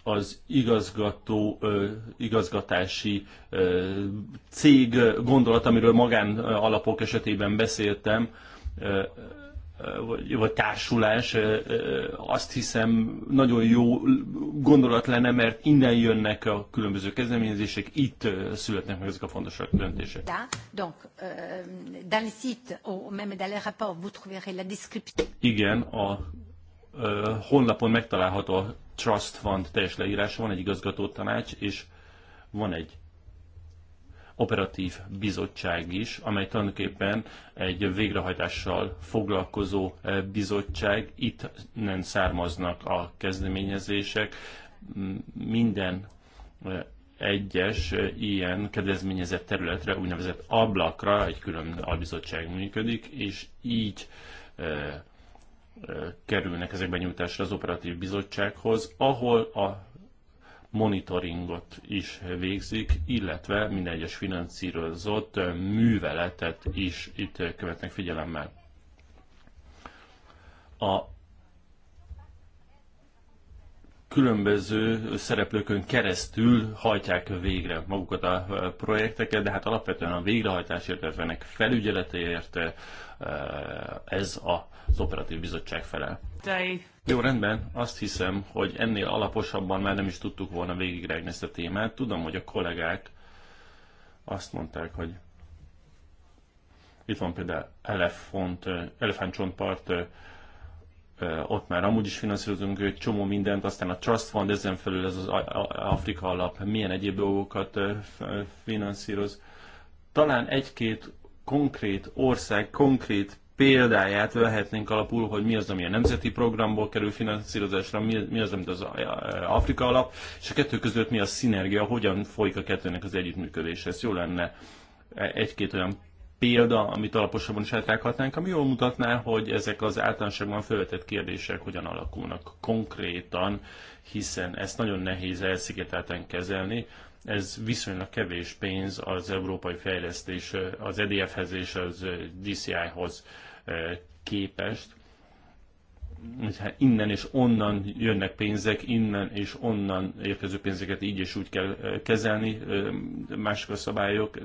Az igazgató, igazgatási cég gondolat, amiről magán alapok esetében beszéltem, vagy, vagy társulás, azt hiszem nagyon jó gondolat lenne, mert innen jönnek a különböző kezdeményezések, itt születnek meg ezek a fontosak döntések.
Euh, même dans le rapport, vous trouverez la description.
Igen, a honlapon megtalálható a Trust Fund teljes leírása, van egy igazgató tanács, és van egy operatív bizottság is, amely tulajdonképpen egy végrehajtással foglalkozó eh, bizottság. Itt nem származnak a kezdeményezések. Minden eh, egyes eh, ilyen kedvezményezett területre, úgynevezett ablakra egy külön albizottság működik, és így kerülnek ezek benyújtásra az operatív bizottsághoz, ahol a monitoringot is végzik, illetve minden egyes finanszírozott műveletet is itt követnek figyelemmel. A különböző szereplőkön keresztül hajtják végre magukat a projekteket, de hát alapvetően a végrehajtásért, illetve ennek felügyeletéért eh, ez az operatív bizottság felel. Jó, rendben, azt hiszem, hogy ennél alaposabban már nem is tudtuk volna végigregni ezt a témát. Tudom, hogy a kollégák azt mondták, hogy itt van például elefont, elefántcsontpart, ott már amúgy is finanszírozunk egy csomó mindent, aztán a Trust Fund, ezen felül ez az Afrika alap milyen egyéb dolgokat finanszíroz. Talán egy-két konkrét ország, konkrét példáját vehetnénk alapul, hogy mi az, ami a nemzeti programból kerül finanszírozásra, mi, az, amit az Afrika alap, és a kettő között mi a szinergia, hogyan folyik a kettőnek az együttműködése. Ez jó lenne egy-két olyan példa, amit alaposabban is átrághatnánk, ami jól mutatná, hogy ezek az általánosságban felvetett kérdések hogyan alakulnak konkrétan, hiszen ezt nagyon nehéz elszigetelten kezelni, ez viszonylag kevés pénz az európai fejlesztés, az EDF-hez és az DCI-hoz eh, képest. Hát innen és onnan jönnek pénzek, innen és onnan érkező pénzeket így és úgy kell eh, kezelni, eh, mások a szabályok.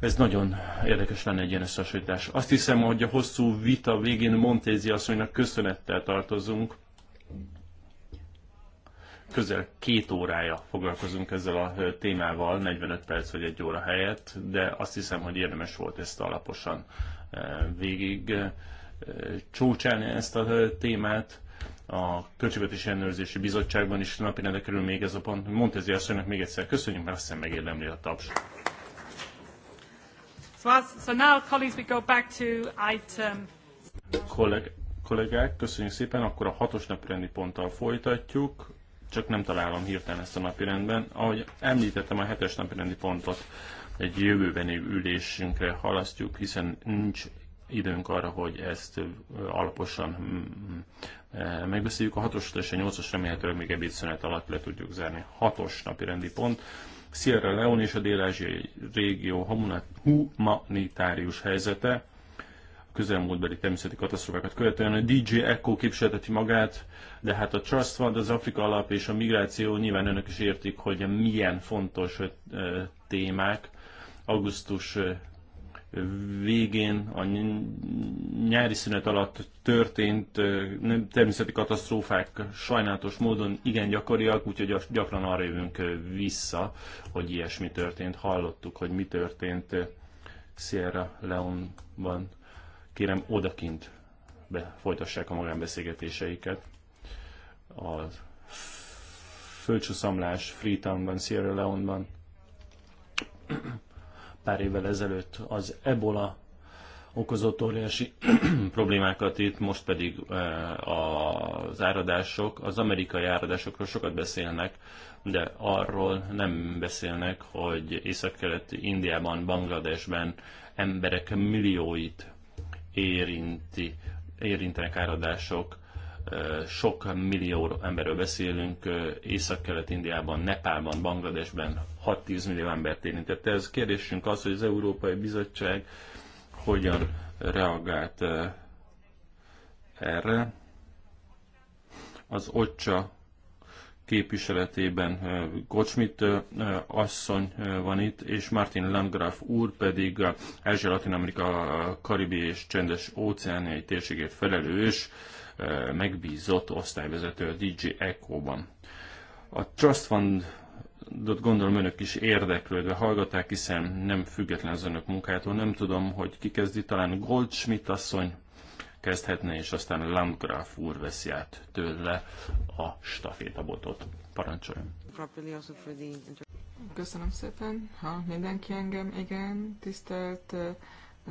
Ez nagyon érdekes lenne egy ilyen összehasonlítás. Azt hiszem, hogy a hosszú vita végén Montézi asszonynak köszönettel tartozunk, közel két órája foglalkozunk ezzel a témával, 45 perc vagy egy óra helyett, de azt hiszem, hogy érdemes volt ezt alaposan végig csúcsálni ezt a témát. A Költségvetési Ellenőrzési Bizottságban is napirendre kerül még ez a pont. Montezi asszonynak még egyszer köszönjük, mert azt hiszem megérdemli a taps.
So, as, so now, colleagues, we go back to item...
kollégák, köszönjük szépen, akkor a hatos napirendi ponttal folytatjuk csak nem találom hirtelen ezt a napirendben. Ahogy említettem, a hetes napirendi pontot egy jövőbeni ülésünkre halasztjuk, hiszen nincs időnk arra, hogy ezt alaposan mm, mm, megbeszéljük. A hatos és a nyolcas remélhetőleg még ebédszünet alatt le tudjuk zárni. hatos napirendi napi rendi pont. Sierra Leone és a dél-ázsiai régió humanitárius helyzete közelmúltbeli természeti katasztrófákat követően. A DJ Echo képviselteti magát, de hát a Trust Fund, az Afrika Alap és a migráció nyilván önök is értik, hogy milyen fontos témák. Augusztus végén, a nyári szünet alatt történt természeti katasztrófák sajnálatos módon igen gyakoriak, úgyhogy gyakran arra jövünk vissza, hogy ilyesmi történt. Hallottuk, hogy mi történt Sierra Leone-ban kérem odakint be folytassák a magánbeszélgetéseiket. A földcsúszamlás Freetownban, Sierra Leone-ban pár évvel ezelőtt az ebola okozott óriási (clears throat) problémákat itt, most pedig eh, az áradások, az amerikai áradásokról sokat beszélnek, de arról nem beszélnek, hogy észak keleti Indiában, Bangladesben emberek millióit érinti, érintenek áradások, sok millió emberről beszélünk, Észak-Kelet-Indiában, Nepálban, Bangladesben 6-10 millió embert érintett. Ez kérdésünk az, hogy az Európai Bizottság hogyan reagált erre. Az OCSA képviseletében Kocsmit eh, eh, eh, asszony van itt, és Martin Landgraf úr pedig Ázsia, Latin Amerika, Karibi és Csendes óceániai térségért felelős, megbízott osztályvezető a DJ Echo-ban. A Trust Fund gondolom önök is érdeklődve hallgatták, hiszen nem független az önök munkától. Nem tudom, hogy ki kezdi, talán Goldschmidt asszony, kezdhetne, és aztán Landgraf úr veszi át tőle a stafétabotot. Parancsoljon!
Köszönöm szépen, ha mindenki engem, igen, tisztelt eh,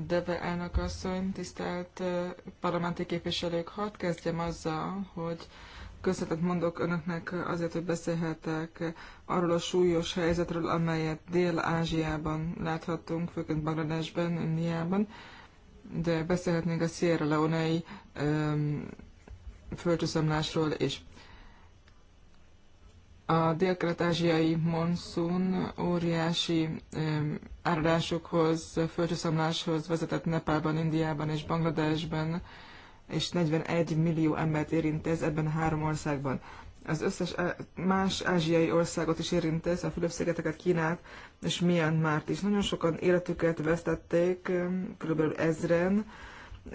Deve elnök asszony, tisztelt eh, parlamenti képviselők, hadd kezdjem azzal, hogy köszönetet mondok önöknek azért, hogy beszélhetek arról a súlyos helyzetről, amelyet Dél-Ázsiában láthattunk, főként Bangladesben, Indiában de beszélhetnénk a Sierra Leone-i földcsúszomlásról is. A dél ázsiai monszun óriási áradásokhoz, földcsúszomláshoz vezetett Nepálban, Indiában és Bangladesben, és 41 millió embert érint ez ebben a három országban az összes e, más ázsiai országot is érinti, a Fülöp-szigeteket, Kínát és Myanmart is. Nagyon sokan életüket vesztették, e, kb. ezren,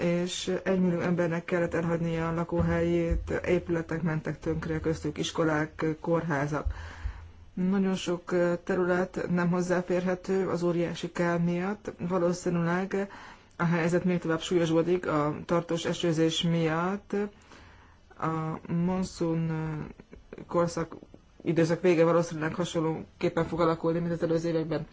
és egymillió embernek kellett elhagynia a lakóhelyét, épületek mentek tönkre, köztük iskolák, kórházak. Nagyon sok e, terület nem hozzáférhető az óriási kár miatt. Valószínűleg a helyzet még tovább súlyosodik a tartós esőzés miatt a monszun korszak időszak vége valószínűleg hasonlóképpen fog alakulni, mint az előző években.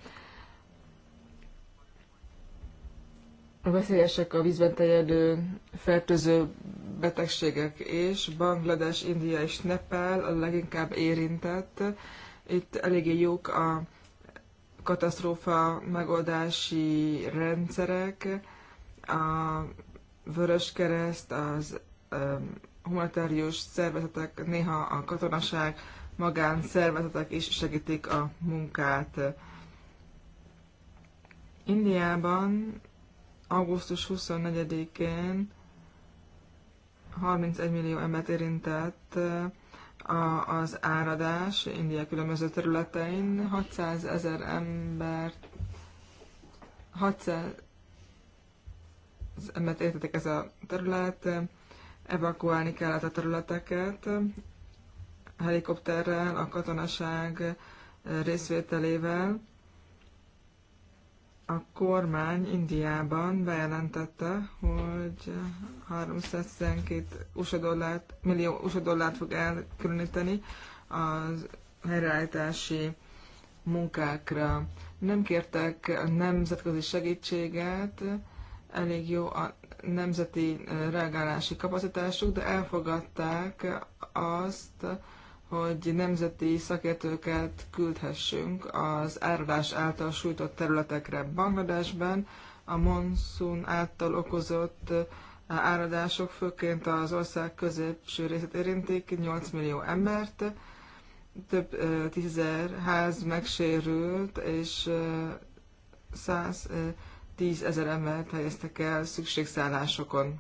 Veszélyesek a vízben terjedő fertőző betegségek, és Banglades, India és Nepál a leginkább érintett. Itt eléggé jók a katasztrófa megoldási rendszerek, a Vöröskereszt, az humanitárius szervezetek, néha a katonaság, magán szervezetek is segítik a munkát. Indiában augusztus 24-én 31 millió embert érintett a, az áradás India különböző területein. 600 ezer ember 600 embert értetek ez a terület, evakuálni kellett a területeket helikopterrel, a katonaság eh, részvételével. A kormány Indiában bejelentette, hogy 312 USA dollárt, millió USA dollárt fog elkülöníteni a helyreállítási munkákra. Nem kértek nemzetközi segítséget, elég jó a nemzeti reagálási kapacitásuk, de elfogadták azt, hogy nemzeti szakértőket küldhessünk az áradás által sújtott területekre Bangladesben. A monszun által okozott áradások főként az ország középső részét érintik, 8 millió embert, több tízezer ház megsérült, és 100 10 ezer embert helyeztek el szükségszállásokon.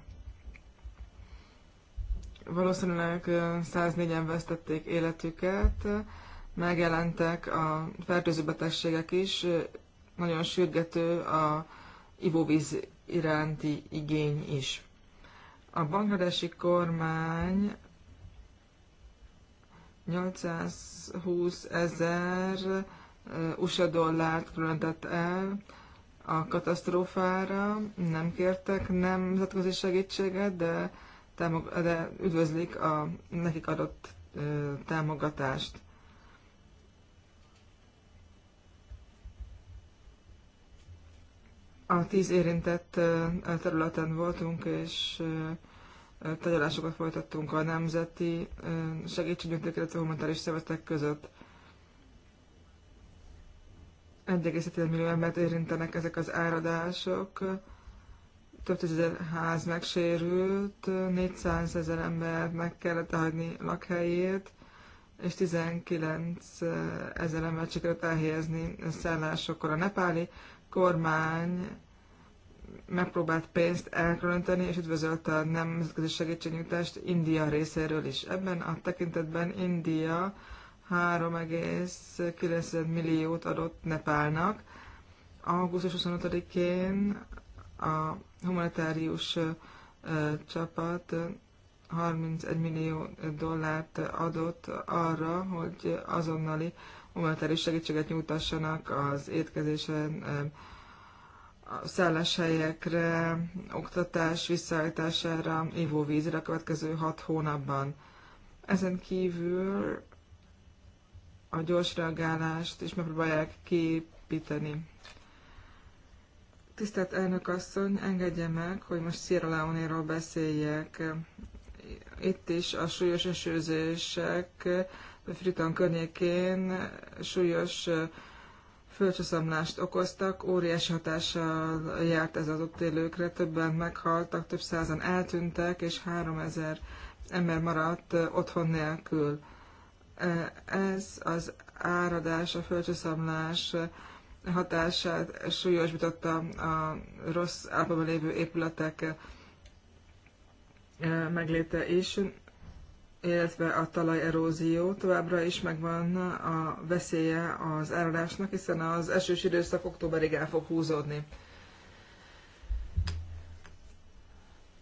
Valószínűleg 104-en vesztették életüket, megjelentek a fertőző betegségek is, nagyon sürgető a ivóvíz iránti igény is. A bangladesi kormány 820 ezer USA dollárt különített el a katasztrófára, nem kértek nemzetközi segítséget, de, támog- de üdvözlik a nekik adott ö, támogatást. A tíz érintett területen voltunk, és tagyalásokat folytattunk a nemzeti segítségnyújtók, illetve humanitáris szervezetek között. 1,7 millió embert érintenek ezek az áradások, több tízezer ház megsérült, 400 ezer embernek kellett hagyni lakhelyét, és 19 ezer embert sikerült elhelyezni szállásokkor. A nepáli kormány megpróbált pénzt elkülöníteni, és üdvözölte a nemzetközi segítségnyújtást India részéről is. Ebben a tekintetben India 3,9 milliót adott Nepálnak. Augusztus 25-én a humanitárius csapat 31 millió dollárt adott arra, hogy azonnali humanitárius segítséget nyújtassanak az étkezésen, a szálláshelyekre, oktatás visszaállítására, ivóvízre a következő hat hónapban. Ezen kívül a gyors reagálást és megpróbálják képíteni. Tisztelt elnök asszony, engedje meg, hogy most Sierra leone beszéljek. Itt is a súlyos esőzések Friton környékén súlyos földcsúszamlást okoztak, óriási hatással járt ez az ott élőkre, többen meghaltak, több százan eltűntek, és 3000 ember maradt otthon nélkül. Ez az áradás, a földcsőszamlás hatását súlyosbította a rossz állapotban lévő épületek eh, megléte is, illetve a talajerózió továbbra is megvan a veszélye az áradásnak, hiszen az esős időszak októberig el fog húzódni.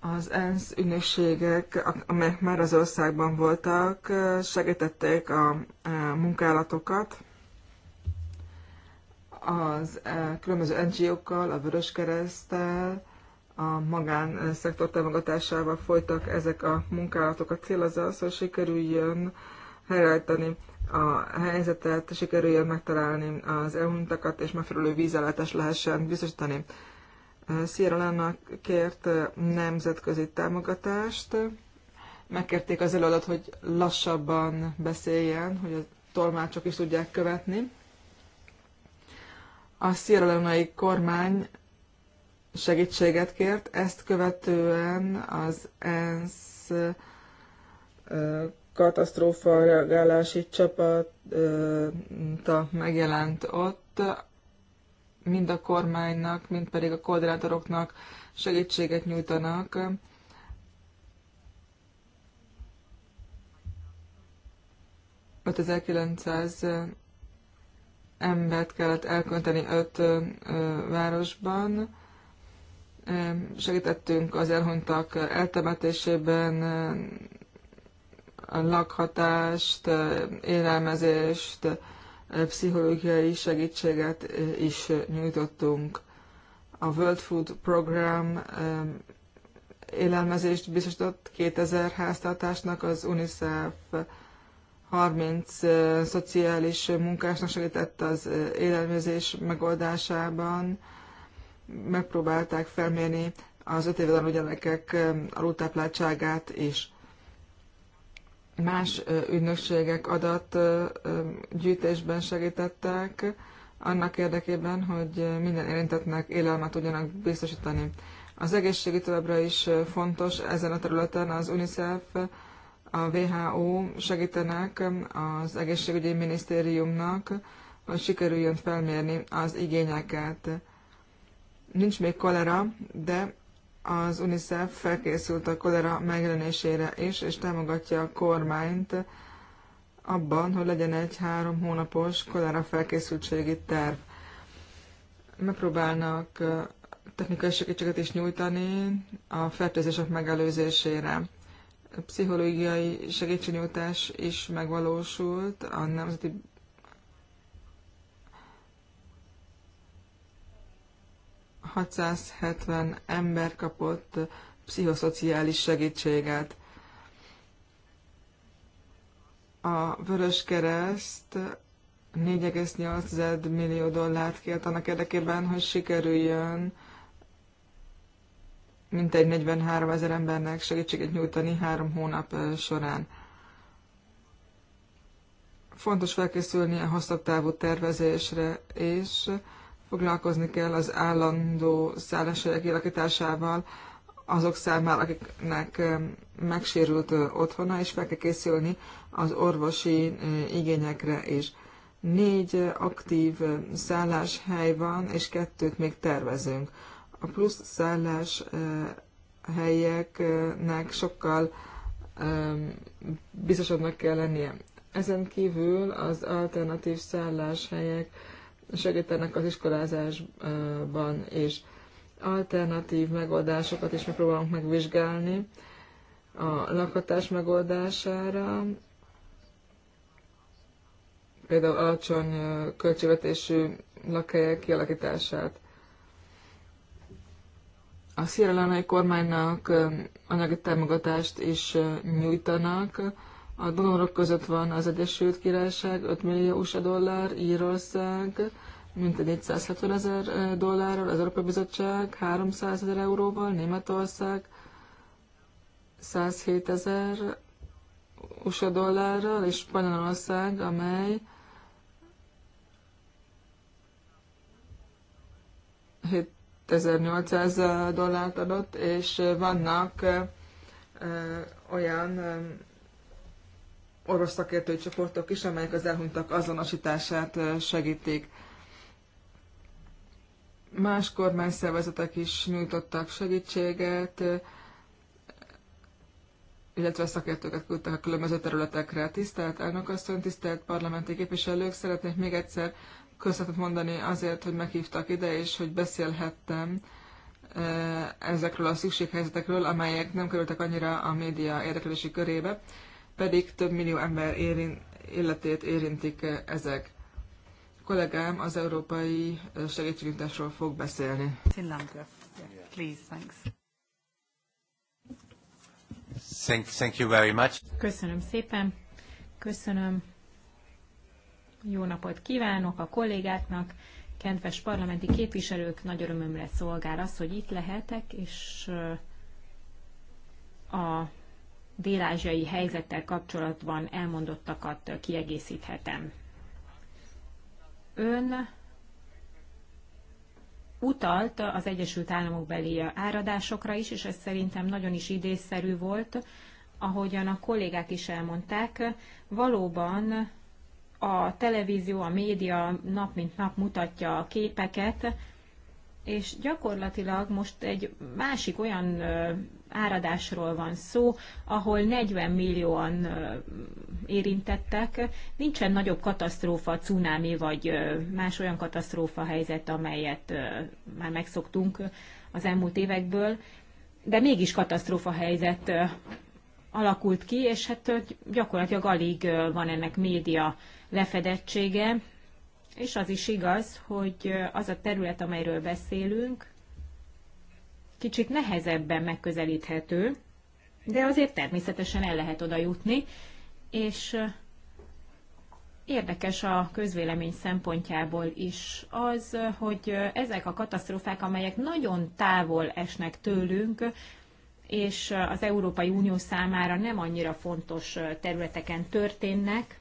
az ENSZ ügynökségek, amelyek már az országban voltak, segítették a munkálatokat az e, különböző NGO-kkal, a Vörös Keresztel, a magánszektor e, támogatásával folytak ezek a munkálatok. A cél az az, hogy sikerüljön helyreállítani a helyzetet, sikerüljön megtalálni az elhunytakat, és megfelelő vízellátást lehessen biztosítani. Sierra leone kért nemzetközi támogatást. Megkérték az előadat, hogy lassabban beszéljen, hogy a tolmácsok is tudják követni. A Sierra leone kormány segítséget kért, ezt követően az ENSZ katasztrófa reagálási csapat megjelent ott, mind a kormánynak, mind pedig a koordinátoroknak segítséget nyújtanak. embert kellett elkönteni öt városban. Segítettünk az elhunytak eltemetésében, a lakhatást, élelmezést, pszichológiai segítséget is nyújtottunk. A World Food Program élelmezést biztosított 2000 háztartásnak, az UNICEF 30 szociális munkásnak segített az élelmezés megoldásában. Megpróbálták felmérni az öt éve a gyerekek alultápláltságát is más ügynökségek adatgyűjtésben segítettek, annak érdekében, hogy minden érintettnek élelmet tudjanak biztosítani. Az egészségügy továbbra is fontos ezen a területen, az UNICEF, a WHO segítenek az egészségügyi minisztériumnak, hogy sikerüljön felmérni az igényeket. Nincs még kolera, de az UNICEF felkészült a kolera megjelenésére is, és támogatja a kormányt abban, hogy legyen egy három hónapos kolera felkészültségi terv. Megpróbálnak technikai segítséget is nyújtani a fertőzések megelőzésére. Pszichológiai segítségnyújtás is megvalósult a Nemzeti 670 ember kapott pszichoszociális segítséget. A Vörös Kereszt 4,8 millió dollárt kért annak érdekében, hogy sikerüljön mintegy 43 ezer embernek segítséget nyújtani három hónap során. Fontos felkészülni a hosszabb távú tervezésre, és foglalkozni kell az állandó szálláshelyek kialakításával azok számára, akiknek megsérült otthona, és fel kell készülni az orvosi igényekre is. Négy aktív szálláshely van, és kettőt még tervezünk. A plusz szálláshelyeknek sokkal biztosabbnak kell lennie. Ezen kívül az alternatív szálláshelyek segítenek az iskolázásban, és alternatív megoldásokat is megpróbálunk megvizsgálni a lakhatás megoldására, például alacsony költségvetésű lakhelyek kialakítását. A szírelemei kormánynak anyagi támogatást is nyújtanak, a donorok között van az Egyesült Királyság, 5 millió USA dollár, Írország, mint 470 ezer dollárral, az Európai Bizottság 300 ezer euróval, Németország 107 ezer USA dollárral, és Spanyolország, amely 7800 dollárt adott, és vannak olyan orosz szakértői csoportok is, amelyek az elhunytak azonosítását segítik. Más kormányszervezetek is nyújtottak segítséget, illetve szakértőket küldtek a különböző területekre. Tisztelt elnökasszony, tisztelt parlamenti képviselők, szeretnék még egyszer köszönetet mondani azért, hogy meghívtak ide, és hogy beszélhettem ezekről a szükséghelyzetekről, amelyek nem kerültek annyira a média érdeklődési körébe pedig több millió ember érin, életét érintik eh, ezek. A kollégám az európai eh, segítségnyújtásról fog beszélni.
Please, thanks. Thank, thank you very much. Köszönöm szépen. Köszönöm. Jó napot kívánok a kollégáknak, kedves parlamenti képviselők, nagy örömömre szolgál az, hogy itt lehetek, és eh, a dél-ázsiai helyzettel kapcsolatban elmondottakat kiegészíthetem. Ön utalt az Egyesült Államok beli áradásokra is, és ez szerintem nagyon is idészszerű volt, ahogyan a kollégák is elmondták, valóban a televízió, a média nap mint nap mutatja a képeket és gyakorlatilag most egy másik olyan áradásról van szó, ahol 40 millióan érintettek. Nincsen nagyobb katasztrófa, cunámi vagy más olyan katasztrófa helyzet, amelyet már megszoktunk az elmúlt évekből, de mégis katasztrófa helyzet alakult ki, és hát gyakorlatilag alig van ennek média lefedettsége, és az is igaz, hogy az a terület, amelyről beszélünk, kicsit nehezebben megközelíthető, de azért természetesen el lehet oda jutni, és érdekes a közvélemény szempontjából is az, hogy ezek a katasztrófák, amelyek nagyon távol esnek tőlünk, és az Európai Unió számára nem annyira fontos területeken történnek,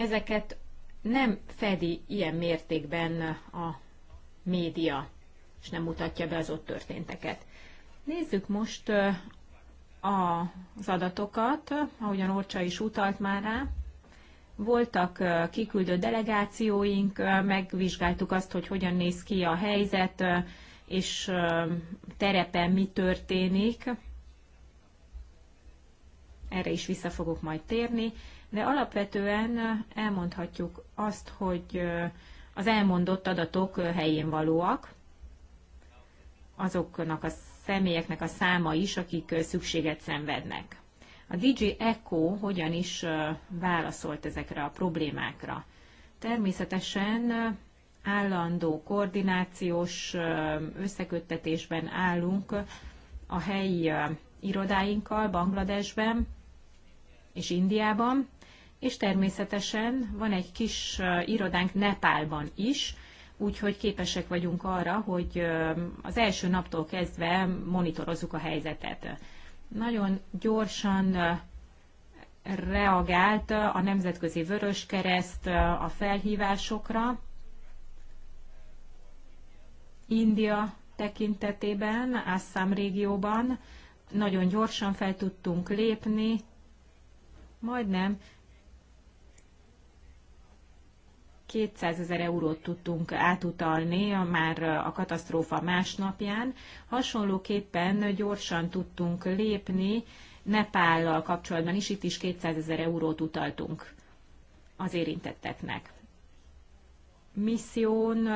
ezeket nem fedi ilyen mértékben a média, és nem mutatja be az ott történteket. Nézzük most az adatokat, ahogyan Orcsa is utalt már rá. Voltak kiküldő delegációink, megvizsgáltuk azt, hogy hogyan néz ki a helyzet, és terepen mi történik. Erre is vissza fogok majd térni de alapvetően elmondhatjuk azt, hogy az elmondott adatok helyén valóak, azoknak a személyeknek a száma is, akik szükséget szenvednek. A DJ Echo hogyan is válaszolt ezekre a problémákra? Természetesen állandó koordinációs összeköttetésben állunk a helyi irodáinkkal Bangladesben és Indiában, és természetesen van egy kis irodánk Nepálban is, úgyhogy képesek vagyunk arra, hogy az első naptól kezdve monitorozzuk a helyzetet. Nagyon gyorsan reagált a Nemzetközi vörös Kereszt a felhívásokra, India tekintetében, Assam régióban nagyon gyorsan fel tudtunk lépni, majdnem 200 ezer eurót tudtunk átutalni már a katasztrófa másnapján. Hasonlóképpen gyorsan tudtunk lépni Nepállal kapcsolatban is, itt is 200 ezer eurót utaltunk az érintetteknek. Misszión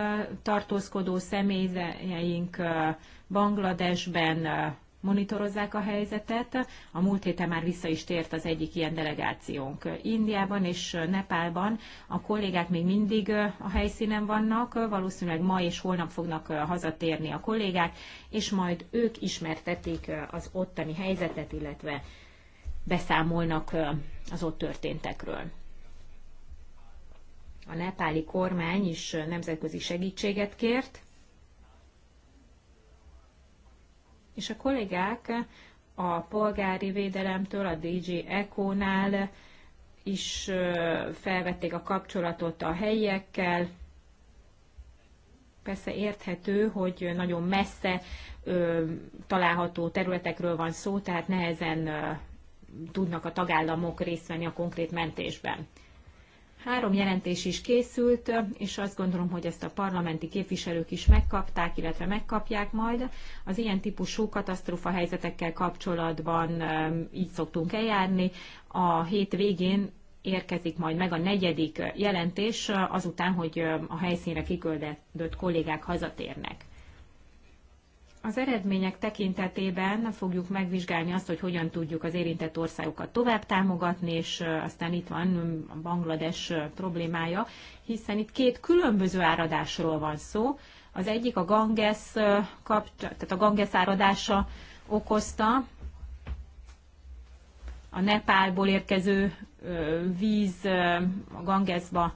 tartózkodó személyeink Bangladesben, monitorozzák a helyzetet. A múlt héten már vissza is tért az egyik ilyen delegációnk Indiában és Nepálban. A kollégák még mindig a helyszínen vannak, valószínűleg ma és holnap fognak hazatérni a kollégák, és majd ők ismertetik az ottani helyzetet, illetve beszámolnak az ott történtekről. A nepáli kormány is nemzetközi segítséget kért, És a kollégák a polgári védelemtől, a DJ Eco-nál is felvették a kapcsolatot a helyiekkel. Persze érthető, hogy nagyon messze található területekről van szó, tehát nehezen tudnak a tagállamok részt venni a konkrét mentésben. Három jelentés is készült, és azt gondolom, hogy ezt a parlamenti képviselők is megkapták, illetve megkapják majd. Az ilyen típusú katasztrófa helyzetekkel kapcsolatban um, így szoktunk eljárni. A hét végén érkezik majd meg a negyedik jelentés, azután, hogy um, a helyszínre kiküldött kollégák hazatérnek. Az eredmények tekintetében fogjuk megvizsgálni azt, hogy hogyan tudjuk az érintett országokat tovább támogatni, és aztán itt van a Banglades problémája, hiszen itt két különböző áradásról van szó. Az egyik a Ganges, kap, tehát a Ganges áradása okozta, a Nepálból érkező víz a Gangesba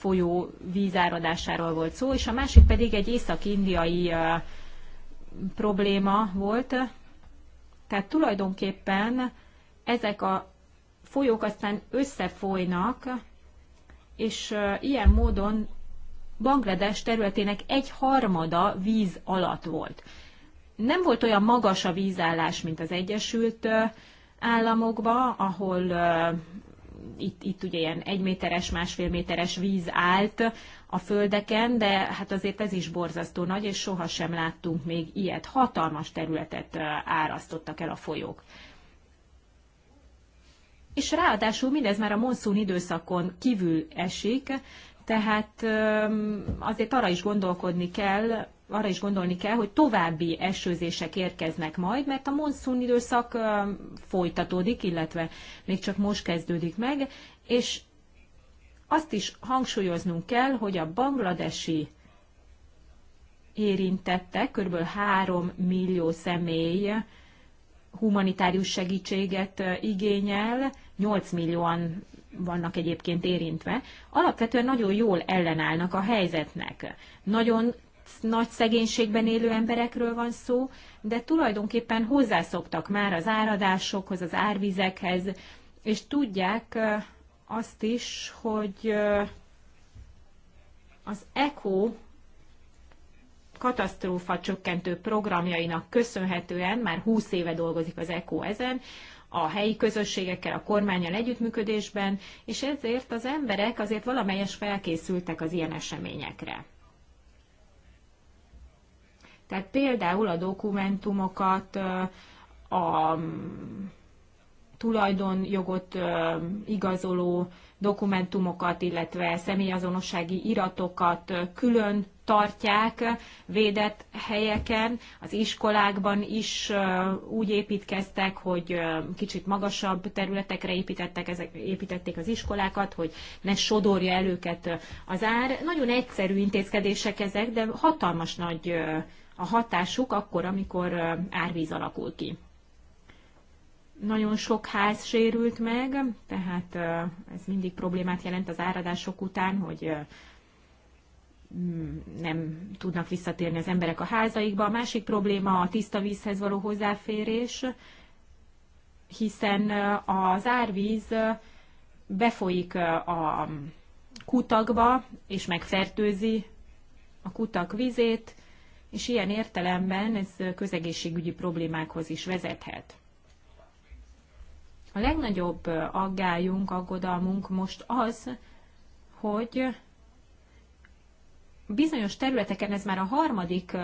folyó vízáradásáról volt szó, és a másik pedig egy észak-indiai probléma volt. Tehát tulajdonképpen ezek a folyók aztán összefolynak, és ilyen módon Banglades területének egy harmada víz alatt volt. Nem volt olyan magas a vízállás, mint az Egyesült államokba, ahol itt, itt ugye ilyen egy méteres, másfél méteres víz állt a földeken, de hát azért ez is borzasztó nagy, és sohasem láttunk még ilyet. Hatalmas területet árasztottak el a folyók. És ráadásul mindez már a monszún időszakon kívül esik, tehát azért arra is gondolkodni kell, arra is gondolni kell, hogy további esőzések érkeznek majd, mert a monszun időszak folytatódik, illetve még csak most kezdődik meg, és azt is hangsúlyoznunk kell, hogy a bangladesi érintettek, kb. 3 millió személy humanitárius segítséget igényel, 8 millióan vannak egyébként érintve, alapvetően nagyon jól ellenállnak a helyzetnek. Nagyon nagy szegénységben élő emberekről van szó, de tulajdonképpen hozzászoktak már az áradásokhoz, az árvizekhez, és tudják azt is, hogy az ECO katasztrófa csökkentő programjainak köszönhetően már 20 éve dolgozik az ECO ezen, a helyi közösségekkel, a kormányjal együttműködésben, és ezért az emberek azért valamelyes felkészültek az ilyen eseményekre. Tehát például a dokumentumokat, a mm, tulajdonjogot igazoló dokumentumokat, illetve személyazonossági iratokat külön tartják védett helyeken. Az iskolákban is úgy építkeztek, hogy kicsit magasabb területekre építettek, ezek, építették az iskolákat, hogy ne sodorja el őket az ár. Nagyon egyszerű intézkedések ezek, de hatalmas nagy a hatásuk akkor, amikor árvíz alakul ki. Nagyon sok ház sérült meg, tehát ez mindig problémát jelent az áradások után, hogy nem tudnak visszatérni az emberek a házaikba. A másik probléma a tiszta vízhez való hozzáférés, hiszen az árvíz befolyik a kutakba, és megfertőzi a kutak vizét, és ilyen értelemben ez közegészségügyi problémákhoz is vezethet. A legnagyobb aggályunk, aggodalmunk most az, hogy bizonyos területeken ez már a harmadik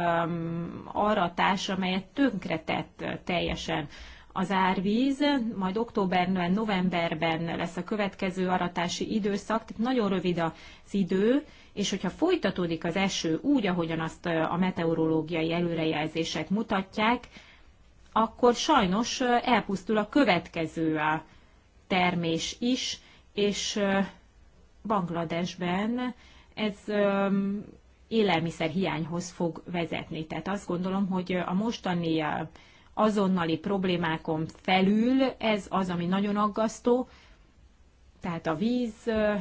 aratás, amelyet tönkretett teljesen az árvíz, majd októberben, novemberben lesz a következő aratási időszak, tehát nagyon rövid az idő, és hogyha folytatódik az eső úgy, ahogyan azt a meteorológiai előrejelzések mutatják, akkor sajnos elpusztul a következő termés is, és Bangladesben ez élelmiszer hiányhoz fog vezetni. Tehát azt gondolom, hogy a mostani azonnali problémákon felül ez az, ami nagyon aggasztó, tehát a víz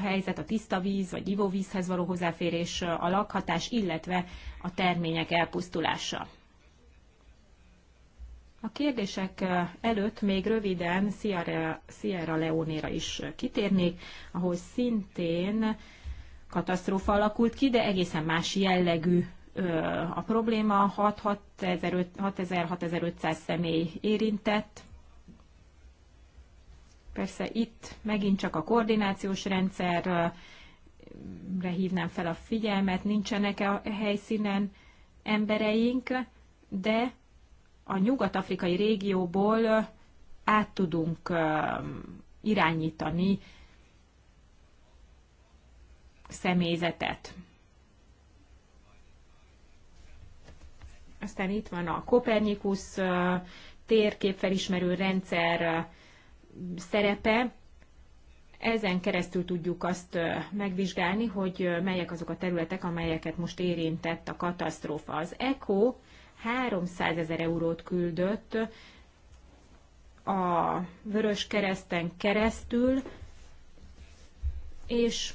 helyzet, a tiszta víz vagy ivóvízhez való hozzáférés, a lakhatás, illetve a termények elpusztulása. A kérdések előtt még röviden Sierra, Sierra Leone-ra is kitérnék, ahol szintén katasztrófa alakult ki, de egészen más jellegű a probléma. 6-6500 személy érintett, Persze itt megint csak a koordinációs rendszerre hívnám fel a figyelmet, nincsenek a helyszínen embereink, de a nyugat-afrikai régióból át tudunk um, irányítani személyzetet. Aztán itt van a Kopernikus uh, térképfelismerő rendszer, szerepe, ezen keresztül tudjuk azt megvizsgálni, hogy melyek azok a területek, amelyeket most érintett a katasztrófa. Az ECO 300 ezer eurót küldött a Vörös Kereszten keresztül, és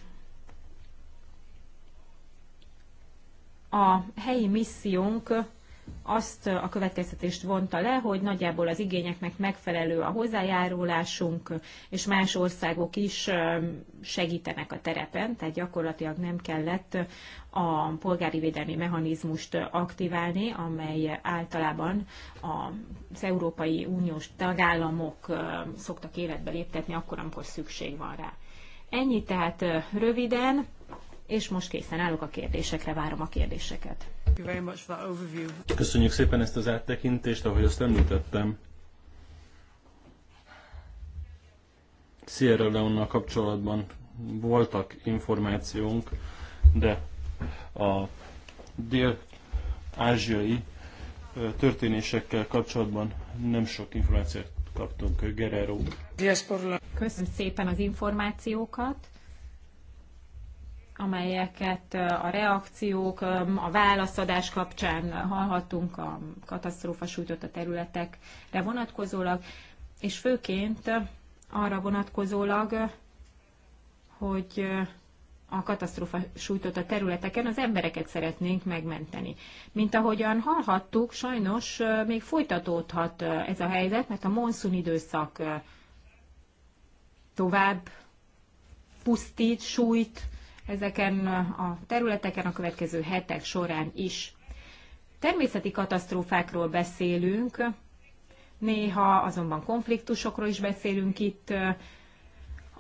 a helyi missziónk azt a következtetést vonta le, hogy nagyjából az igényeknek megfelelő a hozzájárulásunk, és más országok is segítenek a terepen, tehát gyakorlatilag nem kellett a polgári védelmi mechanizmust aktiválni, amely általában az Európai Uniós tagállamok szoktak életbe léptetni akkor, amikor szükség van rá. Ennyi tehát röviden és most készen állok a kérdésekre, várom a kérdéseket.
Köszönjük szépen ezt az áttekintést, ahogy azt említettem. Sierra leone kapcsolatban voltak információnk, de a dél-ázsiai történésekkel kapcsolatban nem sok információt kaptunk Gerero.
Köszönöm szépen az információkat amelyeket a reakciók, a válaszadás kapcsán hallhattunk a katasztrófa sújtotta területekre vonatkozólag, és főként arra vonatkozólag, hogy a katasztrófa sújtotta területeken az embereket szeretnénk megmenteni. Mint ahogyan hallhattuk, sajnos még folytatódhat ez a helyzet, mert a monszun időszak tovább pusztít, sújt, ezeken a területeken a következő hetek során is. Természeti katasztrófákról beszélünk, néha azonban konfliktusokról is beszélünk itt,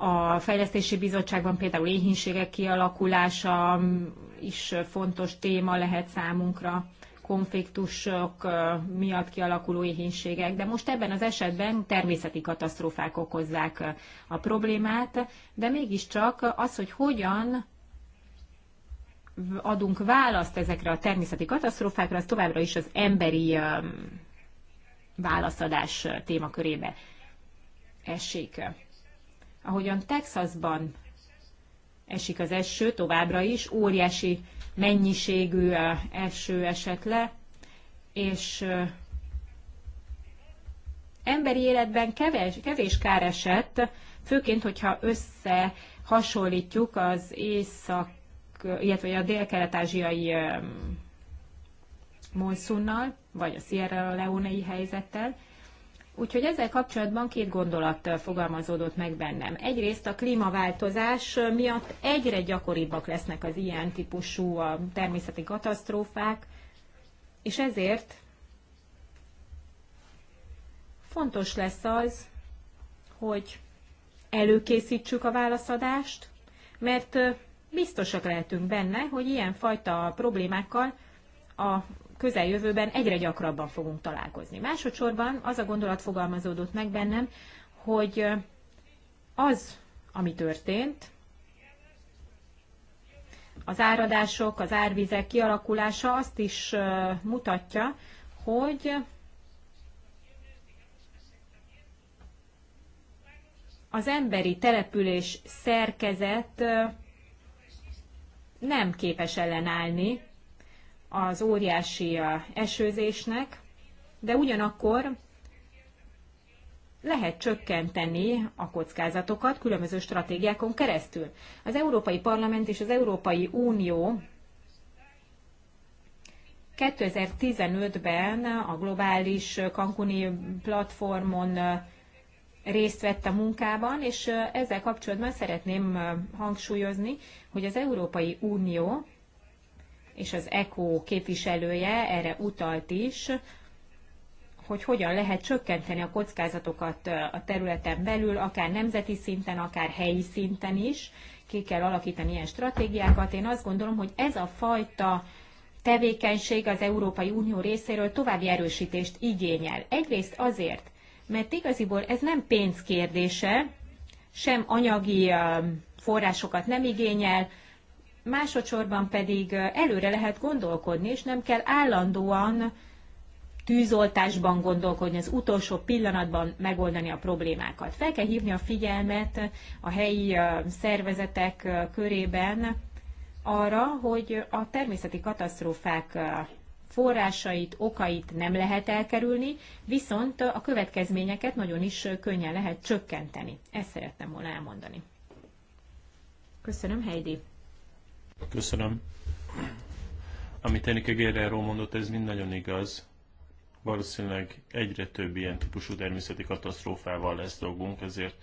a Fejlesztési Bizottságban például éhínségek kialakulása is fontos téma lehet számunkra konfliktusok miatt kialakuló éhénységek, de most ebben az esetben természeti katasztrófák okozzák a problémát, de mégiscsak az, hogy hogyan adunk választ ezekre a természeti katasztrófákra, az továbbra is az emberi válaszadás témakörébe esik. Ahogyan Texasban esik az eső továbbra is, óriási mennyiségű eső esett le, és e, emberi életben kevés, kevés kár esett, főként, hogyha összehasonlítjuk az észak, illetve a dél-kelet-ázsiai e, monszunnal, vagy a Sierra Leone-i helyzettel, Úgyhogy ezzel kapcsolatban két gondolat fogalmazódott meg bennem. Egyrészt a klímaváltozás miatt egyre gyakoribbak lesznek az ilyen típusú természeti katasztrófák, és ezért fontos lesz az, hogy előkészítsük a válaszadást, mert biztosak lehetünk benne, hogy ilyen fajta problémákkal a közeljövőben egyre gyakrabban fogunk találkozni. Másodszorban az a gondolat fogalmazódott meg bennem, hogy az, ami történt, az áradások, az árvizek kialakulása azt is mutatja, hogy az emberi település szerkezet nem képes ellenállni az óriási uh, esőzésnek, de ugyanakkor lehet csökkenteni a kockázatokat különböző stratégiákon keresztül. Az Európai Parlament és az Európai Unió 2015-ben a globális Cancuni platformon uh, részt vett a munkában, és uh, ezzel kapcsolatban szeretném hangsúlyozni, hogy az Európai Unió és az ECO képviselője erre utalt is, hogy hogyan lehet csökkenteni a kockázatokat a területen belül, akár nemzeti szinten, akár helyi szinten is, ki kell alakítani ilyen stratégiákat. Én azt gondolom, hogy ez a fajta tevékenység az Európai Unió részéről további erősítést igényel. Egyrészt azért, mert igaziból ez nem pénz kérdése, sem anyagi forrásokat nem igényel, másodszorban pedig előre lehet gondolkodni, és nem kell állandóan tűzoltásban gondolkodni, az utolsó pillanatban megoldani a problémákat. Fel kell hívni a figyelmet a helyi szervezetek körében arra, hogy a természeti katasztrófák forrásait, okait nem lehet elkerülni, viszont a következményeket nagyon is könnyen lehet csökkenteni. Ezt szerettem volna elmondani. Köszönöm, Heidi.
Köszönöm. Amit Enike Guerrero mondott, ez mind nagyon igaz. Valószínűleg egyre több ilyen típusú természeti katasztrófával lesz dolgunk, ezért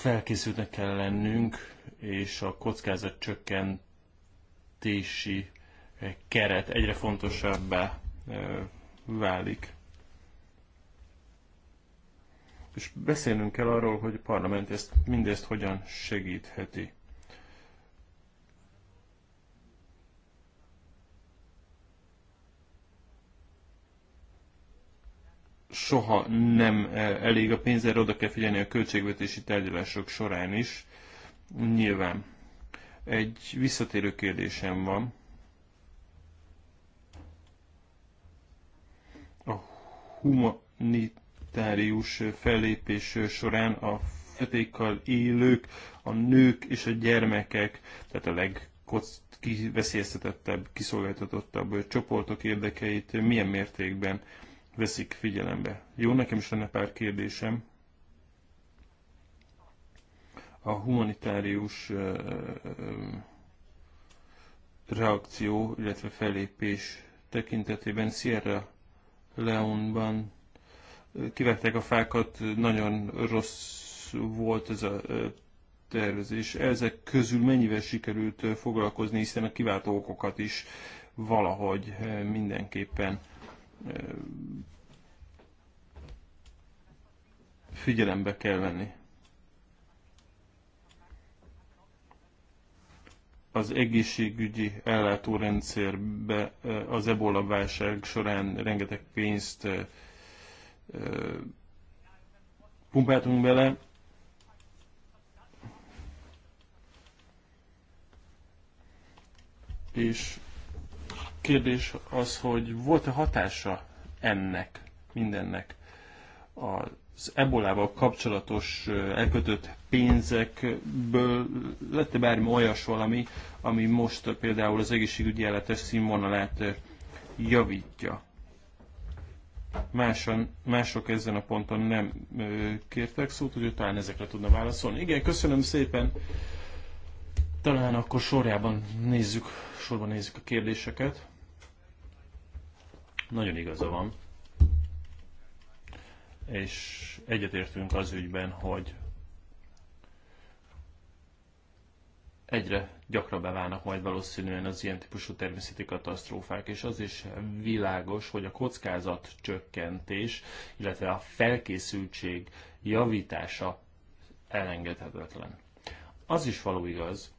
felkészültnek kell lennünk, és a kockázat csökkentési eh, keret egyre fontosabbá eh, válik. És beszélnünk kell arról, hogy a parlament ezt, mindezt hogyan segítheti. soha nem e, elég a pénz, erre oda kell figyelni a költségvetési tárgyalások során is. Nyilván. Egy visszatérő kérdésem van. A humanitárius fellépés során a fetékkal élők, a nők és a gyermekek, tehát a leg kiveszélyeztetettebb, kiszolgáltatottabb csoportok érdekeit milyen mértékben veszik figyelembe. Jó, nekem is lenne pár kérdésem. A humanitárius reakció, illetve felépés tekintetében Sierra Leone-ban kivettek a fákat, nagyon rossz volt ez a tervezés. Ezek közül mennyivel sikerült foglalkozni, hiszen a kiváltó okokat is valahogy mindenképpen figyelembe kell venni. Az egészségügyi ellátórendszerbe az ebola válság során rengeteg pénzt pumpáltunk bele, és kérdés az, hogy volt-e hatása ennek, mindennek az ebolával kapcsolatos elkötött pénzekből lett-e bármi olyas valami, ami most például az egészségügyi ellátás színvonalát javítja. Máson, mások ezen a ponton nem kértek szót, hogy talán ezekre tudna válaszolni. Igen, köszönöm szépen. Talán akkor sorjában nézzük, sorban nézzük a kérdéseket. Nagyon igaza van. És egyetértünk az ügyben, hogy egyre gyakrabban válnak majd valószínűen az ilyen típusú természeti katasztrófák, és az is világos, hogy a kockázat csökkentés, illetve a felkészültség javítása elengedhetetlen. Az is való igaz,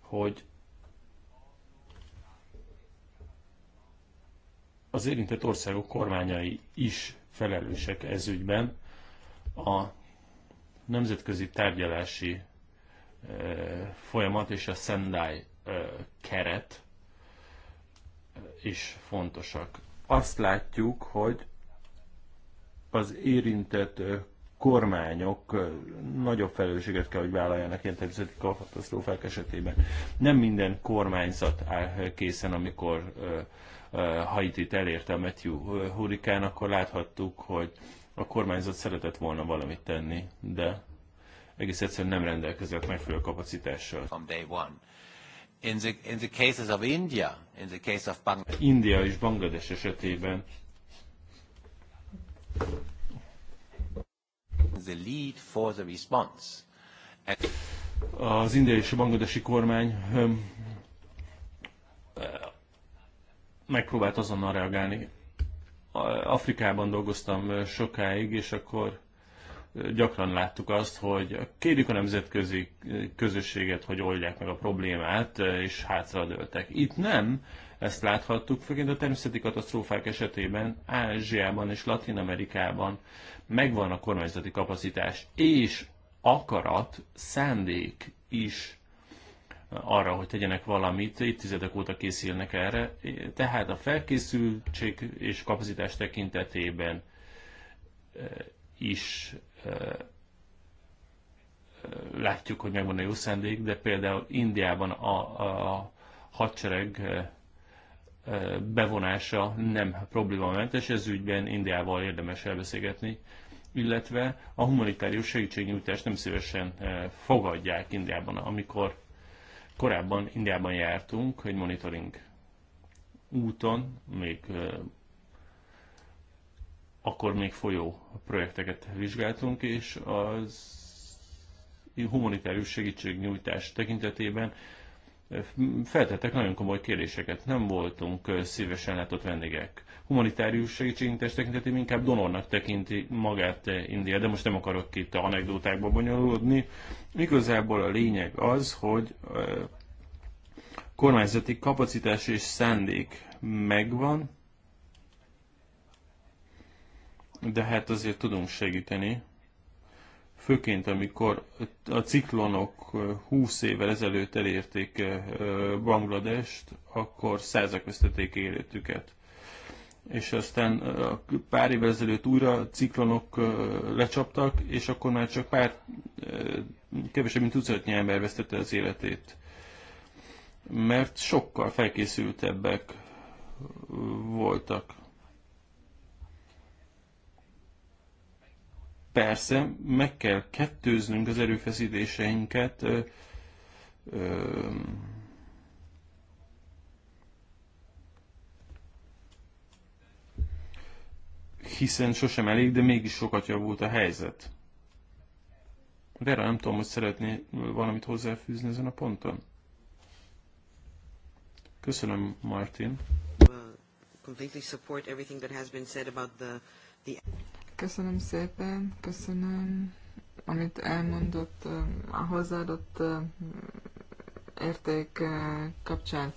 hogy az érintett országok kormányai is felelősek ez ügyben. A nemzetközi tárgyalási e, folyamat és a Sendai e, keret e, is fontosak. Azt látjuk, hogy az érintett kormányok nagyobb felelősséget kell, hogy vállaljanak ilyen természeti katasztrófák esetében. Nem minden kormányzat áll készen, amikor Haitit elérte a Matthew hurikán, akkor láthattuk, hogy a kormányzat szeretett volna valamit tenni, de egész egyszerűen nem rendelkezett megfelelő kapacitással. From day one. In the, in the cases of India, in the case of Bangladesh. India és Banglades esetében the lead for the response. Az indiai és a bangladesi kormány megpróbált azonnal reagálni. Afrikában dolgoztam sokáig, és akkor gyakran láttuk azt, hogy kérjük a nemzetközi közösséget, hogy oldják meg a problémát, és hátradőltek. Itt nem, ezt láthattuk, főként a természeti katasztrófák esetében Ázsiában és Latin Amerikában megvan a kormányzati kapacitás, és akarat, szándék is arra, hogy tegyenek valamit, évtizedek óta készülnek erre, tehát a felkészültség és kapacitás tekintetében eh, is eh, látjuk, hogy megvan a jó szándék, de például Indiában a, a hadsereg eh, bevonása nem problémamentes, ez ügyben Indiával érdemes elbeszélgetni, illetve a humanitárius segítségnyújtást nem szívesen fogadják Indiában, amikor Korábban Indiában jártunk egy monitoring úton, még akkor még folyó projekteket vizsgáltunk, és az humanitárius segítségnyújtás tekintetében feltettek nagyon komoly kérdéseket. Nem voltunk szívesen látott vendégek humanitárius segítségnyújtás tekintetében inkább donornak tekinti magát eh, India, de most nem akarok itt a anekdotákba bonyolódni. Igazából a lényeg az, hogy eh, kormányzati kapacitás és szándék megvan, de hát azért tudunk segíteni. Főként, amikor a ciklonok 20 eh, évvel ezelőtt elérték Bangladest, akkor százak vesztették életüket és aztán pár évvel ezelőtt újra ciklonok lecsaptak, és akkor már csak pár, kevesebb mint tucatnyi ember vesztette az életét. Mert sokkal felkészültebbek voltak. Persze, meg kell kettőznünk az erőfeszítéseinket, hiszen sosem elég, de mégis sokat javult a helyzet. De erre nem tudom, hogy szeretné valamit hozzáfűzni ezen a ponton. Köszönöm, Martin.
Köszönöm szépen, köszönöm, amit elmondott a hozzáadott érték kapcsán.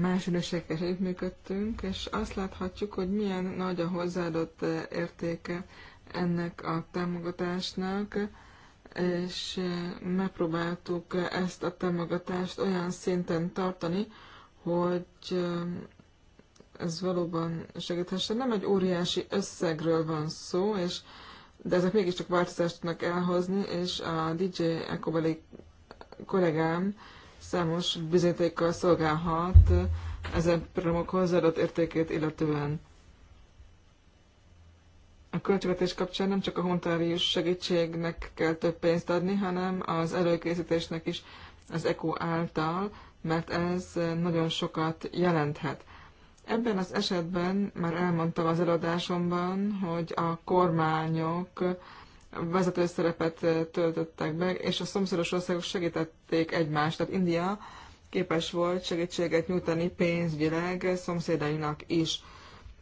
más ügynökségekkel együttműködtünk, és azt láthatjuk, hogy milyen nagy a hozzáadott eh, értéke ennek a támogatásnak, és eh, megpróbáltuk eh, ezt a támogatást olyan szinten tartani, hogy ez valóban segíthessen. Nem egy óriási összegről van szó, és, de ezek mégiscsak változást tudnak elhozni, és a DJ Ekobeli kollégám számos bizonyítékkal szolgálhat ezen programok hozzáadott értékét illetően. A költségvetés kapcsán nem csak a humanitárius segítségnek kell több pénzt adni, hanem az előkészítésnek is az ECO által, mert ez nagyon sokat jelenthet. Ebben az esetben már elmondtam az előadásomban, hogy a kormányok vezető szerepet töltöttek meg, és a szomszédos országok segítették egymást. Tehát India képes volt segítséget nyújtani pénzvileg szomszédainak is.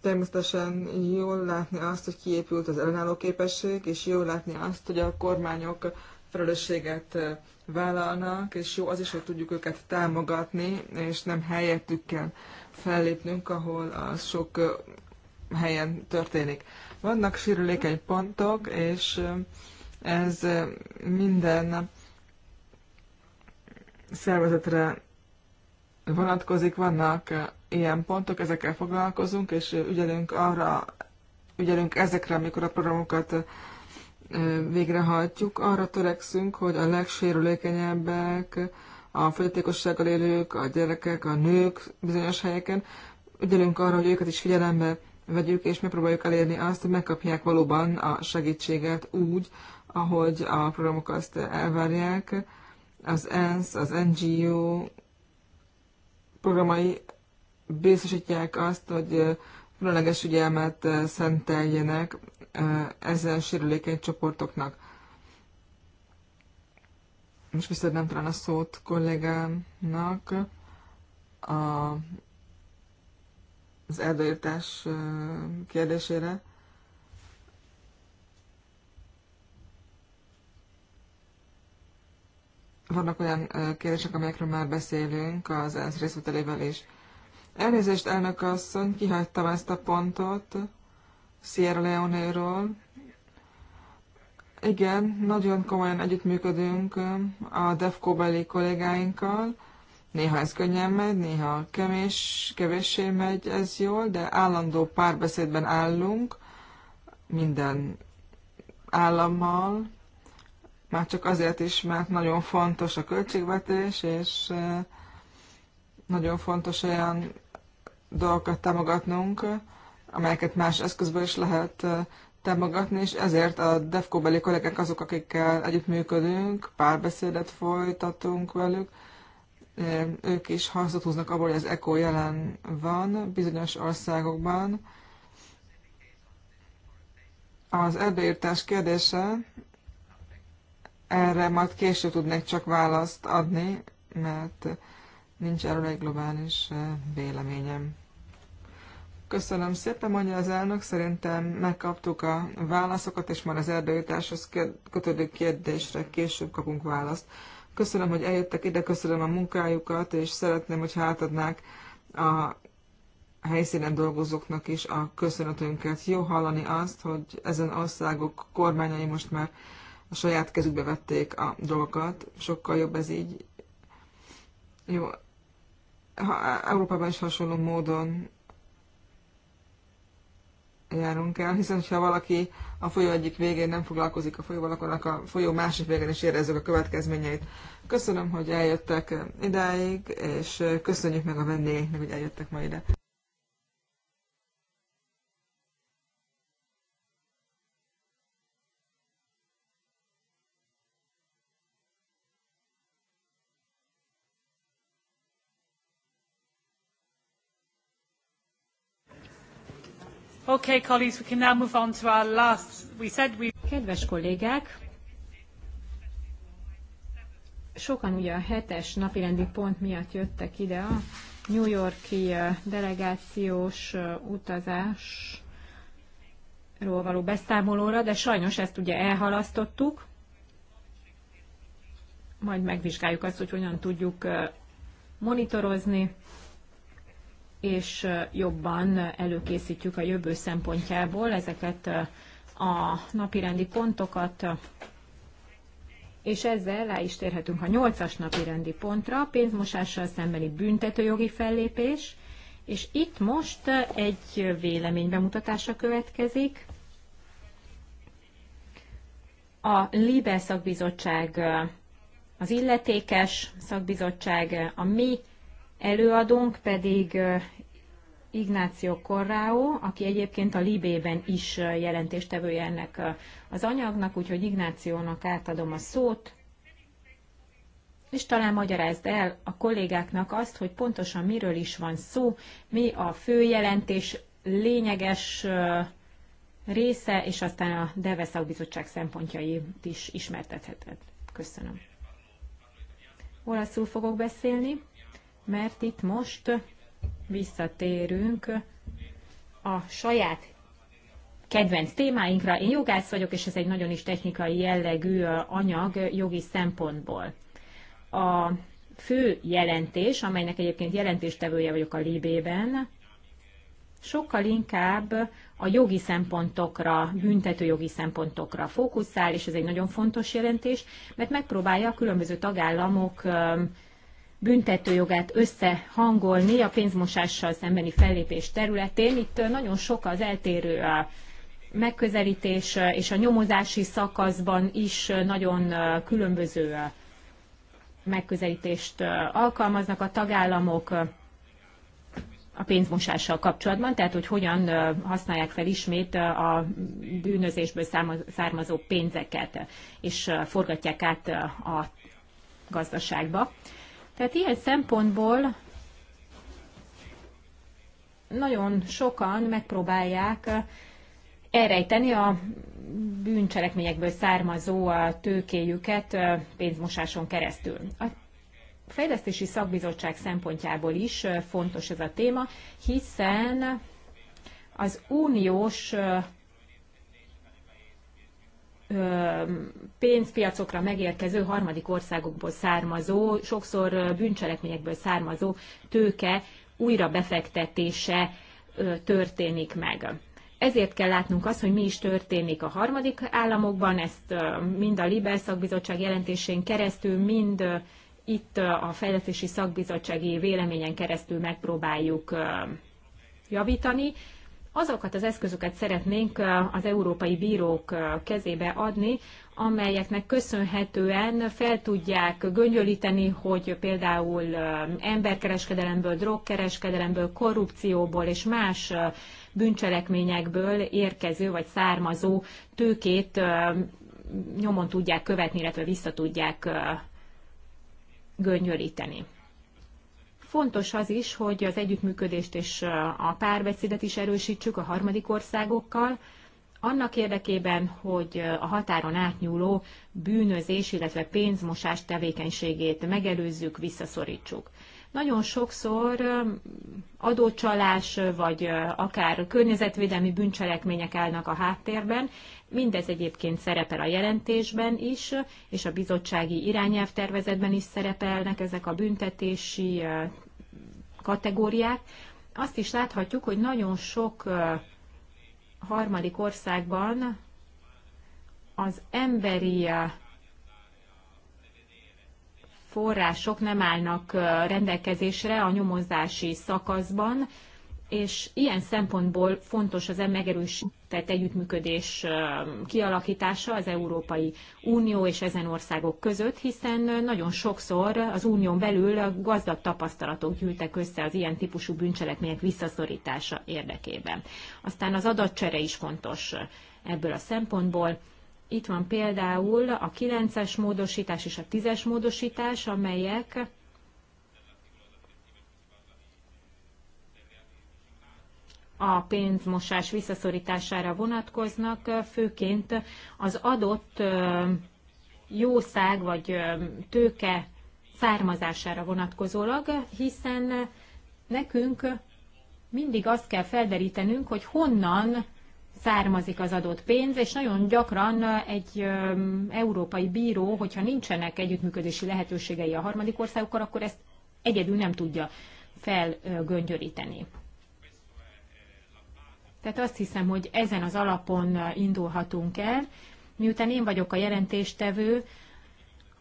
Természetesen jól látni azt, hogy kiépült az ellenálló képesség, és jól látni azt, hogy a kormányok felelősséget vállalnak, és jó az is, hogy tudjuk őket támogatni, és nem helyettük kell fellépnünk, ahol az sok helyen történik. Vannak sérülékeny pontok, és eh, ez eh, minden szervezetre vonatkozik, vannak eh, ilyen pontok, ezekkel foglalkozunk, és ügyelünk arra, ügyelünk ezekre, amikor a programokat végrehajtjuk, arra törekszünk, hogy a legsérülékenyebbek, a fogyatékossággal élők, a gyerekek, a nők bizonyos helyeken, ügyelünk arra, hogy őket is figyelembe vegyük, és megpróbáljuk elérni azt, hogy megkapják valóban a segítséget úgy, ahogy a programok azt elvárják. Az ENSZ, az NGO programai biztosítják azt, hogy különleges ügyelmet szenteljenek ezen sérülékeny csoportoknak. Most nem talán a szót kollégámnak a az erdőírtás kérdésére. Vannak olyan kérdések, amelyekről már beszélünk az ENSZ részvételével is. Elnézést, elnök asszony, kihagytam ezt a pontot Sierra Leone-ról. Igen, nagyon komolyan együttműködünk a DEFCO-beli kollégáinkkal, Néha ez könnyen megy, néha kemés, kevéssé megy ez jól, de állandó párbeszédben állunk minden állammal, már csak azért is, mert nagyon fontos a költségvetés, és eh, nagyon fontos olyan dolgokat támogatnunk, amelyeket más eszközből is lehet eh, támogatni, és ezért a DEFCO-beli kollégák azok, akikkel együttműködünk, párbeszédet folytatunk velük, ők is hasznot húznak abból, hogy az ECO jelen van bizonyos országokban. Az erdőírtás kérdése, erre majd később tudnék csak választ adni, mert nincs erről egy globális véleményem. Köszönöm szépen, mondja az elnök, szerintem megkaptuk a válaszokat, és már az erdőjutáshoz kötődő kérdésre később kapunk választ. Köszönöm, hogy eljöttek ide, köszönöm a munkájukat, és szeretném, hogy átadnák a helyszínen dolgozóknak is a köszönetünket. Jó hallani azt, hogy ezen országok kormányai most már a saját kezükbe vették a dolgokat. Sokkal jobb ez így. Jó. Ha Európában is hasonló módon járunk el, hiszen ha valaki a folyó egyik végén nem foglalkozik a folyóval, akkor a folyó másik végén is érezzük a következményeit. Köszönöm, hogy eljöttek idáig, és köszönjük meg a vendégeknek, hogy eljöttek ma ide.
Okay, colleagues, we can now move on to our last. We said we... Kedves kollégák, sokan ugye a hetes napirendi pont miatt jöttek ide a New Yorki delegációs utazásról való beszámolóra, de sajnos ezt ugye elhalasztottuk. Majd megvizsgáljuk azt, hogy hogyan tudjuk monitorozni és jobban előkészítjük a jövő szempontjából ezeket a napirendi pontokat, és ezzel rá is térhetünk a 8-as napirendi pontra, pénzmosással szembeni büntetőjogi fellépés, és itt most egy vélemény bemutatása következik. A Libe szakbizottság az illetékes szakbizottság, a mi Előadónk pedig Ignácio Corrao, aki egyébként a Libében is jelentéstevője ennek az anyagnak, úgyhogy Ignációnak átadom a szót, és talán magyarázd el a kollégáknak azt, hogy pontosan miről is van szó, mi a fő jelentés lényeges része, és aztán a Deve szakbizottság szempontjait is ismertetheted. Köszönöm. Olaszul fogok beszélni mert itt most visszatérünk a saját kedvenc témáinkra. Én jogász vagyok, és ez egy nagyon is technikai jellegű anyag jogi szempontból. A fő jelentés, amelynek egyébként jelentéstevője vagyok a Libében, sokkal inkább a jogi szempontokra, büntető jogi szempontokra fókuszál, és ez egy nagyon fontos jelentés, mert megpróbálja a különböző tagállamok büntetőjogát összehangolni a pénzmosással szembeni fellépés területén. Itt nagyon sok az eltérő a megközelítés, és a nyomozási szakaszban is nagyon különböző megközelítést alkalmaznak a tagállamok a pénzmosással kapcsolatban, tehát hogy hogyan használják fel ismét a bűnözésből származó pénzeket, és forgatják át a gazdaságba. Tehát ilyen szempontból nagyon sokan megpróbálják eh, elrejteni a bűncselekményekből származó a tőkéjüket eh, pénzmosáson keresztül. A fejlesztési szakbizottság szempontjából is eh, fontos ez a téma, hiszen az uniós pénzpiacokra megérkező harmadik országokból származó, sokszor bűncselekményekből származó tőke újra befektetése történik meg. Ezért kell látnunk azt, hogy mi is történik a harmadik államokban, ezt mind a Libel szakbizottság jelentésén keresztül, mind itt a fejlesztési szakbizottsági véleményen keresztül megpróbáljuk javítani, azokat az eszközöket szeretnénk az európai bírók kezébe adni, amelyeknek köszönhetően fel tudják göngyölíteni, hogy például emberkereskedelemből, drogkereskedelemből, korrupcióból és más bűncselekményekből érkező vagy származó tőkét nyomon tudják követni, illetve vissza tudják göngyölíteni. Fontos az is, hogy az együttműködést és a párbeszédet is erősítsük a harmadik országokkal, annak érdekében, hogy a határon átnyúló bűnözés, illetve pénzmosás tevékenységét megelőzzük, visszaszorítsuk. Nagyon sokszor adócsalás, vagy akár környezetvédelmi bűncselekmények állnak a háttérben, Mindez egyébként szerepel a jelentésben is, és a bizottsági irányelvtervezetben is szerepelnek ezek a büntetési kategóriák. Azt is láthatjuk, hogy nagyon sok harmadik országban az emberi források nem állnak rendelkezésre a nyomozási szakaszban, és ilyen szempontból fontos az megerősített együttműködés kialakítása az Európai Unió és ezen országok között, hiszen nagyon sokszor az unión belül gazdag tapasztalatok gyűltek össze az ilyen típusú bűncselekmények visszaszorítása érdekében. Aztán az adatcsere is fontos ebből a szempontból. Itt van például a 9-es módosítás és a 10-es módosítás, amelyek a pénzmosás visszaszorítására vonatkoznak, főként az adott jószág vagy tőke származására vonatkozólag, hiszen nekünk mindig azt kell felderítenünk, hogy honnan származik az adott pénz, és nagyon gyakran egy európai bíró, hogyha nincsenek együttműködési lehetőségei a harmadik országokkal, akkor ezt egyedül nem tudja felgöngyöríteni. Tehát azt hiszem, hogy ezen az alapon indulhatunk el. Miután én vagyok a jelentéstevő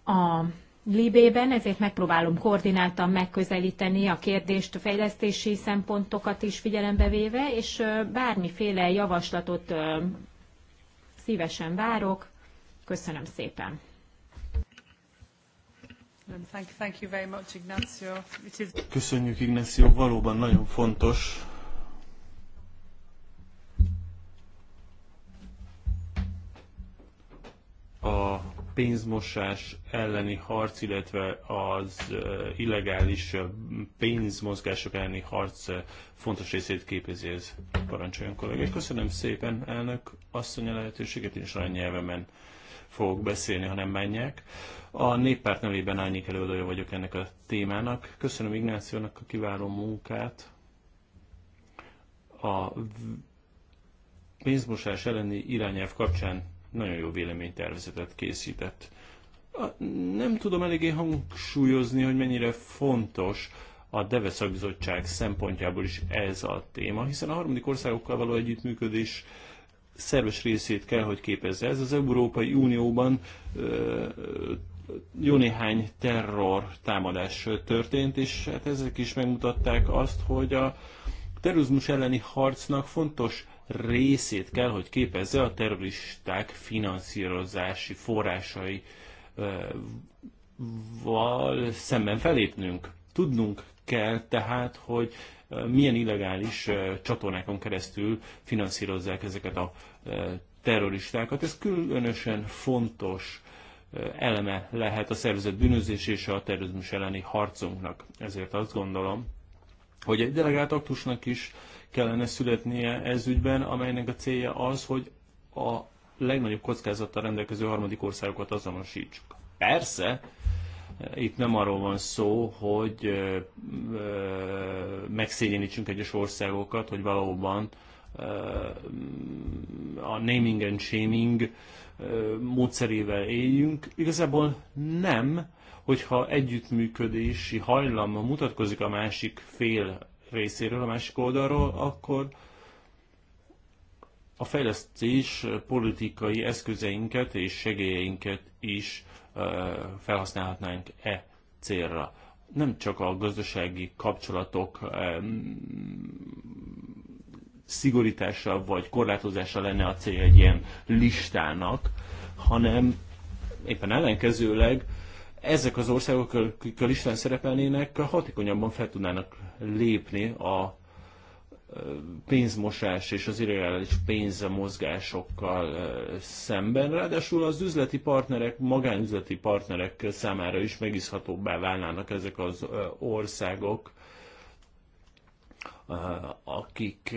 a Libében, ezért megpróbálom koordináltan megközelíteni a kérdést, a fejlesztési szempontokat is figyelembe véve, és bármiféle javaslatot szívesen várok. Köszönöm szépen!
Köszönjük, Ignacio. Valóban nagyon fontos a pénzmosás elleni harc, illetve az illegális pénzmozgások elleni harc fontos részét képezi ez. Parancsoljon kollégák. Köszönöm szépen, elnök asszony a lehetőséget, én is nyelvemen fogok beszélni, ha nem menjek. A néppárt nevében árnyék előadója vagyok ennek a témának. Köszönöm Ignációnak a kiváló munkát. A pénzmosás elleni irányelv kapcsán nagyon jó véleménytervezetet készített. Nem tudom eléggé hangsúlyozni, hogy mennyire fontos a DEVE szakbizottság szempontjából is ez a téma, hiszen a harmadik országokkal való együttműködés szerves részét kell, hogy képezze. Ez az Európai Unióban jó néhány terror támadás történt, és hát ezek is megmutatták azt, hogy a terrorizmus elleni harcnak fontos részét kell, hogy képezze a terroristák finanszírozási forrásai val szemben felépnünk. Tudnunk kell tehát, hogy milyen illegális csatornákon keresztül finanszírozzák ezeket a terroristákat. Ez különösen fontos eleme lehet a szervezet bűnözés és a terrorizmus elleni harcunknak. Ezért azt gondolom, hogy egy delegált aktusnak is kellene születnie ez ügyben, amelynek a célja az, hogy a legnagyobb kockázattal rendelkező harmadik országokat azonosítsuk. Persze, itt nem arról van szó, hogy megszégyenítsünk egyes országokat, hogy valóban a naming and shaming módszerével éljünk. Igazából nem, hogyha együttműködési hajlam mutatkozik a másik fél részéről, a másik oldalról, akkor a fejlesztés politikai eszközeinket és segélyeinket is felhasználhatnánk e célra. Nem csak a gazdasági kapcsolatok szigorítása vagy korlátozása lenne a cél egy ilyen listának, hanem éppen ellenkezőleg ezek az országok, akik a listán szerepelnének, hatékonyabban fel tudnának lépni a pénzmosás és az irreális pénzmozgásokkal szemben. Ráadásul az üzleti partnerek, magánüzleti partnerek számára is megiszhatóbbá válnának ezek az országok, akik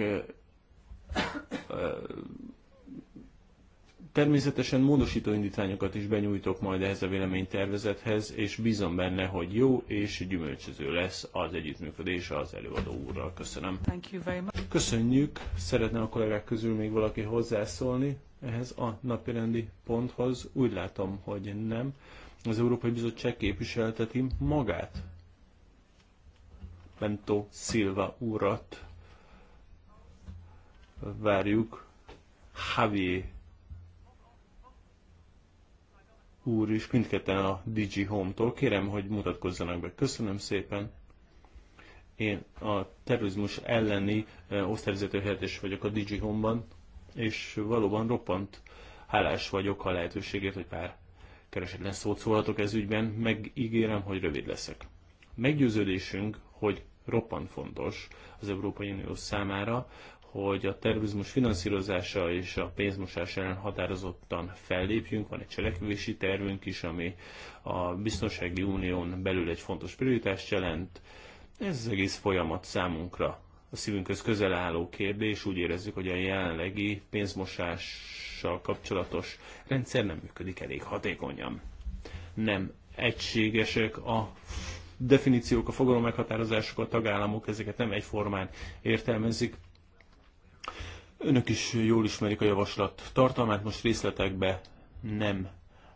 Természetesen módosító indítványokat is benyújtok majd ehhez a véleménytervezethez, és bízom benne, hogy jó és gyümölcsöző lesz az együttműködés az előadó úrral. Köszönöm.
Thank you very much.
Köszönjük. Szeretne a kollégák közül még valaki hozzászólni ehhez a napirendi ponthoz? Úgy látom, hogy nem. Az Európai Bizottság képviselteti magát. Bento Silva urat várjuk. Javier úr is, mindketten a Digi Home-tól. Kérem, hogy mutatkozzanak be. Köszönöm szépen. Én a terrorizmus elleni e, osztályvezető helyettes vagyok a Digi Home-ban, és valóban roppant hálás vagyok a lehetőségért, hogy pár keresetlen szót szólhatok ez ügyben, megígérem, hogy rövid leszek. Meggyőződésünk, hogy roppant fontos az Európai Unió számára, hogy a terrorizmus finanszírozása és a pénzmosás ellen határozottan fellépjünk. Van egy cselekvési tervünk is, ami a biztonsági unión belül egy fontos prioritást jelent. Ez az egész folyamat számunkra a szívünkhöz közel álló kérdés. Úgy érezzük, hogy a jelenlegi pénzmosással kapcsolatos rendszer nem működik elég hatékonyan. Nem egységesek a definíciók, a fogalom meghatározások, a tagállamok ezeket nem egyformán értelmezik, Önök is jól ismerik a javaslat tartalmát, most részletekbe nem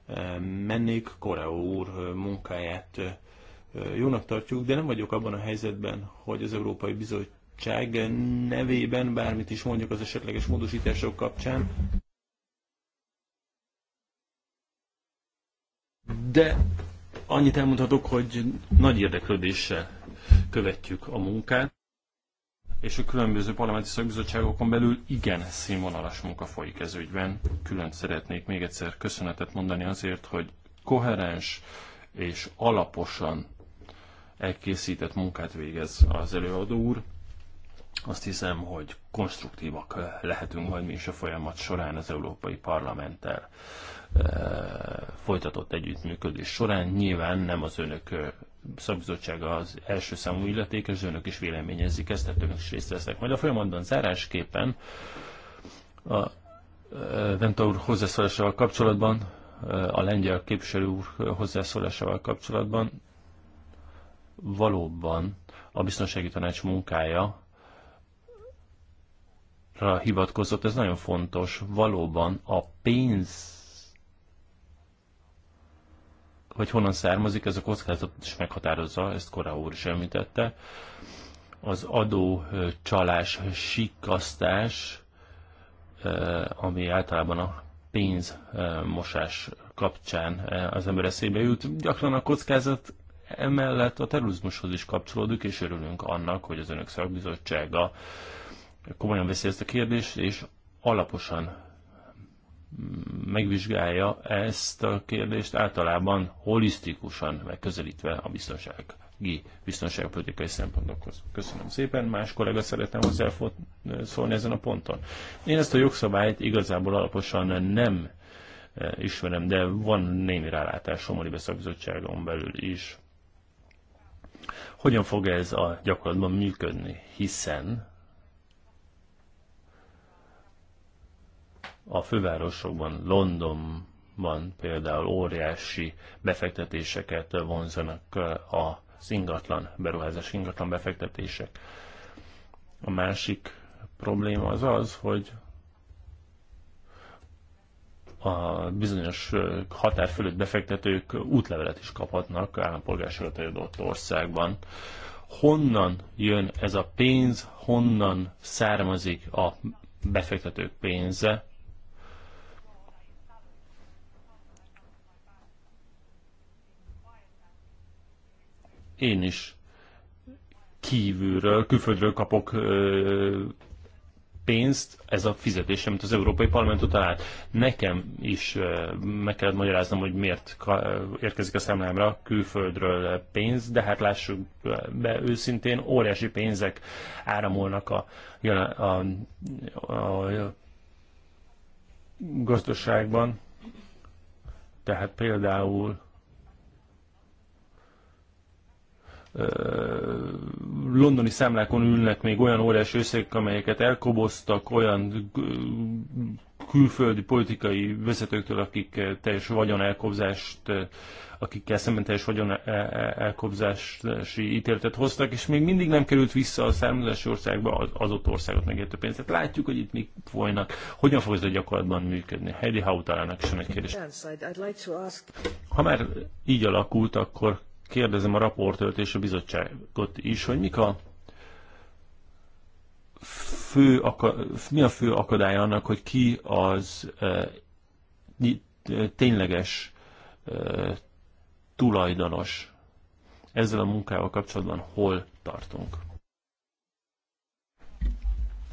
eh, mennék, Koreó úr eh, munkáját eh, jónak tartjuk, de nem vagyok abban a helyzetben, hogy az Európai Bizottság nevében bármit is mondjuk az esetleges módosítások kapcsán. De annyit elmondhatok, hogy nagy érdeklődéssel követjük a munkát és a különböző parlamenti szakbizottságokon belül igen színvonalas munka folyik ez ügyben. Külön szeretnék még egyszer köszönetet mondani azért, hogy koherens és alaposan elkészített munkát végez az előadó úr. Azt hiszem, hogy konstruktívak lehetünk majd mi is a folyamat során az Európai Parlamenttel eh, folytatott együttműködés során. Nyilván nem az önök eh, szakbizottság az első számú illetékes, önök is véleményezik ezt, tehát önök is részt vesznek. Majd a folyamatban zárásképpen a eh, Venta úr hozzászólásával kapcsolatban, eh, a lengyel képviselő úr hozzászólásával kapcsolatban valóban a biztonsági tanács munkája hivatkozott, ez nagyon fontos, valóban a pénz hogy honnan származik, ez a kockázat is meghatározza, ezt korábban úr is említette. Az adó csalás, sikasztás, ami általában a pénzmosás kapcsán az ember eszébe jut, gyakran a kockázat emellett a terrorizmushoz is kapcsolódik, és örülünk annak, hogy az önök szakbizottsága komolyan veszi ezt a kérdést, és alaposan megvizsgálja ezt a kérdést általában holisztikusan megközelítve a biztonsági biztonságpolitikai szempontokhoz. Köszönöm szépen, más kollega szeretne hozzá szólni ezen a ponton. Én ezt a jogszabályt igazából alaposan nem eh, ismerem, de van némi rálátásom a Libe szakbizottságon belül is. Hogyan fog ez a gyakorlatban működni? Hiszen a fővárosokban, Londonban például óriási befektetéseket vonzanak a ingatlan beruházás, ingatlan befektetések. A másik probléma az az, hogy a bizonyos határ fölött befektetők útlevelet is kaphatnak állampolgárságot adott országban. Honnan jön ez a pénz, honnan származik a befektetők pénze, én is kívülről, külföldről kapok pénzt, ez a fizetésem, amit az Európai Parlament utalált. Nekem is meg kellett magyaráznom, hogy miért érkezik a számlámra külföldről pénz, de hát lássuk be őszintén, óriási pénzek áramolnak a, a, a, a gazdaságban. Tehát például londoni számlákon ülnek még olyan óriási összegek, amelyeket elkoboztak olyan külföldi politikai vezetőktől, akik teljes vagyon elkobzást, akikkel szemben teljes vagyon e, e, elkobzási ítéletet hoztak, és még mindig nem került vissza a származási országba az ott országot megértő pénzt. Tehát látjuk, hogy itt mi folynak. Hogyan fog ez a gyakorlatban működni? Heidi Hautalának is van egy kérdés. Ha már így alakult, akkor kérdezem a raportőrt és a bizottságot is, hogy mik a fő, mi a fő akadály annak, hogy ki az e, e, tényleges e, tulajdonos. Ezzel a munkával kapcsolatban hol tartunk?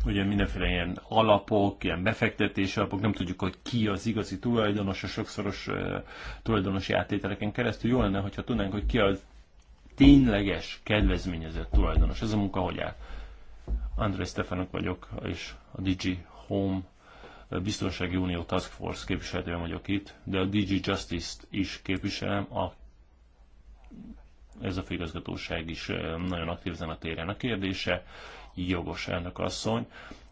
ugye mindenféle ilyen alapok, ilyen befektetési alapok, nem tudjuk, hogy ki az igazi tulajdonos a sokszoros tulajdonosi áttételeken keresztül. Jó lenne, hogyha tudnánk, hogy ki az tényleges kedvezményezett tulajdonos. Ez a munka hogy áll? André Stefanok vagyok, és a Digi Home Biztonsági Unió Task Force képviselője vagyok itt, de a Digi Justice-t is képviselem, a ez a főigazgatóság is nagyon aktív ezen a téren. A kérdése jogos elnök asszony.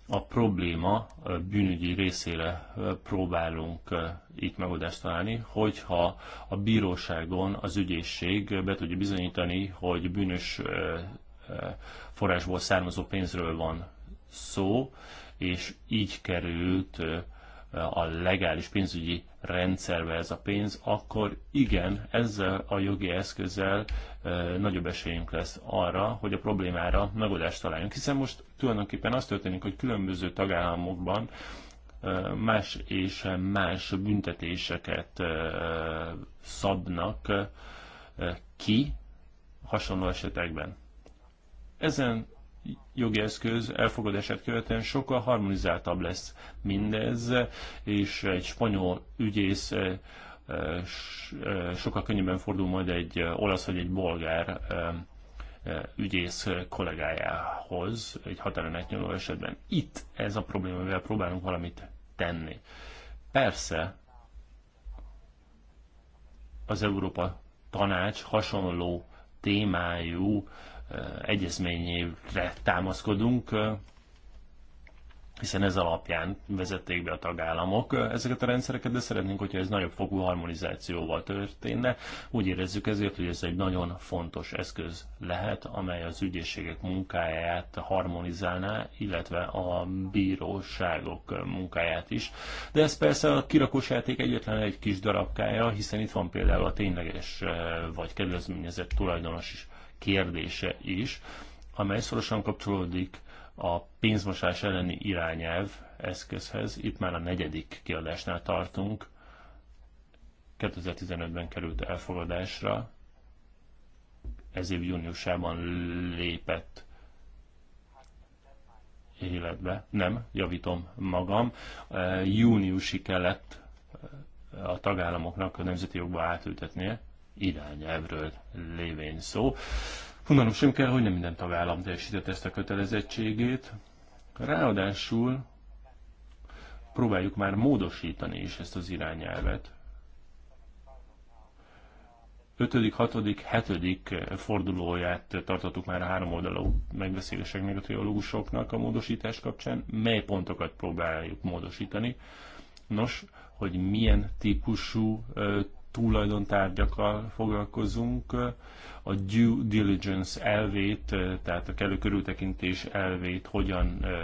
A probléma bűnügyi részére próbálunk itt megoldást találni, hogyha a bíróságon az ügyészség be tudja bizonyítani, hogy bűnös forrásból származó pénzről van szó, és így került a legális pénzügyi rendszerbe ez a pénz, akkor igen, ezzel a jogi eszközzel nagyobb esélyünk lesz arra, hogy a problémára megoldást találjunk. Hiszen most tulajdonképpen az történik, hogy különböző tagállamokban más és más büntetéseket szabnak ki hasonló esetekben. Ezen jogi eszköz elfogadását követően sokkal harmonizáltabb lesz mindez, és egy spanyol ügyész eh, eh, sokkal könnyebben fordul majd egy eh, olasz vagy egy bolgár ügyész kollégájához egy határon átnyúló esetben. Itt ez a probléma, amivel próbálunk valamit tenni. Persze az Európa Tanács hasonló témájú egyezményére támaszkodunk, hiszen ez alapján vezették be a tagállamok ezeket a rendszereket, de szeretnénk, hogyha ez nagyobb fokú harmonizációval történne. Úgy érezzük ezért, hogy ez egy nagyon fontos eszköz lehet, amely az ügyészségek munkáját harmonizálná, illetve a bíróságok munkáját is. De ez persze a kirakós játék egyetlen egy kis darabkája, hiszen itt van például a tényleges vagy kedvezményezett tulajdonos is kérdése is, amely szorosan kapcsolódik a pénzmosás elleni irányelv eszközhez. Itt már a negyedik kiadásnál tartunk. 2015-ben került elfogadásra, ez év júniusában lépett életbe. Nem, javítom magam. E, júniusi kellett e, a tagállamoknak a nemzeti jogba átültetnie irányelvről lévén szó. Mondanom sem kell, hogy nem minden tagállam teljesített ezt a kötelezettségét. Ráadásul próbáljuk már módosítani is ezt az irányelvet. 5., 6., 7. fordulóját tartottuk már a három oldalú megbeszéléseknek a teológusoknak a módosítás kapcsán, mely pontokat próbáljuk módosítani. Nos, hogy milyen típusú tulajdontárgyakkal foglalkozunk, a due diligence elvét, tehát a kellő körültekintés elvét hogyan eh,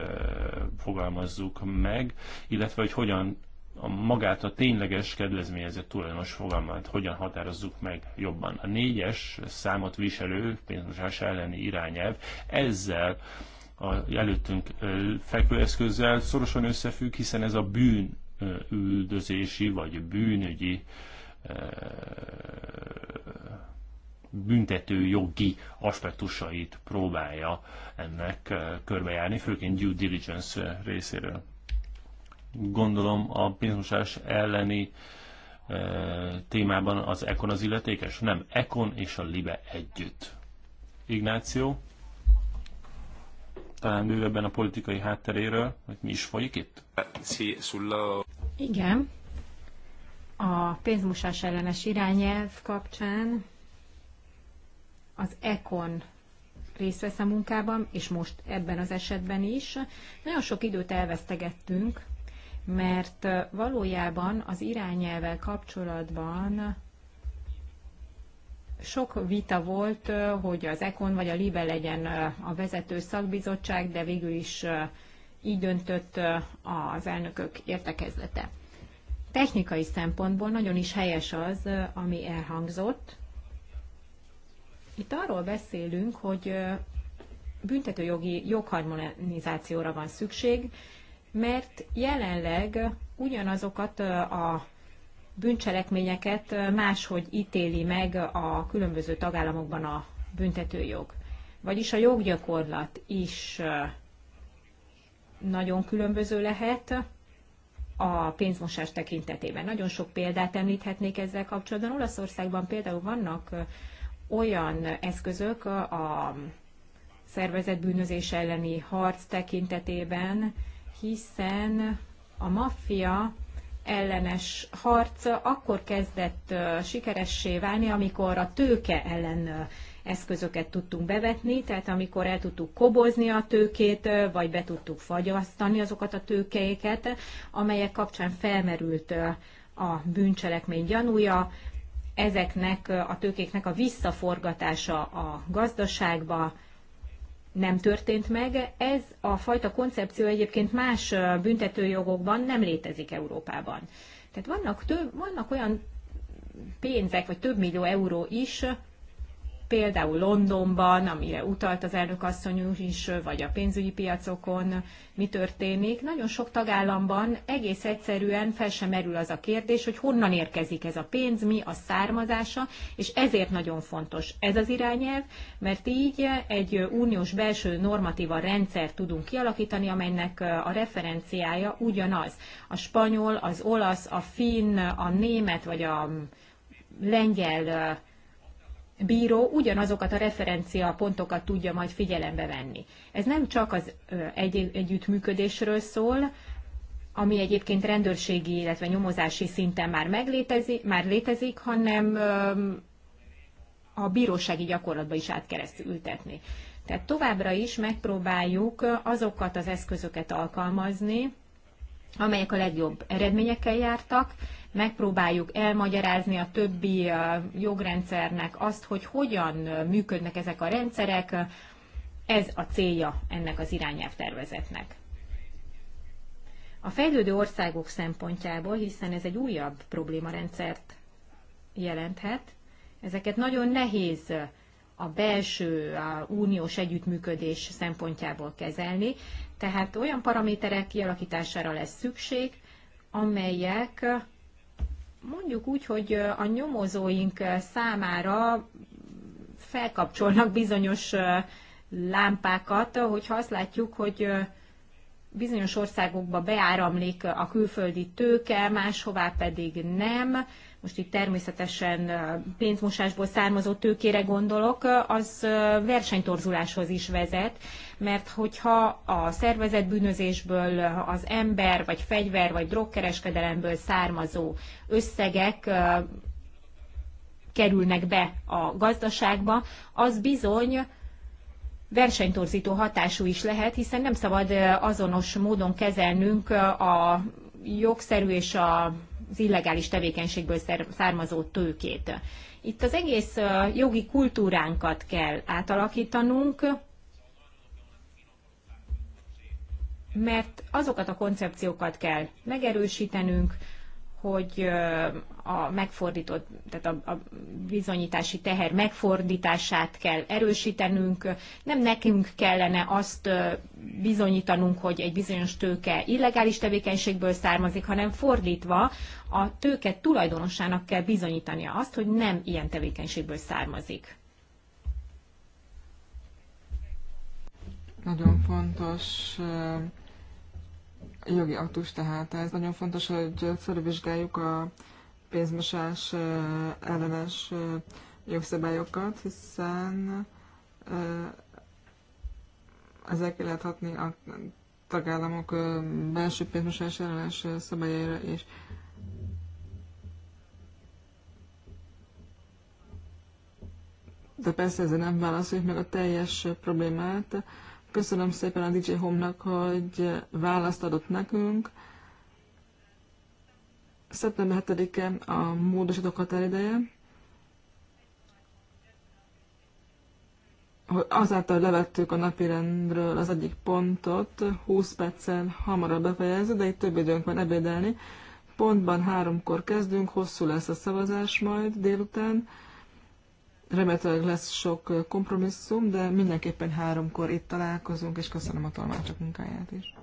fogalmazzuk meg, illetve hogy hogyan a magát a tényleges kedvezményezett tulajdonos fogalmát hogyan határozzuk meg jobban. A négyes számot viselő pénzmosás elleni irányelv ezzel a előttünk eh, fekvő eszközzel szorosan összefügg, hiszen ez a bűn eh, üldözési vagy bűnügyi uh, büntető jogi aspektusait próbálja ennek körbejárni, főként due diligence részéről. Gondolom a pénzmosás elleni témában az Econ az illetékes? Nem, Econ és a Libe együtt. Ignáció, talán bővebben a politikai hátteréről, hogy mi is folyik itt?
Igen, a pénzmosás ellenes irányelv kapcsán az ECON részt vesz a munkában, és most ebben az esetben is. Nagyon sok időt elvesztegettünk, mert valójában az irányelvel kapcsolatban sok vita volt, hogy az ECON vagy a LIBE legyen a vezető szakbizottság, de végül is így döntött az elnökök értekezlete technikai szempontból nagyon is helyes az, ami elhangzott. Itt arról beszélünk, hogy büntetőjogi jogharmonizációra van szükség, mert jelenleg ugyanazokat a bűncselekményeket máshogy ítéli meg a különböző tagállamokban a büntetőjog. Vagyis a joggyakorlat is nagyon különböző lehet, a pénzmosás tekintetében. Nagyon sok példát említhetnék ezzel kapcsolatban. Olaszországban például vannak olyan eszközök a szervezetbűnözés bűnözés elleni harc tekintetében, hiszen a maffia ellenes harc akkor kezdett sikeressé válni, amikor a tőke ellen eszközöket tudtunk bevetni, tehát amikor el tudtuk kobozni a tőkét, vagy be tudtuk fagyasztani azokat a tőkéket, amelyek kapcsán felmerült a bűncselekmény gyanúja, ezeknek a tőkéknek a visszaforgatása a gazdaságba, nem történt meg. Ez a fajta koncepció egyébként más büntetőjogokban nem létezik Európában. Tehát vannak, több, vannak olyan pénzek, vagy több millió euró is, például Londonban, amire utalt az elnökasszony is, vagy a pénzügyi piacokon mi történik. Nagyon sok tagállamban egész egyszerűen fel sem merül az a kérdés, hogy honnan érkezik ez a pénz, mi a származása, és ezért nagyon fontos ez az irányelv, mert így egy uniós belső normatíva rendszer tudunk kialakítani, amelynek a referenciája ugyanaz. A spanyol, az olasz, a finn, a német vagy a lengyel bíró ugyanazokat a referencia pontokat tudja majd figyelembe venni. Ez nem csak az egy- együttműködésről szól, ami egyébként rendőrségi, illetve nyomozási szinten már, meglétezik, már létezik, hanem a bírósági gyakorlatba is át ültetni. Tehát továbbra is megpróbáljuk azokat az eszközöket alkalmazni, amelyek a legjobb eredményekkel jártak, megpróbáljuk elmagyarázni a többi jogrendszernek azt, hogy hogyan működnek ezek a rendszerek. Ez a célja ennek az irányelvtervezetnek. A fejlődő országok szempontjából, hiszen ez egy újabb problémarendszert jelenthet, ezeket nagyon nehéz a belső a uniós együttműködés szempontjából kezelni. Tehát olyan paraméterek kialakítására lesz szükség, amelyek mondjuk úgy, hogy a nyomozóink számára felkapcsolnak bizonyos lámpákat, hogyha azt látjuk, hogy bizonyos országokba beáramlik a külföldi tőke, máshová pedig nem. Most itt természetesen pénzmosásból származó tőkére gondolok, az versenytorzuláshoz is vezet, mert hogyha a szervezetbűnözésből, bűnözésből az ember, vagy fegyver, vagy drogkereskedelemből származó összegek kerülnek be a gazdaságba, az bizony versenytorzító hatású is lehet, hiszen nem szabad azonos módon kezelnünk a jogszerű és az illegális tevékenységből származó tőkét. Itt az egész jogi kultúránkat kell átalakítanunk, mert azokat a koncepciókat kell megerősítenünk, hogy a megfordított, tehát a, a bizonyítási teher megfordítását kell erősítenünk. Nem nekünk kellene azt bizonyítanunk, hogy egy bizonyos tőke illegális tevékenységből származik, hanem fordítva a tőke tulajdonosának kell bizonyítania azt, hogy nem ilyen tevékenységből származik.
Nagyon fontos jogi aktus tehát. Ez nagyon fontos, hogy felvizsgáljuk a pénzmosás ellenes jogszabályokat, hiszen ezek lehet hatni a tagállamok belső pénzmosás ellenes szabályaira is. De persze ez nem válaszoljuk meg a teljes problémát, Köszönöm szépen a DJ Home-nak, hogy választ adott nekünk. Szeptember 7-e a módosítók határideje. hogy azáltal levettük a napirendről az egyik pontot, 20 perccel hamarabb befejező, de itt több időnk van ebédelni. Pontban háromkor kezdünk, hosszú lesz a szavazás majd délután, Remélhetőleg lesz sok kompromisszum, de mindenképpen háromkor itt találkozunk, és köszönöm a tolmácsok munkáját is.